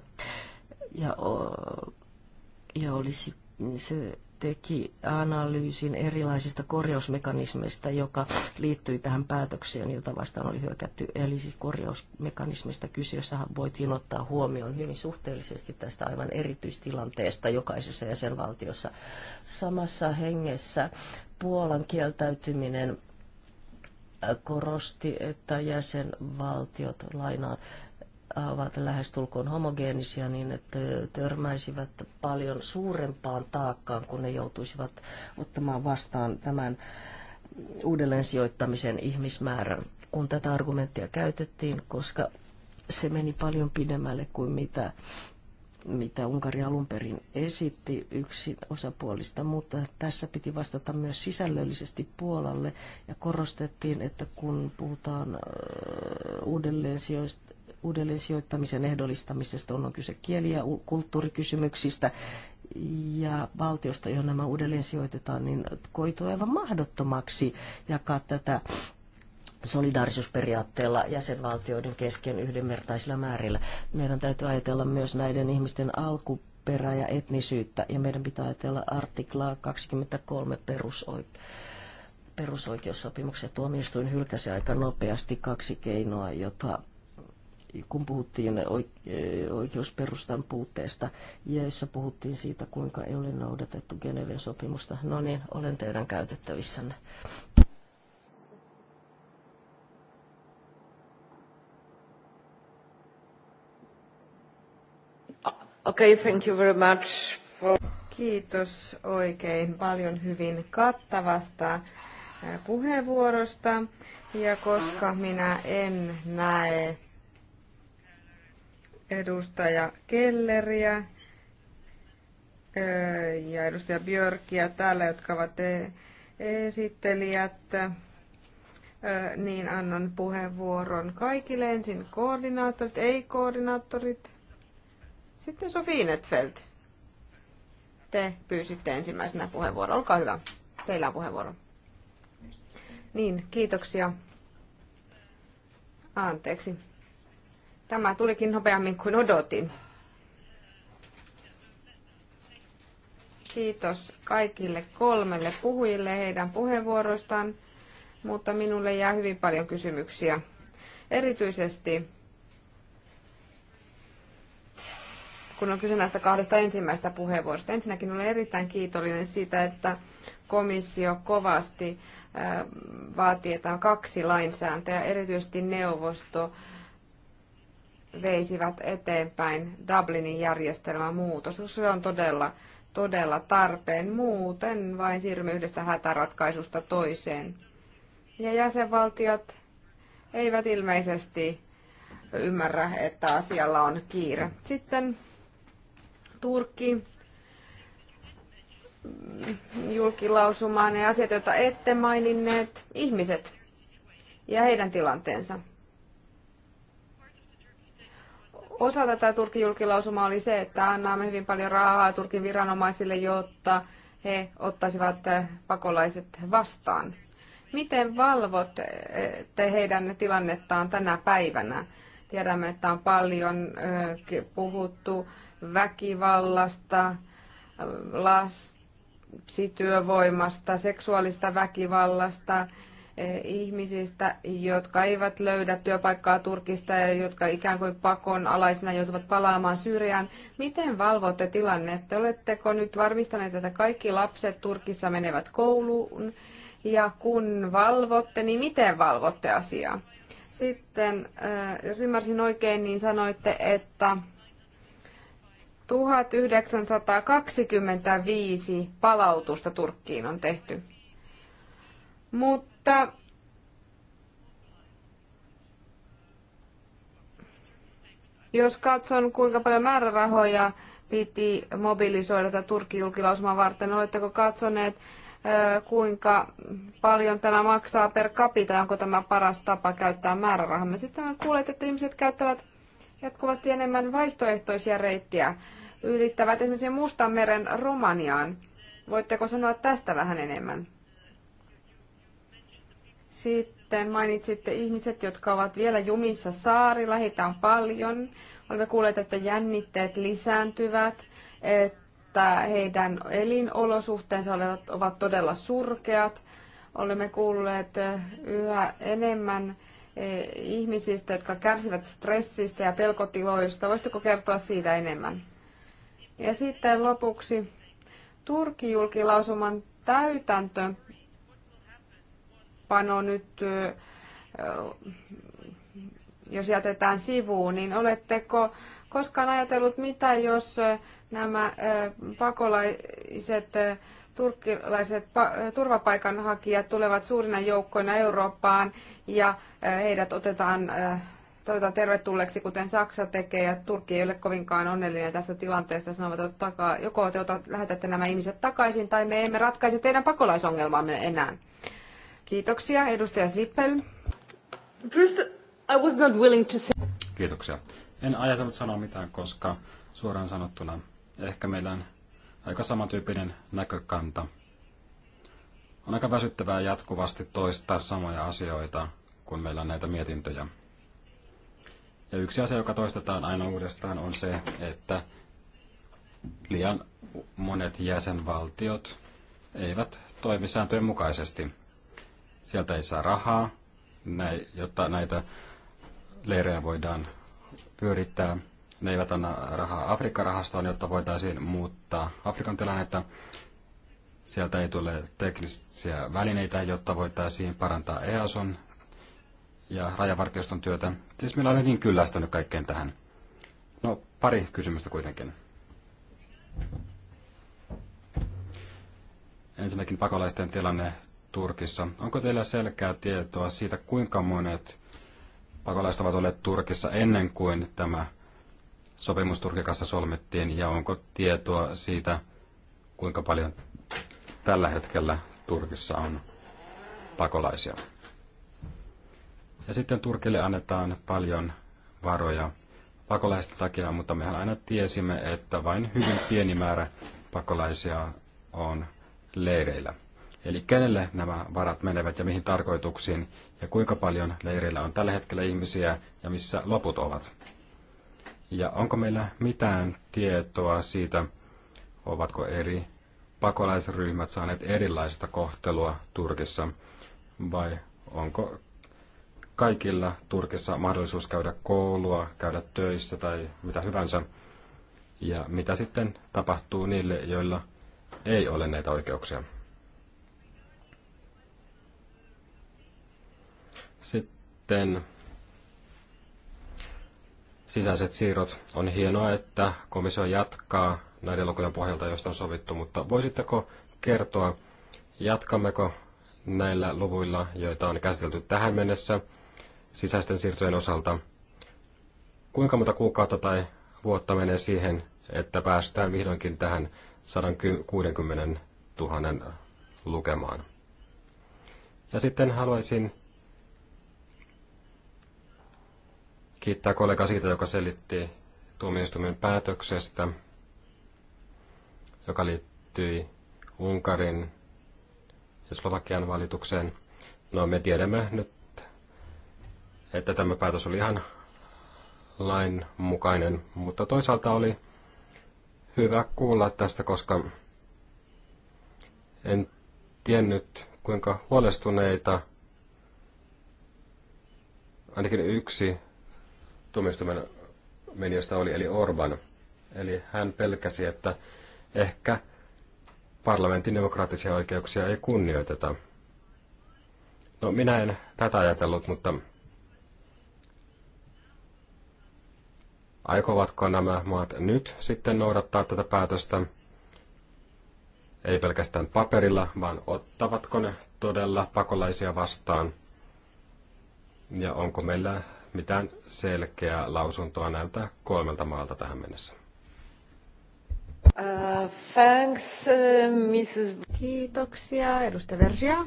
ja, ja olisi, se teki analyysin erilaisista korjausmekanismeista, joka liittyi tähän päätökseen, jota vastaan oli hyökätty. Eli siis korjausmekanismista kyse, jossa voitiin ottaa huomioon hyvin suhteellisesti tästä aivan erityistilanteesta jokaisessa jäsenvaltiossa. Samassa hengessä Puolan kieltäytyminen korosti, että jäsenvaltiot lainaan ovat lähestulkoon homogeenisia niin, että törmäisivät paljon suurempaan taakkaan, kun ne joutuisivat ottamaan vastaan tämän uudelleen sijoittamisen ihmismäärän, kun tätä argumenttia käytettiin, koska se meni paljon pidemmälle kuin mitä mitä Unkari alun perin esitti yksi osapuolista, mutta tässä piti vastata myös sisällöllisesti Puolalle ja korostettiin, että kun puhutaan uudelleen uudelleen sijoittamisen ehdollistamisesta on kyse kieli- ja kulttuurikysymyksistä ja valtiosta, johon nämä uudelleen sijoitetaan, niin koituu aivan mahdottomaksi jakaa tätä solidaarisuusperiaatteella jäsenvaltioiden kesken yhdenvertaisilla määrillä. Meidän täytyy ajatella myös näiden ihmisten alku perä ja etnisyyttä, ja meidän pitää ajatella artiklaa 23 perusoikeutta perusoikeussopimuksia. tuomioistuin hylkäsi aika nopeasti kaksi keinoa, jota kun puhuttiin oikeusperustan puutteesta, joissa puhuttiin siitä, kuinka ei ole noudatettu Geneven sopimusta. No niin, olen teidän käytettävissänne. Okay, thank you very much for... Kiitos oikein paljon hyvin kattavasta äh, puheenvuorosta. Ja koska minä en näe edustaja Kelleriä äh, ja edustaja Björkiä täällä, jotka ovat e- esittelijät, äh, niin annan puheenvuoron kaikille. Ensin koordinaattorit, ei-koordinaattorit. Sitten Sofi Netfeld. Te pyysitte ensimmäisenä puheenvuoron. Olkaa hyvä. Teillä on puheenvuoro. Niin, kiitoksia. Anteeksi. Tämä tulikin nopeammin kuin odotin. Kiitos kaikille kolmelle puhujille heidän puheenvuoroistaan, mutta minulle jää hyvin paljon kysymyksiä. Erityisesti kun on kyse näistä kahdesta ensimmäistä puheenvuorosta. Ensinnäkin olen erittäin kiitollinen siitä, että komissio kovasti äh, vaatii, että on kaksi lainsääntöä, erityisesti neuvosto veisivät eteenpäin Dublinin järjestelmän muutos. Se on todella, todella tarpeen. Muuten vain siirrymme yhdestä hätäratkaisusta toiseen. Ja jäsenvaltiot eivät ilmeisesti ymmärrä, että asialla on kiire. Sitten Turkki julkilausumaan ja asiat, joita ette maininneet, ihmiset ja heidän tilanteensa. Osa tätä Turkin julkilausumaa oli se, että annamme hyvin paljon rahaa Turkin viranomaisille, jotta he ottaisivat pakolaiset vastaan. Miten valvot te heidän tilannettaan tänä päivänä? Tiedämme, että on paljon puhuttu väkivallasta, lapsityövoimasta, seksuaalista väkivallasta, e, ihmisistä, jotka eivät löydä työpaikkaa Turkista ja jotka ikään kuin pakon alaisina, joutuvat palaamaan Syyriaan. Miten valvotte tilannetta? Oletteko nyt varmistaneet, että kaikki lapset Turkissa menevät kouluun? Ja kun valvotte, niin miten valvotte asiaa? Sitten, e, jos ymmärsin oikein, niin sanoitte, että 1925 palautusta Turkkiin on tehty. Mutta jos katson, kuinka paljon määrärahoja piti mobilisoida tätä Turkin julkilausumaa varten, niin oletteko katsoneet, kuinka paljon tämä maksaa per capita, onko tämä paras tapa käyttää määrärahamme. Sitten kuulet, että ihmiset käyttävät jatkuvasti enemmän vaihtoehtoisia reittiä ylittävät esimerkiksi Mustanmeren Romaniaan. Voitteko sanoa tästä vähän enemmän? Sitten mainitsitte ihmiset, jotka ovat vielä jumissa saarilla. Heitä on paljon. Olemme kuulleet, että jännitteet lisääntyvät, että heidän elinolosuhteensa ovat todella surkeat. Olemme kuulleet eh, yhä enemmän eh, ihmisistä, jotka kärsivät stressistä ja pelkotiloista. Voisitko kertoa siitä enemmän? Ja sitten lopuksi täytäntö pano nyt, jos jätetään sivuun, niin oletteko koskaan ajatellut, mitä jos nämä pakolaiset turkkilaiset turvapaikanhakijat tulevat suurina joukkoina Eurooppaan ja heidät otetaan toivotan tervetulleeksi, kuten Saksa tekee, ja Turkki ei ole kovinkaan onnellinen tästä tilanteesta, sanovat, että joko te otat, lähetätte nämä ihmiset takaisin, tai me emme ratkaise teidän pakolaisongelmaamme enää. Kiitoksia, edustaja Sippel. First, I was not willing to say... Kiitoksia. En ajatellut sanoa mitään, koska suoraan sanottuna ehkä meillä on aika samantyyppinen näkökanta. On aika väsyttävää jatkuvasti toistaa samoja asioita, kun meillä on näitä mietintöjä. Ja yksi asia, joka toistetaan aina uudestaan, on se, että liian monet jäsenvaltiot eivät toimi sääntöjen mukaisesti. Sieltä ei saa rahaa, jotta näitä leirejä voidaan pyörittää. Ne eivät anna rahaa Afrikka-rahastoon, jotta voitaisiin muuttaa Afrikan tilannetta. Sieltä ei tule teknisiä välineitä, jotta voitaisiin parantaa EASON ja rajavartioston työtä. Siis minä olen niin kyllästynyt kaikkeen tähän. No, pari kysymystä kuitenkin. Ensinnäkin pakolaisten tilanne Turkissa. Onko teillä selkeää tietoa siitä, kuinka monet pakolaiset ovat olleet Turkissa ennen kuin tämä sopimus Turkin kanssa solmittiin, ja onko tietoa siitä, kuinka paljon tällä hetkellä Turkissa on pakolaisia? Ja sitten Turkille annetaan paljon varoja pakolaisten takia, mutta mehän aina tiesimme, että vain hyvin pieni määrä pakolaisia on leireillä. Eli kenelle nämä varat menevät ja mihin tarkoituksiin ja kuinka paljon leireillä on tällä hetkellä ihmisiä ja missä loput ovat. Ja onko meillä mitään tietoa siitä, ovatko eri pakolaisryhmät saaneet erilaista kohtelua Turkissa vai onko kaikilla Turkissa mahdollisuus käydä koulua, käydä töissä tai mitä hyvänsä. Ja mitä sitten tapahtuu niille, joilla ei ole näitä oikeuksia. Sitten sisäiset siirrot. On hienoa, että komissio jatkaa näiden lukujen pohjalta, josta on sovittu, mutta voisitteko kertoa, jatkammeko näillä luvuilla, joita on käsitelty tähän mennessä – sisäisten siirtojen osalta. Kuinka monta kuukautta tai vuotta menee siihen, että päästään vihdoinkin tähän 160 000 lukemaan? Ja sitten haluaisin kiittää kollega siitä, joka selitti tuomioistuimen päätöksestä, joka liittyi Unkarin ja Slovakian valitukseen. No me tiedämme nyt että tämä päätös oli ihan lain mukainen, mutta toisaalta oli hyvä kuulla tästä, koska en tiennyt kuinka huolestuneita ainakin yksi tuomioistuimen meniöstä oli, eli Orban. Eli hän pelkäsi, että ehkä parlamentin demokraattisia oikeuksia ei kunnioiteta. No minä en tätä ajatellut, mutta Aikovatko nämä maat nyt sitten noudattaa tätä päätöstä? Ei pelkästään paperilla, vaan ottavatko ne todella pakolaisia vastaan? Ja onko meillä mitään selkeää lausuntoa näiltä kolmelta maalta tähän mennessä? Uh, thanks, uh, Mrs. Kiitoksia, edustaja Versia.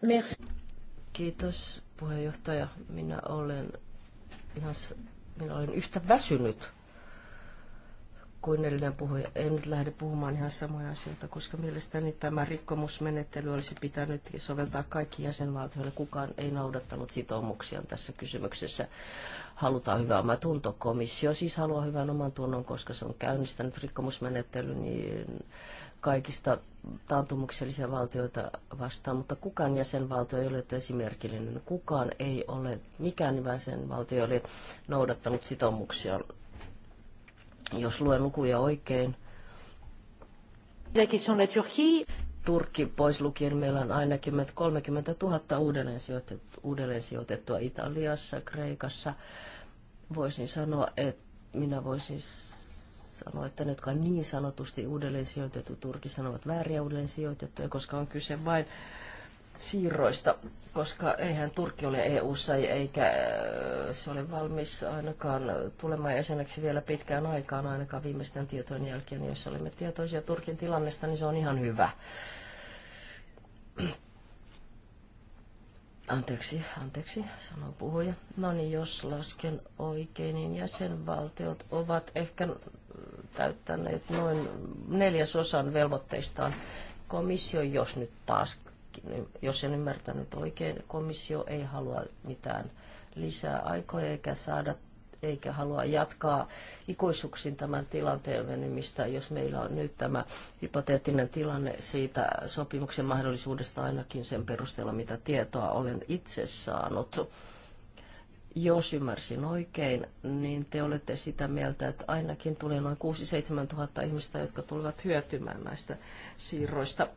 Merci. Kiitos puheenjohtaja. Minä olen, ihan, minä olen yhtä väsynyt kuin edellinen puhuja. En nyt lähde puhumaan ihan samoja asioita, koska mielestäni tämä rikkomusmenettely olisi pitänyt soveltaa kaikki jäsenvaltioille. Kukaan ei noudattanut sitoumuksia tässä kysymyksessä. Halutaan hyvä oma tunto. Komissio siis haluaa hyvän oman tunnon, koska se on käynnistänyt rikkomusmenettelyn niin kaikista taantumuksellisia valtioita vastaan, mutta kukaan jäsenvaltio ei ole esimerkillinen. Kukaan ei ole, mikään jäsenvaltio ei ole noudattanut sitoumuksia jos luen lukuja oikein. Turkki pois lukien meillä on ainakin 30 000 uudelleen sijoitettua, uudelleen sijoitettua Italiassa, Kreikassa. Voisin sanoa, että minä voisin sanoa, että ne, jotka on niin sanotusti uudelleen sijoitettu Turkissa, ovat vääriä uudelleen sijoitettuja, koska on kyse vain siirroista, koska eihän Turkki ole EU-ssa eikä äh, se ole valmis ainakaan tulemaan jäseneksi vielä pitkään aikaan, ainakaan viimeisten tietojen jälkeen. Niin jos olemme tietoisia Turkin tilannesta, niin se on ihan hyvä. Anteeksi, anteeksi, sanoo puhuja. No niin, jos lasken oikein, niin jäsenvaltiot ovat ehkä täyttäneet noin neljäsosan velvoitteistaan. Komissio, jos nyt taas jos en ymmärtänyt oikein, komissio ei halua mitään lisää aikoja eikä saada eikä halua jatkaa ikuisuuksin tämän tilanteen venymistä, jos meillä on nyt tämä hypoteettinen tilanne siitä sopimuksen mahdollisuudesta ainakin sen perusteella, mitä tietoa olen itse saanut. Jos ymmärsin oikein, niin te olette sitä mieltä, että ainakin tulee noin 6-7 ihmistä, jotka tulevat hyötymään näistä siirroista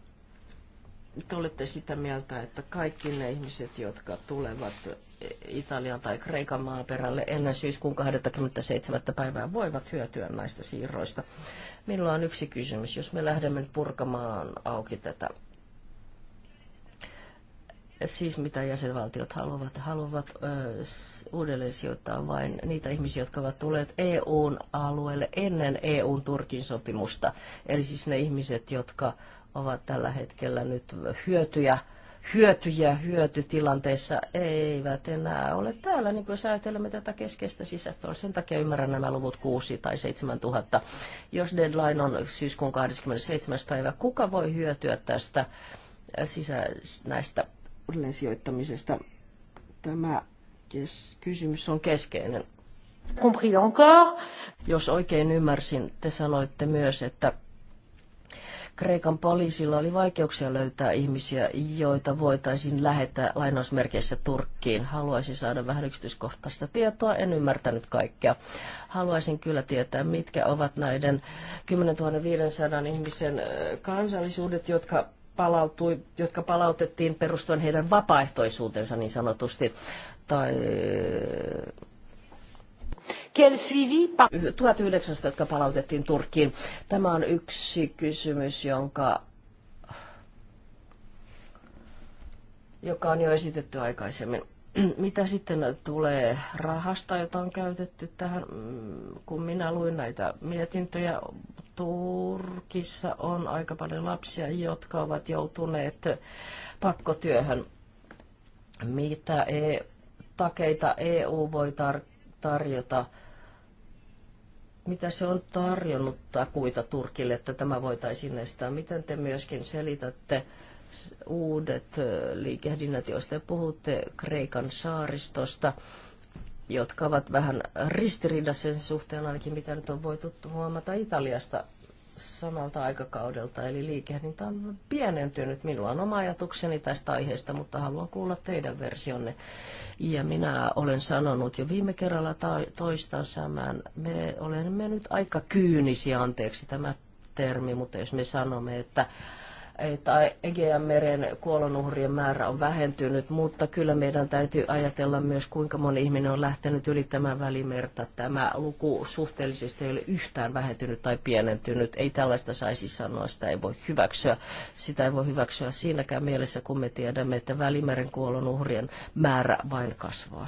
te olette sitä mieltä, että kaikki ne ihmiset, jotka tulevat Italian tai Kreikan maaperälle ennen syyskuun 27. päivää voivat hyötyä näistä siirroista. Minulla on yksi kysymys, jos me lähdemme nyt purkamaan auki tätä, siis mitä jäsenvaltiot haluavat, haluavat ö, uudelleen sijoittaa vain niitä ihmisiä, jotka ovat tulleet EUn alueelle ennen EUn Turkin sopimusta, eli siis ne ihmiset, jotka ovat tällä hetkellä nyt hyötyjä, hyötyjä hyötytilanteissa eivät enää ole täällä, niin kuin säätelemme tätä keskeistä sisältöä. Sen takia ymmärrän nämä luvut 6 tai 7 000. Jos deadline on syyskuun 27. päivä, kuka voi hyötyä tästä sisä, näistä uudelleensijoittamisesta? Tämä kes- kysymys on keskeinen. Compris encore? Jos oikein ymmärsin, te sanoitte myös, että Kreikan poliisilla oli vaikeuksia löytää ihmisiä, joita voitaisiin lähettää lainausmerkeissä Turkkiin. Haluaisin saada vähän yksityiskohtaista tietoa, en ymmärtänyt kaikkea. Haluaisin kyllä tietää, mitkä ovat näiden 10 500 ihmisen kansallisuudet, jotka palautui, jotka palautettiin perustuen heidän vapaaehtoisuutensa niin sanotusti, tai Quel suivi? 1900, jotka palautettiin Turkkiin. Tämä on yksi kysymys, jonka joka on jo esitetty aikaisemmin. Mitä sitten tulee rahasta, jota on käytetty tähän, kun minä luin näitä mietintöjä, Turkissa on aika paljon lapsia, jotka ovat joutuneet pakkotyöhön. Mitä e- takeita EU voi tar- tarjota? mitä se on tarjonnut takuita Turkille, että tämä voitaisiin estää? Miten te myöskin selitätte uudet liikehdinnät, joista te puhutte Kreikan saaristosta, jotka ovat vähän ristiriidassa sen suhteen ainakin, mitä nyt on voitu huomata Italiasta samalta aikakaudelta, eli liikehdintä on pienentynyt. Minulla on oma ajatukseni tästä aiheesta, mutta haluan kuulla teidän versionne. Ja minä olen sanonut jo viime kerralla toistaa saman, me olemme nyt aika kyynisiä, anteeksi tämä termi, mutta jos me sanomme, että että Egean meren kuolonuhrien määrä on vähentynyt, mutta kyllä meidän täytyy ajatella myös, kuinka moni ihminen on lähtenyt ylittämään välimerta. Tämä luku suhteellisesti ei ole yhtään vähentynyt tai pienentynyt. Ei tällaista saisi sanoa, sitä ei voi hyväksyä. Sitä ei voi hyväksyä siinäkään mielessä, kun me tiedämme, että välimeren kuolonuhrien määrä vain kasvaa.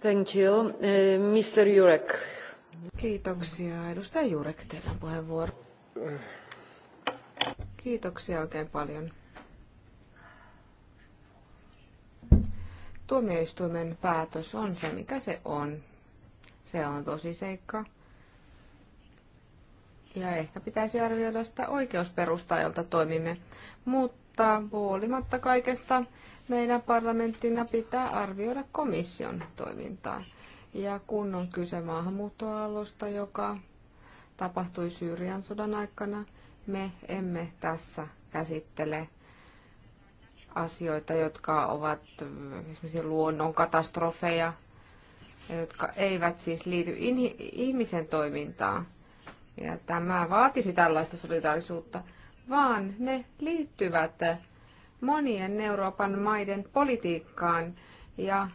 Thank you. Eh, Mr. Jurek. Kiitoksia. Edustaja Jurek, teidän puheenvuoro. Kiitoksia oikein paljon. Tuomioistuimen päätös on se, mikä se on. Se on tosi seikka. Ja ehkä pitäisi arvioida sitä oikeusperustaa, jolta toimimme. Mutta huolimatta kaikesta, meidän parlamenttina pitää arvioida komission toimintaa. Ja kun on kyse maahanmuuttoaallosta, joka tapahtui Syyrian sodan aikana. Me emme tässä käsittele asioita, jotka ovat esimerkiksi luonnonkatastrofeja, jotka eivät siis liity ihmisen toimintaan. Ja tämä vaatisi tällaista solidaarisuutta, vaan ne liittyvät monien Euroopan maiden politiikkaan. Ja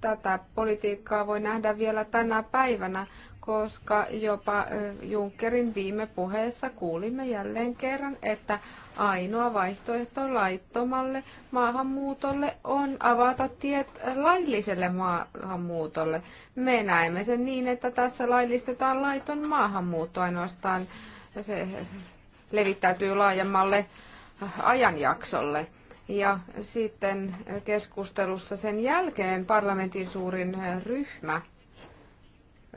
tätä politiikkaa voi nähdä vielä tänä päivänä, koska jopa Junckerin viime puheessa kuulimme jälleen kerran, että ainoa vaihtoehto laittomalle maahanmuutolle on avata tiet lailliselle maahanmuutolle. Me näemme sen niin, että tässä laillistetaan laiton maahanmuutto ainoastaan. Se levittäytyy laajemmalle ajanjaksolle. Ja sitten keskustelussa sen jälkeen parlamentin suurin ryhmä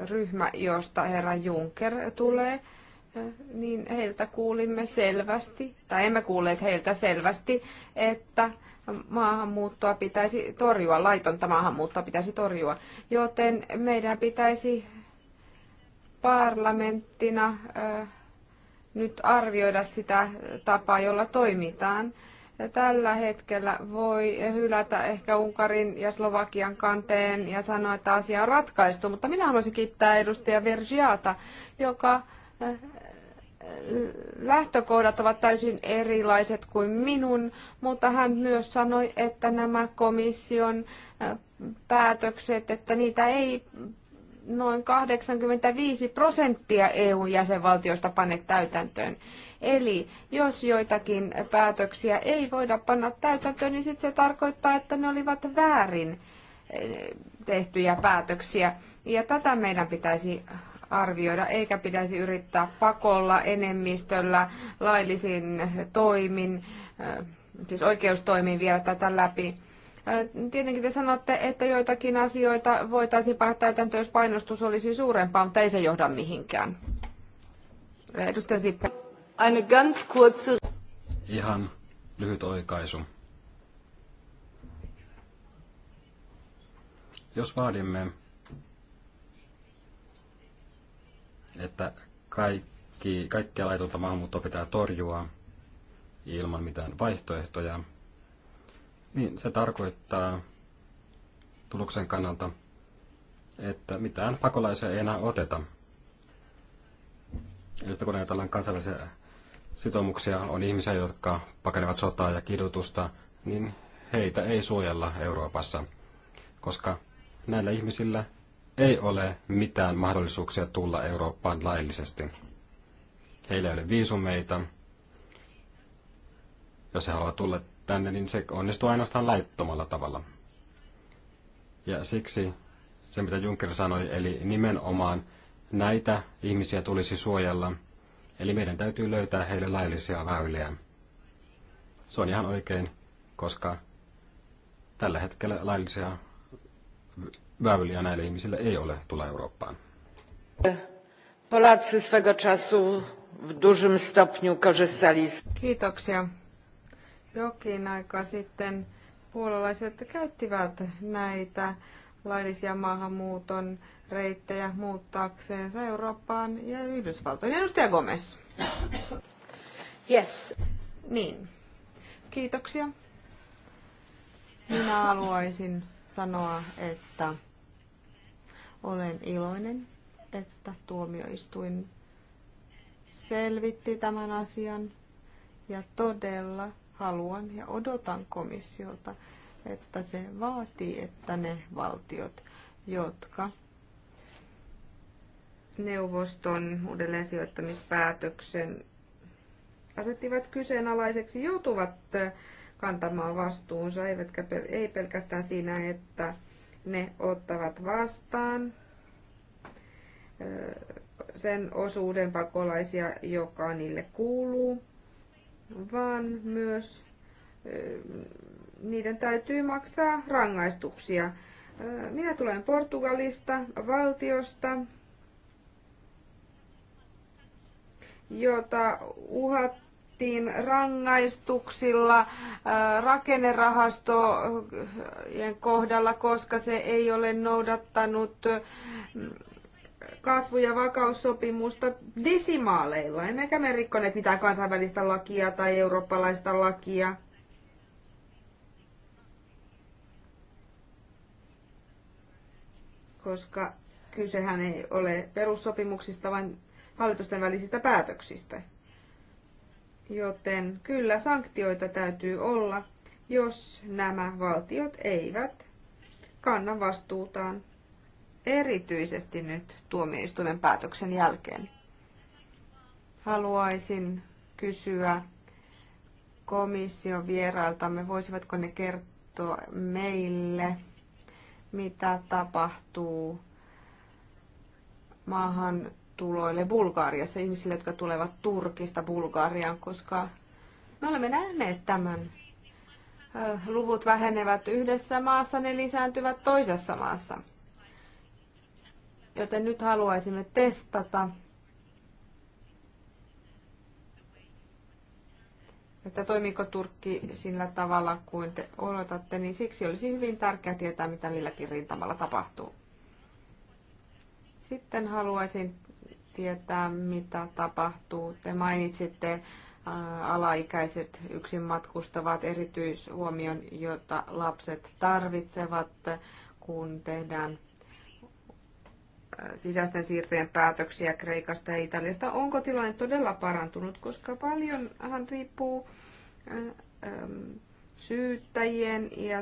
ryhmä, josta herra Juncker tulee, niin heiltä kuulimme selvästi, tai emme kuulleet heiltä selvästi, että maahanmuuttoa pitäisi torjua, laitonta maahanmuuttoa pitäisi torjua. Joten meidän pitäisi parlamenttina nyt arvioida sitä tapaa, jolla toimitaan tällä hetkellä voi hylätä ehkä Unkarin ja Slovakian kanteen ja sanoa, että asia on ratkaistu. Mutta minä haluaisin kiittää edustaja Vergiata, joka eh, lähtökohdat ovat täysin erilaiset kuin minun, mutta hän myös sanoi, että nämä komission eh, päätökset, että niitä ei noin 85 prosenttia EU-jäsenvaltioista pane täytäntöön. Eli jos joitakin päätöksiä ei voida panna täytäntöön, niin sitten se tarkoittaa, että ne olivat väärin eh, tehtyjä päätöksiä. Ja tätä meidän pitäisi arvioida, eikä pitäisi yrittää pakolla, enemmistöllä, laillisin toimin, eh, siis oikeustoimin viedä tätä läpi. Eh, tietenkin te sanotte, että joitakin asioita voitaisiin panna täytäntöön, jos painostus olisi suurempaa, mutta ei se johda mihinkään. Edustaja Sippä. Eine ganz kurze... Ihan lyhyt oikaisu. Jos vaadimme, että kaikki, kaikkia laitonta maahanmuuttoa pitää torjua ilman mitään vaihtoehtoja, niin se tarkoittaa tuloksen kannalta, että mitään pakolaisia ei enää oteta. Eli sitten kun ajatellaan kansainvälisiä sitoumuksia, on ihmisiä, jotka pakenevat sotaa ja kidutusta, niin heitä ei suojella Euroopassa, koska näillä ihmisillä ei ole mitään mahdollisuuksia tulla Eurooppaan laillisesti. Heillä ei ole viisumeita. Jos he haluavat tulla tänne, niin se onnistuu ainoastaan laittomalla tavalla. Ja siksi se, mitä Juncker sanoi, eli nimenomaan näitä ihmisiä tulisi suojella – Eli meidän täytyy löytää heille laillisia väyliä. Se on ihan oikein, koska tällä hetkellä laillisia väyliä näille ihmisille ei ole tulla Eurooppaan. Polacy swego czasu w dużym stopniu korzystali. Kiitoksia. Jokin aika sitten puolalaiset käyttivät näitä laillisia maahanmuuton reittejä muuttaakseen Eurooppaan ja Yhdysvaltoihin. Edustaja Gomez. Yes. Niin. Kiitoksia. Minä haluaisin sanoa, että olen iloinen, että tuomioistuin selvitti tämän asian ja todella haluan ja odotan komissiolta, että se vaatii, että ne valtiot, jotka neuvoston uudelleen sijoittamispäätöksen asettivat kyseenalaiseksi, joutuvat kantamaan vastuunsa, eivätkä, ei pelkästään siinä, että ne ottavat vastaan sen osuuden pakolaisia, joka niille kuuluu, vaan myös niiden täytyy maksaa rangaistuksia. Minä tulen Portugalista, valtiosta, jota uhattiin rangaistuksilla äh, rakennerahastojen kohdalla, koska se ei ole noudattanut mm, kasvu- ja vakaussopimusta desimaaleilla. Emmekä me rikkoneet mitään kansainvälistä lakia tai eurooppalaista lakia. Koska kysehän ei ole perussopimuksista, vaan hallitusten välisistä päätöksistä. Joten kyllä sanktioita täytyy olla, jos nämä valtiot eivät kanna vastuutaan, erityisesti nyt tuomioistuimen päätöksen jälkeen. Haluaisin kysyä komission vierailtamme, voisivatko ne kertoa meille, mitä tapahtuu maahan tuloille Bulgaariassa, ihmisille, jotka tulevat Turkista Bulgaariaan, koska me olemme nähneet tämän. Luvut vähenevät yhdessä maassa, ne lisääntyvät toisessa maassa. Joten nyt haluaisimme testata, että toimiko Turkki sillä tavalla kuin te odotatte, niin siksi olisi hyvin tärkeää tietää, mitä milläkin rintamalla tapahtuu. Sitten haluaisin tietää, mitä tapahtuu. Te mainitsitte äh, alaikäiset yksin matkustavat erityishuomion, jota lapset tarvitsevat, kun tehdään äh, sisäisten siirtojen päätöksiä Kreikasta ja Italiasta. Onko tilanne todella parantunut, koska paljonhan riippuu äh, ähm, syyttäjien ja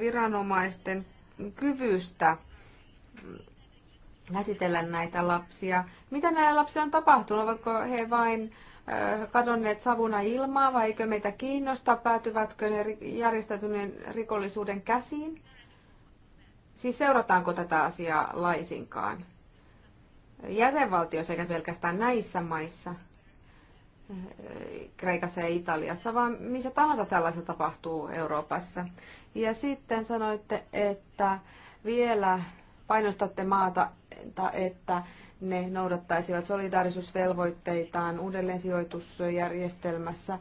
viranomaisten kyvystä käsitellä näitä lapsia. Mitä näillä lapsilla on tapahtunut? Ovatko he vain äh, kadonneet savuna ilmaa vai eikö meitä kiinnosta? Päätyvätkö ne järjestäytyneen rikollisuuden käsiin? Siis seurataanko tätä asiaa laisinkaan? Jäsenvaltioissa eikä pelkästään näissä maissa, äh, Kreikassa ja Italiassa, vaan missä tahansa tällaista tapahtuu Euroopassa. Ja sitten sanoitte, että vielä painostatte maata, että ne noudattaisivat solidaarisuusvelvoitteitaan uudelleensijoitusjärjestelmässä.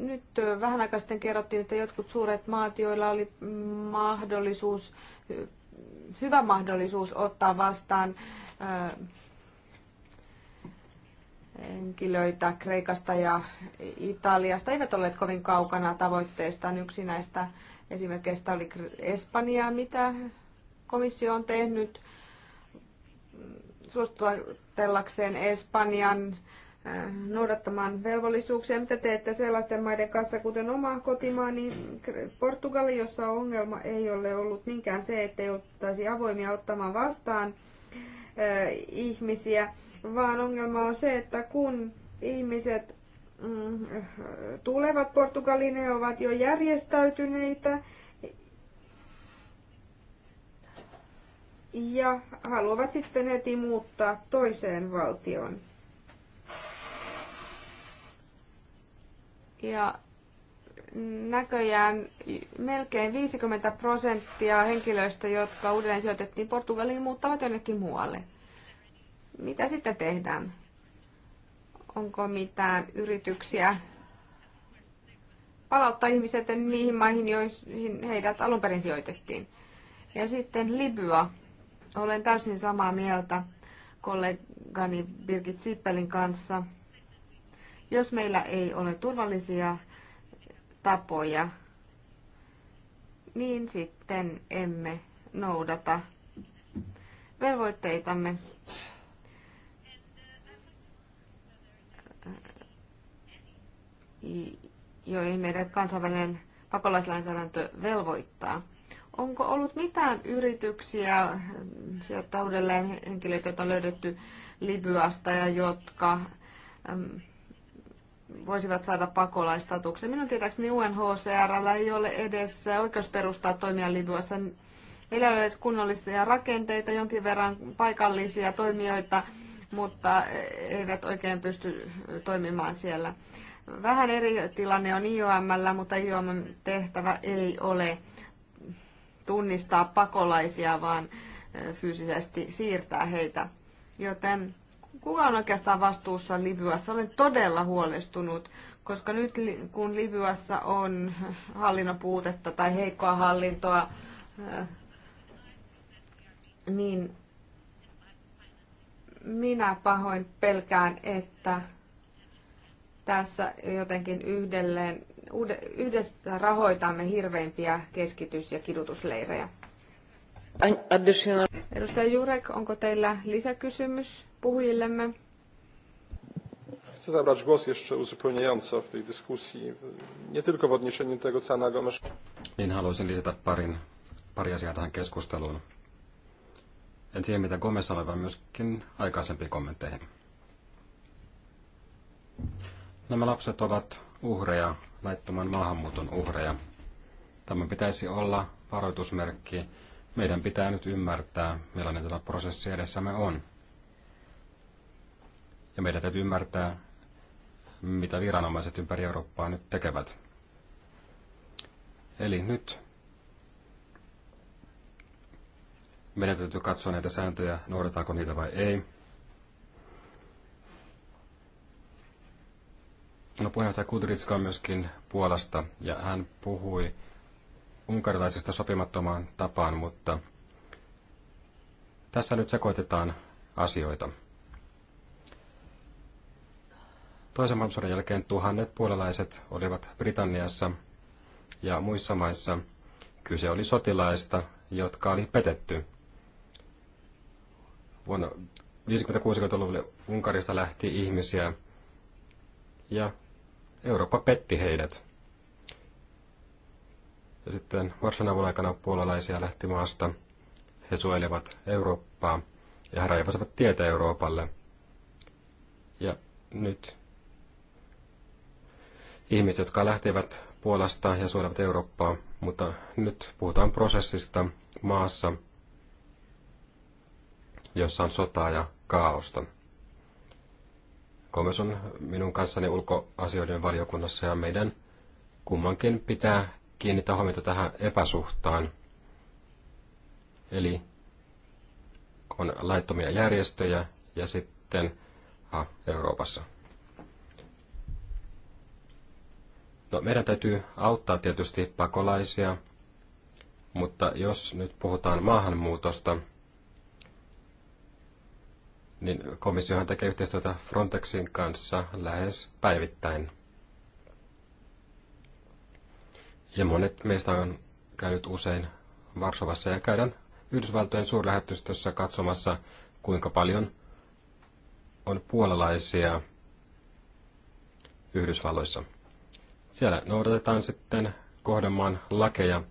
Nyt vähän aikaa sitten kerrottiin, että jotkut suuret maat, joilla oli mahdollisuus, hyvä mahdollisuus ottaa vastaan henkilöitä Kreikasta ja Italiasta, eivät olleet kovin kaukana tavoitteestaan. Yksi näistä esimerkkeistä oli Espanja. Mitä Komissio on tehnyt suositutellakseen Espanjan äh, noudattamaan velvollisuuksia, mitä teette sellaisten maiden kanssa, kuten oma kotimaani Portugali, jossa ongelma ei ole ollut niinkään se, että ottaisi avoimia ottamaan vastaan äh, ihmisiä, vaan ongelma on se, että kun ihmiset mm, äh, tulevat Portugaliin, ne ovat jo järjestäytyneitä ja haluavat sitten heti muuttaa toiseen valtioon. Ja näköjään melkein 50 prosenttia henkilöistä, jotka uudelleen sijoitettiin Portugaliin, muuttavat jonnekin muualle. Mitä sitten tehdään? Onko mitään yrityksiä palauttaa ihmiset niihin maihin, joihin heidät alun perin sijoitettiin? Ja sitten Libya olen täysin samaa mieltä kollegani Birgit Sippelin kanssa. Jos meillä ei ole turvallisia tapoja, niin sitten emme noudata velvoitteitamme. joihin meidät kansainvälinen pakolaislainsäädäntö velvoittaa. Onko ollut mitään yrityksiä mm, sieltä uudelleen henkilöitä, joita on löydetty Libyasta ja jotka mm, voisivat saada pakolaistatuksen. Minun tietääkseni UNHCR ei ole edes oikeusperustaa toimia Libyassa. Heillä ei ole edes kunnollisia rakenteita, jonkin verran paikallisia toimijoita, mutta eivät oikein pysty toimimaan siellä. Vähän eri tilanne on IOMllä, mutta IOM tehtävä ei ole tunnistaa pakolaisia, vaan fyysisesti siirtää heitä. Joten kuka on oikeastaan vastuussa Libyassa? Olen todella huolestunut, koska nyt kun Libyassa on hallinnon puutetta tai heikkoa hallintoa, niin minä pahoin pelkään, että tässä jotenkin yhdelleen yhdessä rahoitamme hirveimpiä keskitys- ja kidutusleirejä. Edustaja Jurek, onko teillä lisäkysymys puhujillemme? Chcę zabrać głos jeszcze uzupełniająco w tej dyskusji, nie tylko w odniesieniu tego, co Anna Niin haluaisin lisätä parin, pari asiaa tähän keskusteluun. En siihen, mitä Gomes sanoi, vaan myöskin aikaisempiin kommentteihin. Nämä lapset ovat uhreja, laittoman maahanmuuton uhreja. Tämä pitäisi olla varoitusmerkki. Meidän pitää nyt ymmärtää, millainen tämä prosessi edessämme on. Ja meidän täytyy ymmärtää, mitä viranomaiset ympäri Eurooppaa nyt tekevät. Eli nyt meidän täytyy katsoa näitä sääntöjä, noudataanko niitä vai ei. No puheenjohtaja Kudritska on myöskin Puolasta ja hän puhui unkarilaisesta sopimattomaan tapaan, mutta tässä nyt sekoitetaan asioita. Toisen maailmansodan jälkeen tuhannet puolalaiset olivat Britanniassa ja muissa maissa. Kyse oli sotilaista, jotka oli petetty. Vuonna 50-60-luvulle Unkarista lähti ihmisiä ja Eurooppa petti heidät. Ja sitten Varsanavun aikana puolalaisia lähti maasta. He suojelevat Eurooppaa ja he raivasivat tietä Euroopalle. Ja nyt ihmiset, jotka lähtevät Puolasta ja suojelevat Eurooppaa, mutta nyt puhutaan prosessista maassa, jossa on sotaa ja kaaosta. Komes on minun kanssani ulkoasioiden valiokunnassa ja meidän kummankin pitää kiinnittää huomiota tähän epäsuhtaan. Eli on laittomia järjestöjä ja sitten ha, Euroopassa. No, meidän täytyy auttaa tietysti pakolaisia, mutta jos nyt puhutaan maahanmuutosta, niin komissiohan tekee yhteistyötä Frontexin kanssa lähes päivittäin. Ja monet meistä on käynyt usein Varsovassa ja käydään Yhdysvaltojen suurlähetystössä katsomassa, kuinka paljon on puolalaisia Yhdysvalloissa. Siellä noudatetaan sitten kohdemaan lakeja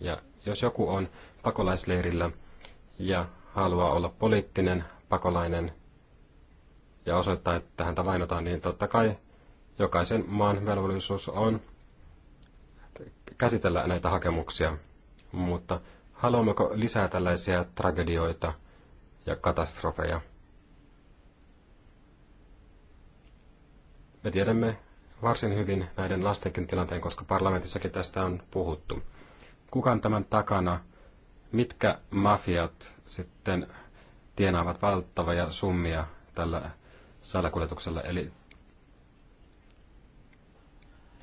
ja jos joku on pakolaisleirillä ja haluaa olla poliittinen pakolainen ja osoittaa, että häntä vainotaan, niin totta kai jokaisen maan velvollisuus on käsitellä näitä hakemuksia. Mutta haluammeko lisää tällaisia tragedioita ja katastrofeja? Me tiedämme varsin hyvin näiden lastenkin tilanteen, koska parlamentissakin tästä on puhuttu. Kukaan tämän takana, mitkä mafiat sitten tienaavat valtavia summia tällä salakuljetuksella. Eli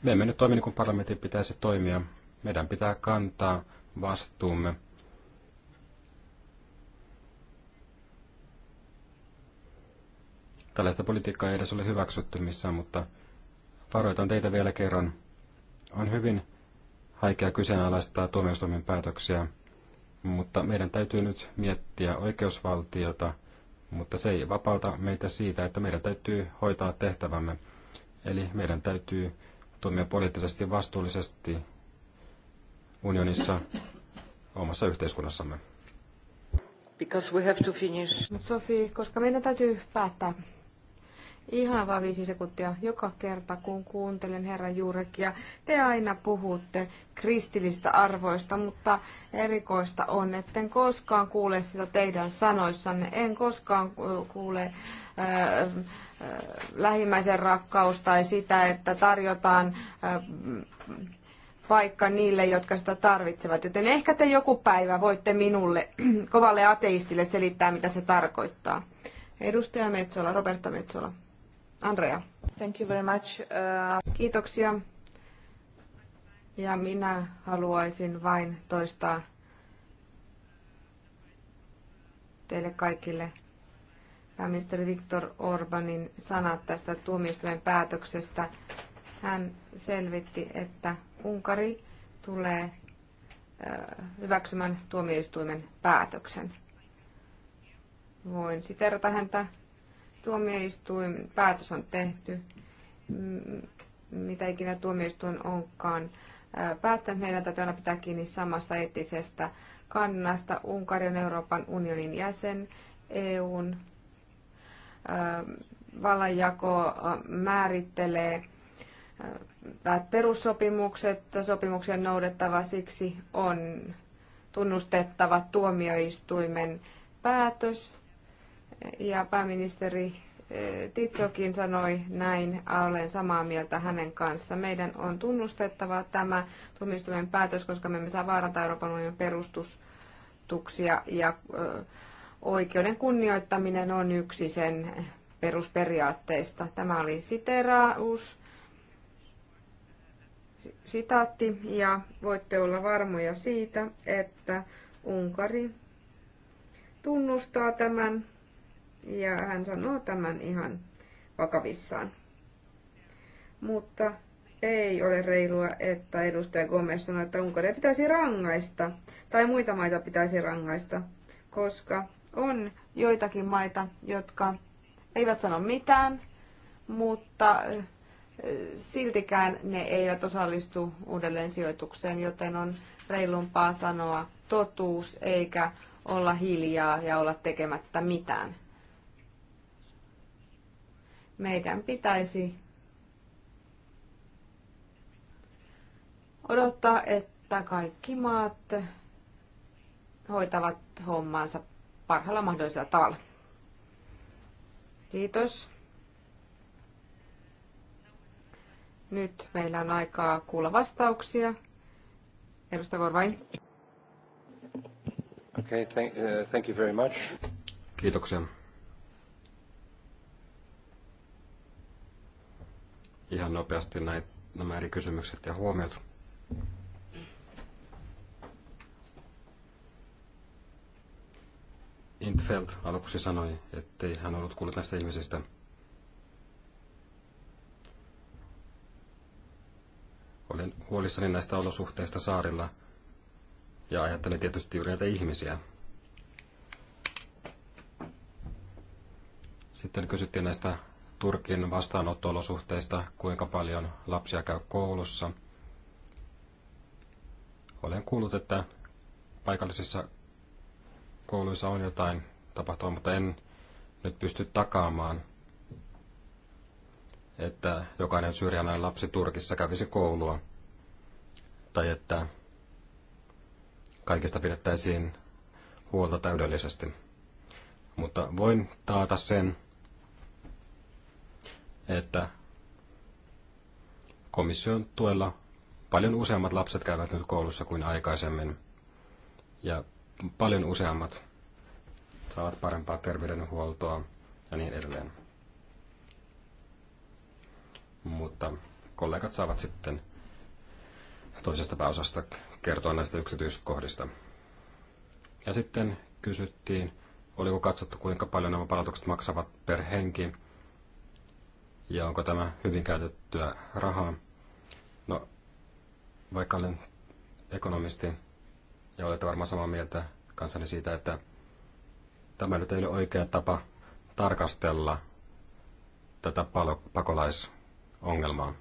me emme nyt toimi niin kuin parlamentin pitäisi toimia. Meidän pitää kantaa vastuumme. Tällaista politiikkaa ei edes ole hyväksytty missään, mutta varoitan teitä vielä kerran. On hyvin haikea kyseenalaistaa tuomioistuimen päätöksiä. Mutta meidän täytyy nyt miettiä oikeusvaltiota, mutta se ei vapauta meitä siitä, että meidän täytyy hoitaa tehtävämme. Eli meidän täytyy toimia poliittisesti vastuullisesti unionissa omassa yhteiskunnassamme. Because we have to finish. Sofi, koska meidän täytyy päättää Ihan vaan viisi sekuntia joka kerta, kun kuuntelen Herra Juurekia. Te aina puhutte kristillistä arvoista, mutta erikoista on, etten koskaan kuule sitä teidän sanoissanne. En koskaan kuule ää, lähimmäisen rakkaus tai sitä, että tarjotaan paikka niille, jotka sitä tarvitsevat. Joten ehkä te joku päivä voitte minulle, kovalle ateistille, selittää, mitä se tarkoittaa. Edustaja Metsola, Roberta Metsola. Andrea. Thank you very much. Uh, Kiitoksia. Ja minä haluaisin vain toistaa teille kaikille pääministeri Viktor Orbanin sanat tästä tuomioistuimen päätöksestä. Hän selvitti, että Unkari tulee äh, hyväksymään tuomioistuimen päätöksen. Voin siterata häntä tuomioistuin päätös on tehty, mitä ikinä tuomioistuin onkaan päättänyt, meidän täytyy aina pitää kiinni samasta eettisestä kannasta. Unkari on Euroopan unionin jäsen, EUn vallanjako määrittelee perussopimukset, sopimuksen noudettava siksi on tunnustettava tuomioistuimen päätös ja pääministeri eh, Titsokin sanoi näin, olen samaa mieltä hänen kanssa. Meidän on tunnustettava tämä tuomioistuimen päätös, koska me emme saa vaarantaa Euroopan unionin perustustuksia ja eh, oikeuden kunnioittaminen on yksi sen perusperiaatteista. Tämä oli siteraus, sitaatti ja voitte olla varmoja siitä, että Unkari tunnustaa tämän ja hän sanoo tämän ihan vakavissaan. Mutta ei ole reilua, että edustaja Gomez sanoi, että Unkaria pitäisi rangaista tai muita maita pitäisi rangaista, koska on joitakin maita, jotka eivät sano mitään, mutta eh, eh, siltikään ne eivät osallistu uudelleen sijoitukseen, joten on reilumpaa sanoa totuus eikä olla hiljaa ja olla tekemättä mitään meidän pitäisi odottaa, että kaikki maat hoitavat hommaansa parhaalla mahdollisella tavalla. Kiitos. Nyt meillä on aikaa kuulla vastauksia. Edustaja Vorvain. Okay, thank, uh, thank you very much. Kiitoksia. ihan nopeasti näitä, nämä eri kysymykset ja huomiot. Intfeld aluksi sanoi, ettei hän ollut kuullut näistä ihmisistä. Olin huolissani näistä olosuhteista saarilla ja ajattelin tietysti juuri näitä ihmisiä. Sitten kysyttiin näistä Turkin vastaanottoolosuhteista, kuinka paljon lapsia käy koulussa. Olen kuullut, että paikallisissa kouluissa on jotain tapahtua, mutta en nyt pysty takaamaan, että jokainen syyrialainen lapsi Turkissa kävisi koulua tai että kaikista pidettäisiin huolta täydellisesti. Mutta voin taata sen, että komission tuella paljon useammat lapset käyvät nyt koulussa kuin aikaisemmin ja paljon useammat saavat parempaa terveydenhuoltoa ja niin edelleen. Mutta kollegat saavat sitten toisesta pääosasta kertoa näistä yksityiskohdista. Ja sitten kysyttiin, oliko katsottu kuinka paljon nämä palautukset maksavat per henki ja onko tämä hyvin käytettyä rahaa. No, vaikka olen ekonomisti ja olette varmaan samaa mieltä kanssani siitä, että tämä nyt ei ole oikea tapa tarkastella tätä pakolaisongelmaa.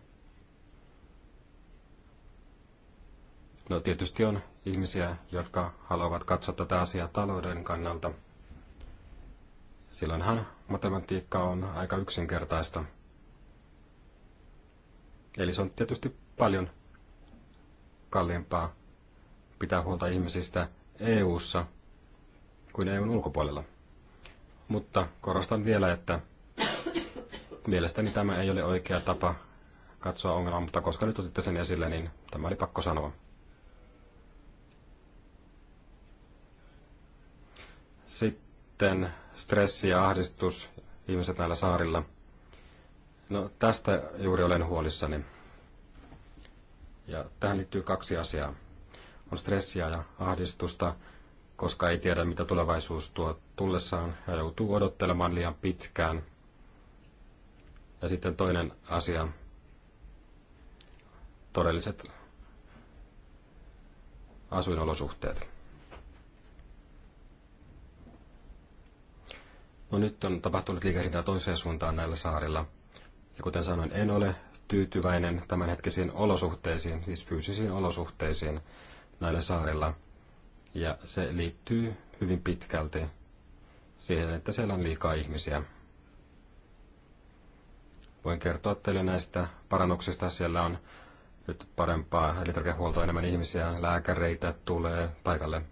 No tietysti on ihmisiä, jotka haluavat katsoa tätä asiaa talouden kannalta. Silloinhan matematiikka on aika yksinkertaista. Eli se on tietysti paljon kalliimpaa pitää huolta ihmisistä EU-ssa kuin EUn ulkopuolella. Mutta korostan vielä, että mielestäni tämä ei ole oikea tapa katsoa ongelmaa, mutta koska nyt otitte sen esille, niin tämä oli pakko sanoa. Sitten stressi ja ahdistus ihmiset näillä saarilla – No tästä juuri olen huolissani. Ja tähän liittyy kaksi asiaa. On stressiä ja ahdistusta, koska ei tiedä, mitä tulevaisuus tuo tullessaan ja joutuu odottelemaan liian pitkään. Ja sitten toinen asia, todelliset asuinolosuhteet. No nyt on tapahtunut liikehdintää toiseen suuntaan näillä saarilla – ja kuten sanoin, en ole tyytyväinen tämänhetkisiin olosuhteisiin, siis fyysisiin olosuhteisiin näillä saarilla. Ja se liittyy hyvin pitkälti siihen, että siellä on liikaa ihmisiä. Voin kertoa teille näistä parannuksista. Siellä on nyt parempaa elintarvikehuoltoa, enemmän ihmisiä, lääkäreitä tulee paikalle.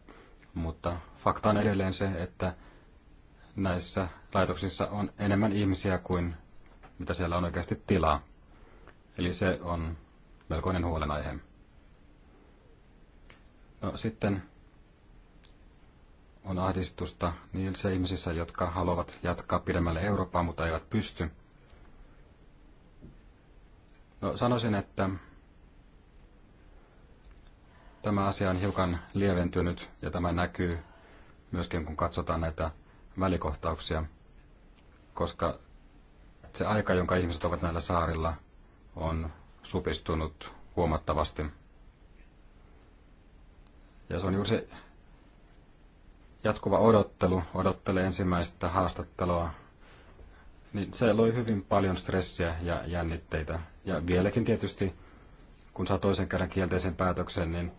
Mutta fakta on edelleen se, että näissä laitoksissa on enemmän ihmisiä kuin mitä siellä on oikeasti tilaa. Eli se on melkoinen huolenaihe. No sitten on ahdistusta niissä ihmisissä, jotka haluavat jatkaa pidemmälle Eurooppaa, mutta eivät pysty. No sanoisin, että tämä asia on hiukan lieventynyt ja tämä näkyy myöskin kun katsotaan näitä välikohtauksia, koska se aika, jonka ihmiset ovat näillä saarilla, on supistunut huomattavasti. Ja se on juuri se jatkuva odottelu, odottelee ensimmäistä haastattelua, niin se loi hyvin paljon stressiä ja jännitteitä. Ja vieläkin tietysti, kun saa toisen kerran kielteisen päätöksen, niin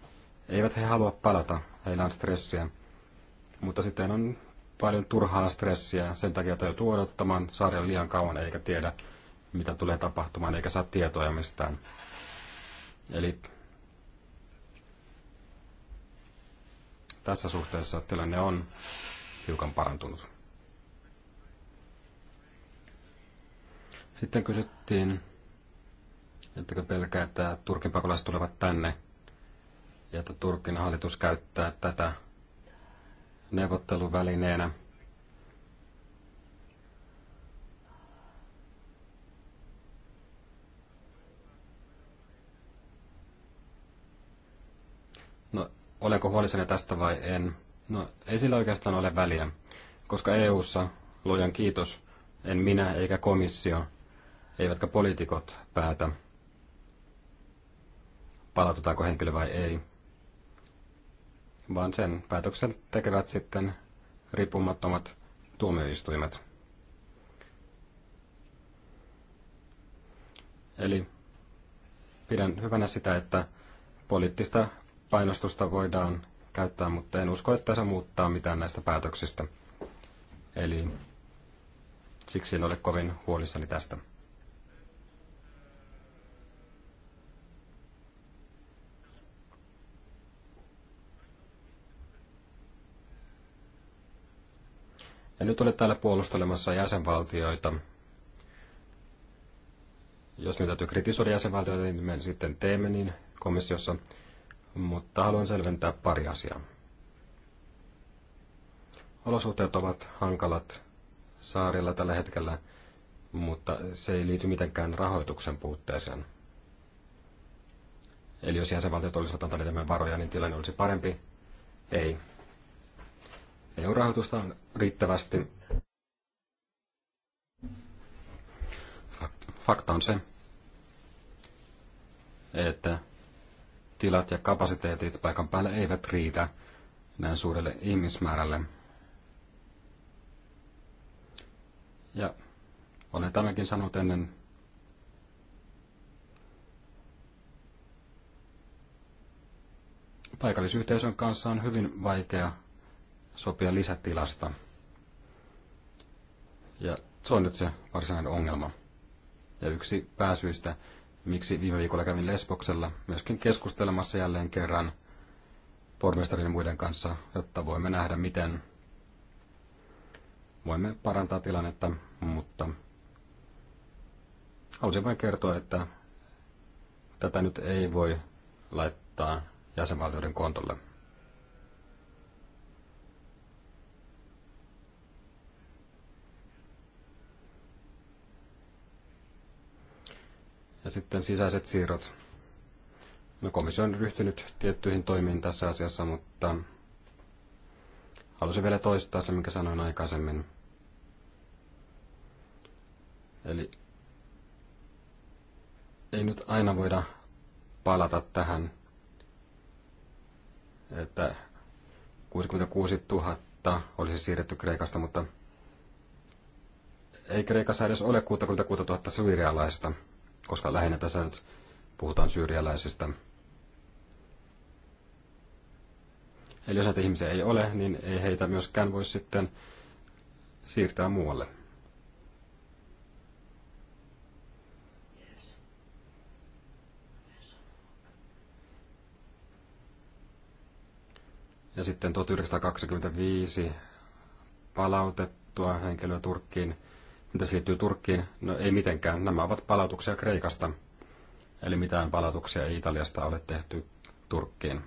eivät he halua palata, heillä on stressiä. Mutta sitten on paljon turhaa stressiä, sen takia joutuu odottamaan sarjan liian kauan eikä tiedä, mitä tulee tapahtumaan, eikä saa tietoja mistään. Eli tässä suhteessa tilanne on hiukan parantunut. Sitten kysyttiin, että pelkää, että Turkin pakolaiset tulevat tänne ja että Turkin hallitus käyttää tätä neuvotteluvälineenä. No, olenko huolissani tästä vai en? No, ei sillä oikeastaan ole väliä, koska EU:ssa luojan kiitos, en minä eikä komissio, eivätkä poliitikot päätä, palautetaanko henkilö vai ei vaan sen päätöksen tekevät sitten riippumattomat tuomioistuimet. Eli pidän hyvänä sitä, että poliittista painostusta voidaan käyttää, mutta en usko, että se muuttaa mitään näistä päätöksistä. Eli siksi en ole kovin huolissani tästä. En nyt ole täällä puolustelemassa jäsenvaltioita. Jos nyt täytyy kritisoida jäsenvaltioita, niin me sitten teemme niin komissiossa, mutta haluan selventää pari asiaa. Olosuhteet ovat hankalat saarilla tällä hetkellä, mutta se ei liity mitenkään rahoituksen puutteeseen. Eli jos jäsenvaltiot olisivat antaneet enemmän varoja, niin tilanne olisi parempi. Ei, EU-rahoitusta on riittävästi. Fakta on se, että tilat ja kapasiteetit paikan päälle eivät riitä näin suurelle ihmismäärälle. Ja olen tämäkin sanonut ennen paikallisyhteisön kanssa on hyvin vaikea sopia lisätilasta. Ja se on nyt se varsinainen ongelma. Ja yksi pääsyistä, miksi viime viikolla kävin Lesboksella myöskin keskustelemassa jälleen kerran pormestarin ja muiden kanssa, jotta voimme nähdä, miten voimme parantaa tilannetta, mutta halusin vain kertoa, että tätä nyt ei voi laittaa jäsenvaltioiden kontolle. Ja sitten sisäiset siirrot. No, komissio on ryhtynyt tiettyihin toimiin tässä asiassa, mutta halusin vielä toistaa se, minkä sanoin aikaisemmin. Eli ei nyt aina voida palata tähän, että 66 000 olisi siirretty Kreikasta, mutta ei Kreikassa edes ole 66 000 syyrialaista koska lähinnä tässä nyt puhutaan syyrialaisista. Eli jos näitä ihmisiä ei ole, niin ei heitä myöskään voi sitten siirtää muualle. Ja sitten 1925 palautettua henkilöä Turkkiin – mitä se liittyy Turkkiin? No ei mitenkään. Nämä ovat palautuksia Kreikasta. Eli mitään palautuksia ei Italiasta ole tehty Turkkiin.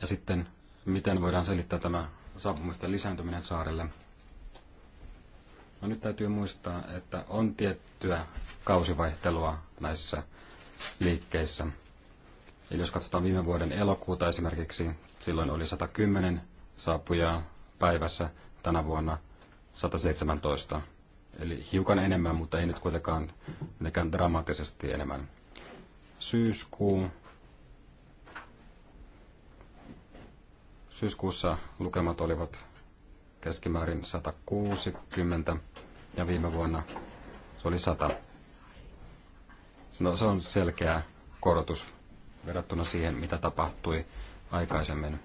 Ja sitten, miten voidaan selittää tämä saapumisten lisääntyminen saarelle? No nyt täytyy muistaa, että on tiettyä kausivaihtelua näissä liikkeissä – Eli jos katsotaan viime vuoden elokuuta esimerkiksi, silloin oli 110 saapujaa päivässä, tänä vuonna 117. Eli hiukan enemmän, mutta ei nyt kuitenkaan mitenkään dramaattisesti enemmän. Syyskuu. Syyskuussa lukemat olivat keskimäärin 160 ja viime vuonna se oli 100. No se on selkeä korotus verrattuna siihen, mitä tapahtui aikaisemmin.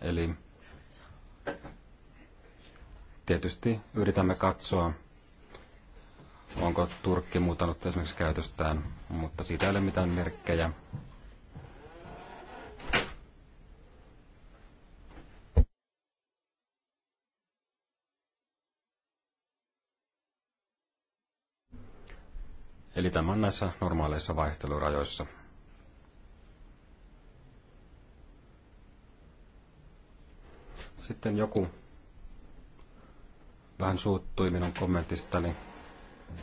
Eli tietysti yritämme katsoa, onko Turkki muuttanut esimerkiksi käytöstään, mutta siitä ei ole mitään merkkejä. Eli tämä on näissä normaaleissa vaihtelurajoissa. Sitten joku vähän suuttui minun kommentistani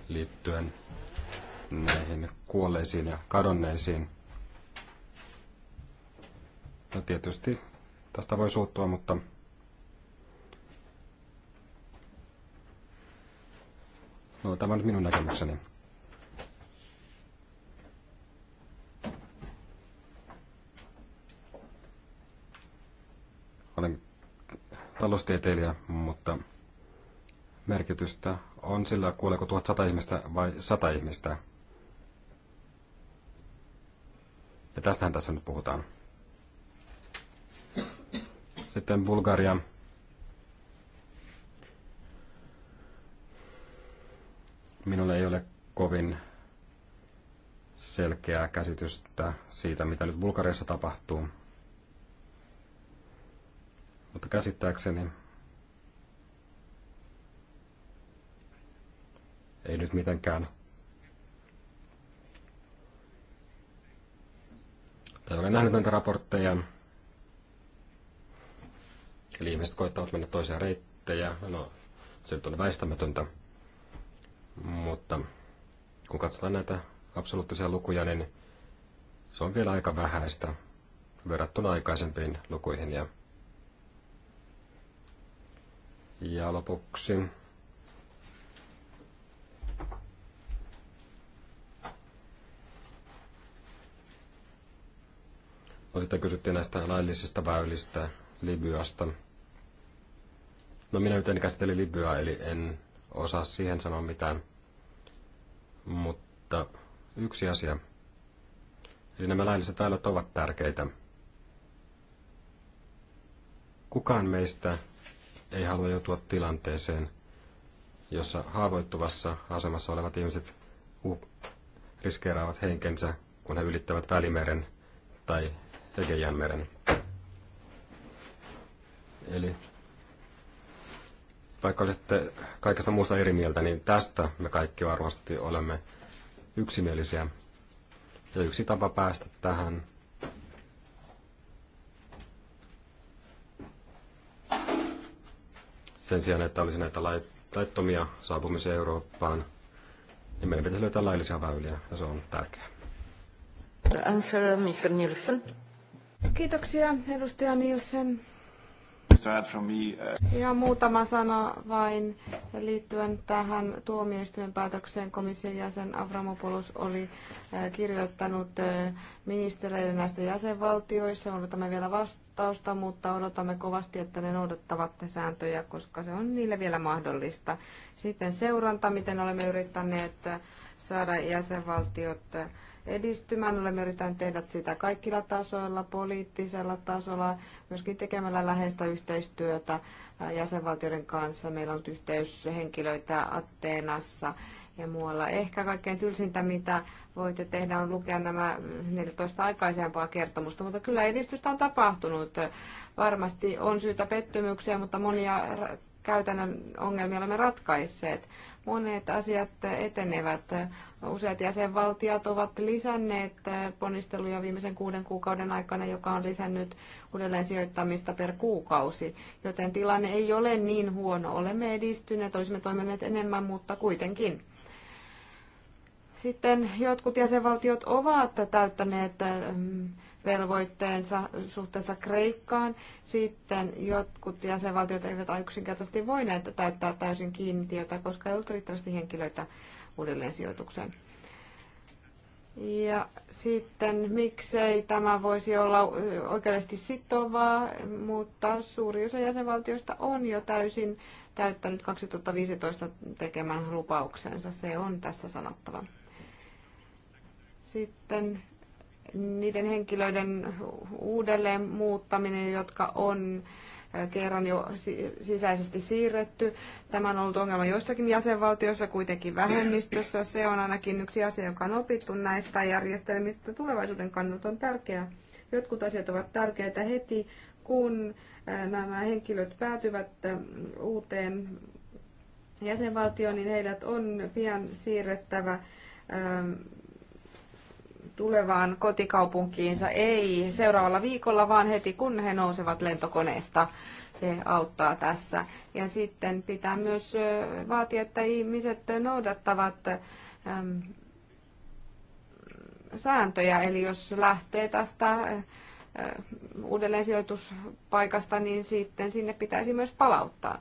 liittyen näihin kuolleisiin ja kadonneisiin. No tietysti tästä voi suuttua, mutta no, tämä on minun näkemykseni. taloustieteilijä, mutta merkitystä on sillä, kuoleeko 1100 ihmistä vai 100 ihmistä. Ja tästähän tässä nyt puhutaan. Sitten Bulgaria. Minulle ei ole kovin selkeää käsitystä siitä, mitä nyt Bulgariassa tapahtuu. Mutta käsittääkseni ei nyt mitenkään tai olen nähnyt näitä raportteja. Eli ihmiset koettavat mennä toisia reittejä. No, se nyt on väistämätöntä. Mutta kun katsotaan näitä absoluuttisia lukuja, niin se on vielä aika vähäistä verrattuna aikaisempiin lukuihin. Ja ja lopuksi No sitten kysyttiin näistä laillisista väylistä Libyasta. No minä nyt en käsittele Libyaa, eli en osaa siihen sanoa mitään. Mutta yksi asia. Eli nämä lailliset väylät ovat tärkeitä. Kukaan meistä ei halua joutua tilanteeseen, jossa haavoittuvassa asemassa olevat ihmiset riskeeraavat henkensä, kun he ylittävät Välimeren tai Egeianmeren. Eli vaikka olisitte kaikesta muusta eri mieltä, niin tästä me kaikki varmasti olemme yksimielisiä. Ja yksi tapa päästä tähän sen sijaan, että olisi näitä laittomia saapumisia Eurooppaan, niin meidän pitäisi löytää laillisia väyliä, ja se on tärkeää. Answer, Mr. Nielsen. Kiitoksia, edustaja Nielsen. Ihan uh, muutama sana vain liittyen tähän tuomioistuimen päätökseen. Komission jäsen Avramopoulos oli äh, kirjoittanut äh, ministereiden näistä jäsenvaltioissa. Odotamme vielä vastausta, mutta odotamme kovasti, että ne noudattavat sääntöjä, koska se on niille vielä mahdollista. Sitten seuranta, miten olemme yrittäneet äh, saada jäsenvaltiot edistymään. Olemme yrittäneet tehdä sitä kaikilla tasoilla, poliittisella tasolla, myöskin tekemällä läheistä yhteistyötä jäsenvaltioiden kanssa. Meillä on ollut yhteyshenkilöitä Atteenassa ja muualla. Ehkä kaikkein tylsintä, mitä voitte tehdä, on lukea nämä 14 aikaisempaa kertomusta, mutta kyllä edistystä on tapahtunut. Varmasti on syytä pettymyksiä, mutta monia käytännön ongelmia olemme ratkaisseet monet asiat etenevät. Useat jäsenvaltiot ovat lisänneet ponnisteluja viimeisen kuuden kuukauden aikana, joka on lisännyt uudelleen sijoittamista per kuukausi. Joten tilanne ei ole niin huono. Olemme edistyneet, olisimme toimineet enemmän, mutta kuitenkin. Sitten jotkut jäsenvaltiot ovat täyttäneet mm, velvoitteensa suhteessa Kreikkaan. Sitten jotkut jäsenvaltiot eivät yksinkertaisesti voineet täyttää täysin kiintiötä, koska ei ollut riittävästi henkilöitä uudelleen sijoitukseen. Ja sitten miksei tämä voisi olla oikeudellisesti sitovaa, mutta suuri osa jäsenvaltioista on jo täysin täyttänyt 2015 tekemän lupauksensa. Se on tässä sanottava. Sitten niiden henkilöiden uudelleen muuttaminen, jotka on kerran jo sisäisesti siirretty. Tämä on ollut ongelma joissakin jäsenvaltioissa, kuitenkin vähemmistössä. Se on ainakin yksi asia, joka on opittu näistä järjestelmistä. Tulevaisuuden kannalta on tärkeää. Jotkut asiat ovat tärkeitä heti, kun nämä henkilöt päätyvät uuteen jäsenvaltioon, niin heidät on pian siirrettävä tulevaan kotikaupunkiinsa ei seuraavalla viikolla, vaan heti kun he nousevat lentokoneesta. Se auttaa tässä. Ja sitten pitää myös vaatia, että ihmiset noudattavat sääntöjä. Eli jos lähtee tästä uudelleensijoituspaikasta, niin sitten sinne pitäisi myös palauttaa.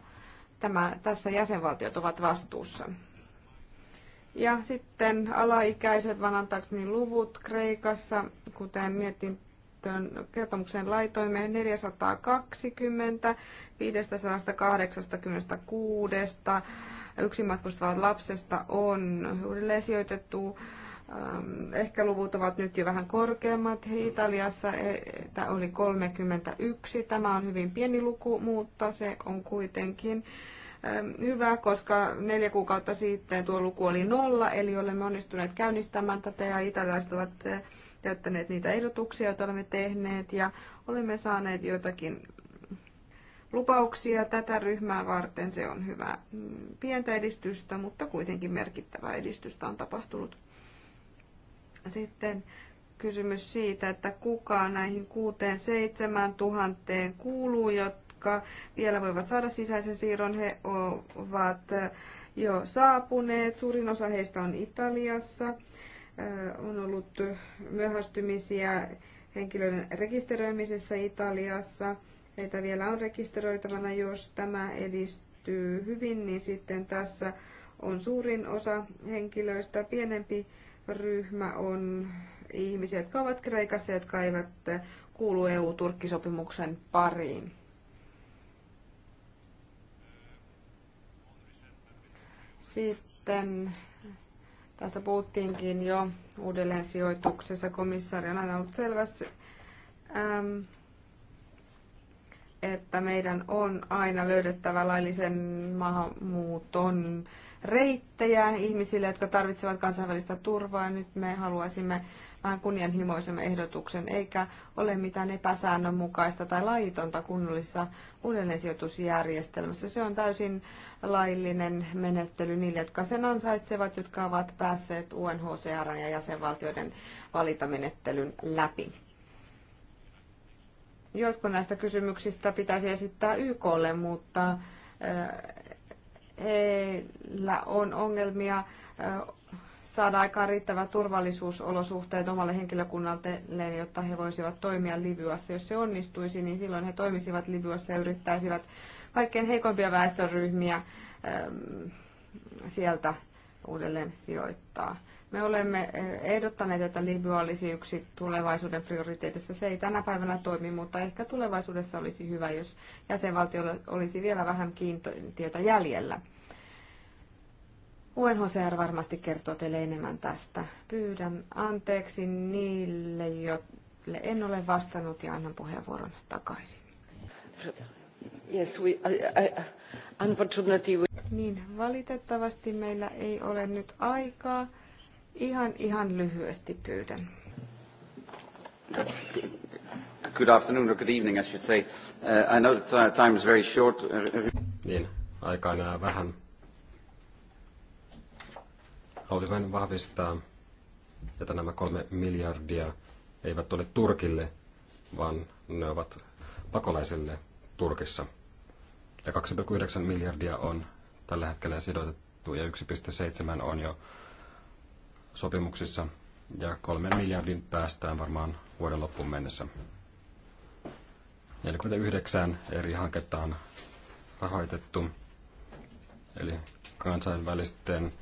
Tämä, tässä jäsenvaltiot ovat vastuussa. Ja sitten alaikäiset niin luvut Kreikassa, kuten mietintöön kertomuksen laitoimme 420, 586 yksin matkustavat lapsesta on uudelleen sijoitettu. Ähm, ehkä luvut ovat nyt jo vähän korkeammat. Italiassa e, tämä oli 31. Tämä on hyvin pieni luku, mutta se on kuitenkin hyvä, koska neljä kuukautta sitten tuo luku oli nolla, eli olemme onnistuneet käynnistämään tätä ja italialaiset ovat täyttäneet äh, niitä ehdotuksia, joita olemme tehneet ja olemme saaneet joitakin lupauksia tätä ryhmää varten. Se on hyvä mm, pientä edistystä, mutta kuitenkin merkittävää edistystä on tapahtunut. Sitten kysymys siitä, että kuka näihin kuuteen seitsemän tuhanteen kuuluu, jotta jotka vielä voivat saada sisäisen siirron, he ovat jo saapuneet. Suurin osa heistä on Italiassa. On ollut myöhästymisiä henkilöiden rekisteröimisessä Italiassa. Heitä vielä on rekisteröitävänä, jos tämä edistyy hyvin, niin sitten tässä on suurin osa henkilöistä. Pienempi ryhmä on ihmisiä, jotka ovat Kreikassa, jotka eivät kuulu EU-Turkkisopimuksen pariin. Sitten tässä puhuttiinkin jo uudelleen sijoituksessa. Komissaari on aina ollut selvästi, ähm, että meidän on aina löydettävä laillisen maahanmuuton reittejä ihmisille, jotka tarvitsevat kansainvälistä turvaa. Nyt me haluaisimme kunnianhimoisemme ehdotuksen, eikä ole mitään epäsäännönmukaista tai laitonta kunnollisessa uudelleensijoitusjärjestelmässä. Se on täysin laillinen menettely niille, jotka sen ansaitsevat, jotka ovat päässeet UNHCR ja jäsenvaltioiden valintamenettelyn läpi. Jotkut näistä kysymyksistä pitäisi esittää YKlle, mutta eh, heillä on ongelmia eh, saada aikaan riittävät turvallisuusolosuhteet omalle henkilökunnalleen, jotta he voisivat toimia Libyassa. Jos se onnistuisi, niin silloin he toimisivat Libyassa ja yrittäisivät kaikkein heikompia väestöryhmiä ähm, sieltä uudelleen sijoittaa. Me olemme äh, ehdottaneet, että Libya olisi yksi tulevaisuuden prioriteetista. Se ei tänä päivänä toimi, mutta ehkä tulevaisuudessa olisi hyvä, jos jäsenvaltiolla olisi vielä vähän kiintiötä jäljellä. UNHCR varmasti kertoo teille enemmän tästä. Pyydän anteeksi niille, joille en ole vastannut ja annan puheenvuoron takaisin. Yes, we, I, I, unfortunately we... Niin, valitettavasti meillä ei ole nyt aikaa. Ihan, ihan lyhyesti pyydän. Good afternoon or good evening, I should say. Uh, I know that time is very short. Niin, aika enää vähän Haluaisin vain vahvistaa, että nämä kolme miljardia eivät ole Turkille, vaan ne ovat pakolaisille Turkissa. Ja 2,9 miljardia on tällä hetkellä sidotettu ja 1,7 on jo sopimuksissa ja kolmen miljardin päästään varmaan vuoden loppuun mennessä. 49 eri hanketta on rahoitettu, eli kansainvälisten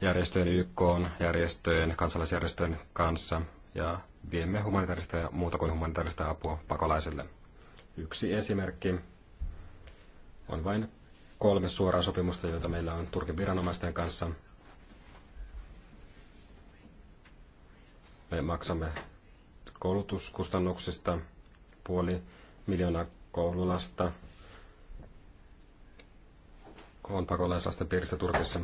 järjestöjen, YK, järjestöjen, kansalaisjärjestöjen kanssa ja viemme humanitaarista ja muuta kuin humanitaarista apua pakolaisille. Yksi esimerkki on vain kolme suoraa sopimusta, joita meillä on Turkin viranomaisten kanssa. Me maksamme koulutuskustannuksista puoli miljoonaa koululasta on pakolaislasten piirissä Turkissa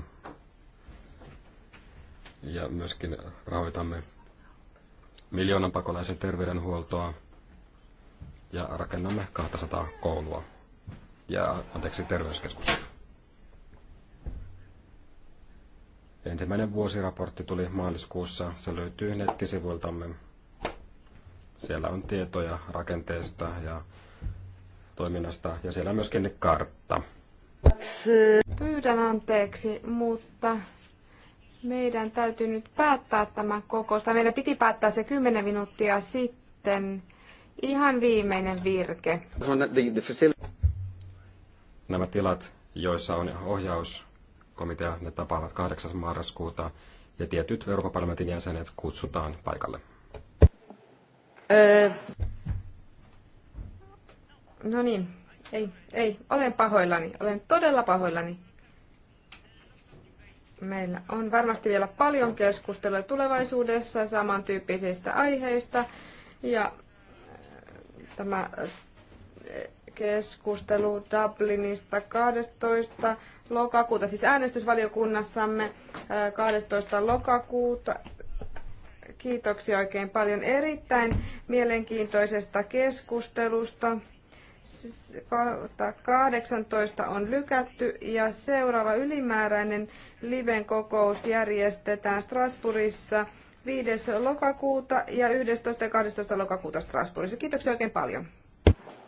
ja myöskin rahoitamme miljoonan pakolaisen terveydenhuoltoa ja rakennamme 200 koulua ja anteeksi terveyskeskusta. Ensimmäinen vuosiraportti tuli maaliskuussa. Se löytyy nettisivuiltamme. Siellä on tietoja rakenteesta ja toiminnasta ja siellä on myöskin kartta. Pyydän anteeksi, mutta meidän täytyy nyt päättää tämä kokous. Meillä piti päättää se 10 minuuttia sitten. Ihan viimeinen virke. Nämä tilat, joissa on ohjauskomitea, ne tapaavat 8. marraskuuta ja tietyt Euroopan parlamentin jäsenet kutsutaan paikalle. Öö. No niin, ei, ei, olen pahoillani, olen todella pahoillani. Meillä on varmasti vielä paljon keskustelua tulevaisuudessa samantyyppisistä aiheista ja äh, tämä äh, keskustelu Dublinista 12. lokakuuta, siis äänestysvaliokunnassamme 12. Äh, lokakuuta. Kiitoksia oikein paljon erittäin mielenkiintoisesta keskustelusta. 18 siis on lykätty ja seuraava ylimääräinen liven kokous järjestetään Strasbourgissa 5. lokakuuta ja 11. ja 12. lokakuuta Strasbourgissa. Kiitoksia oikein paljon.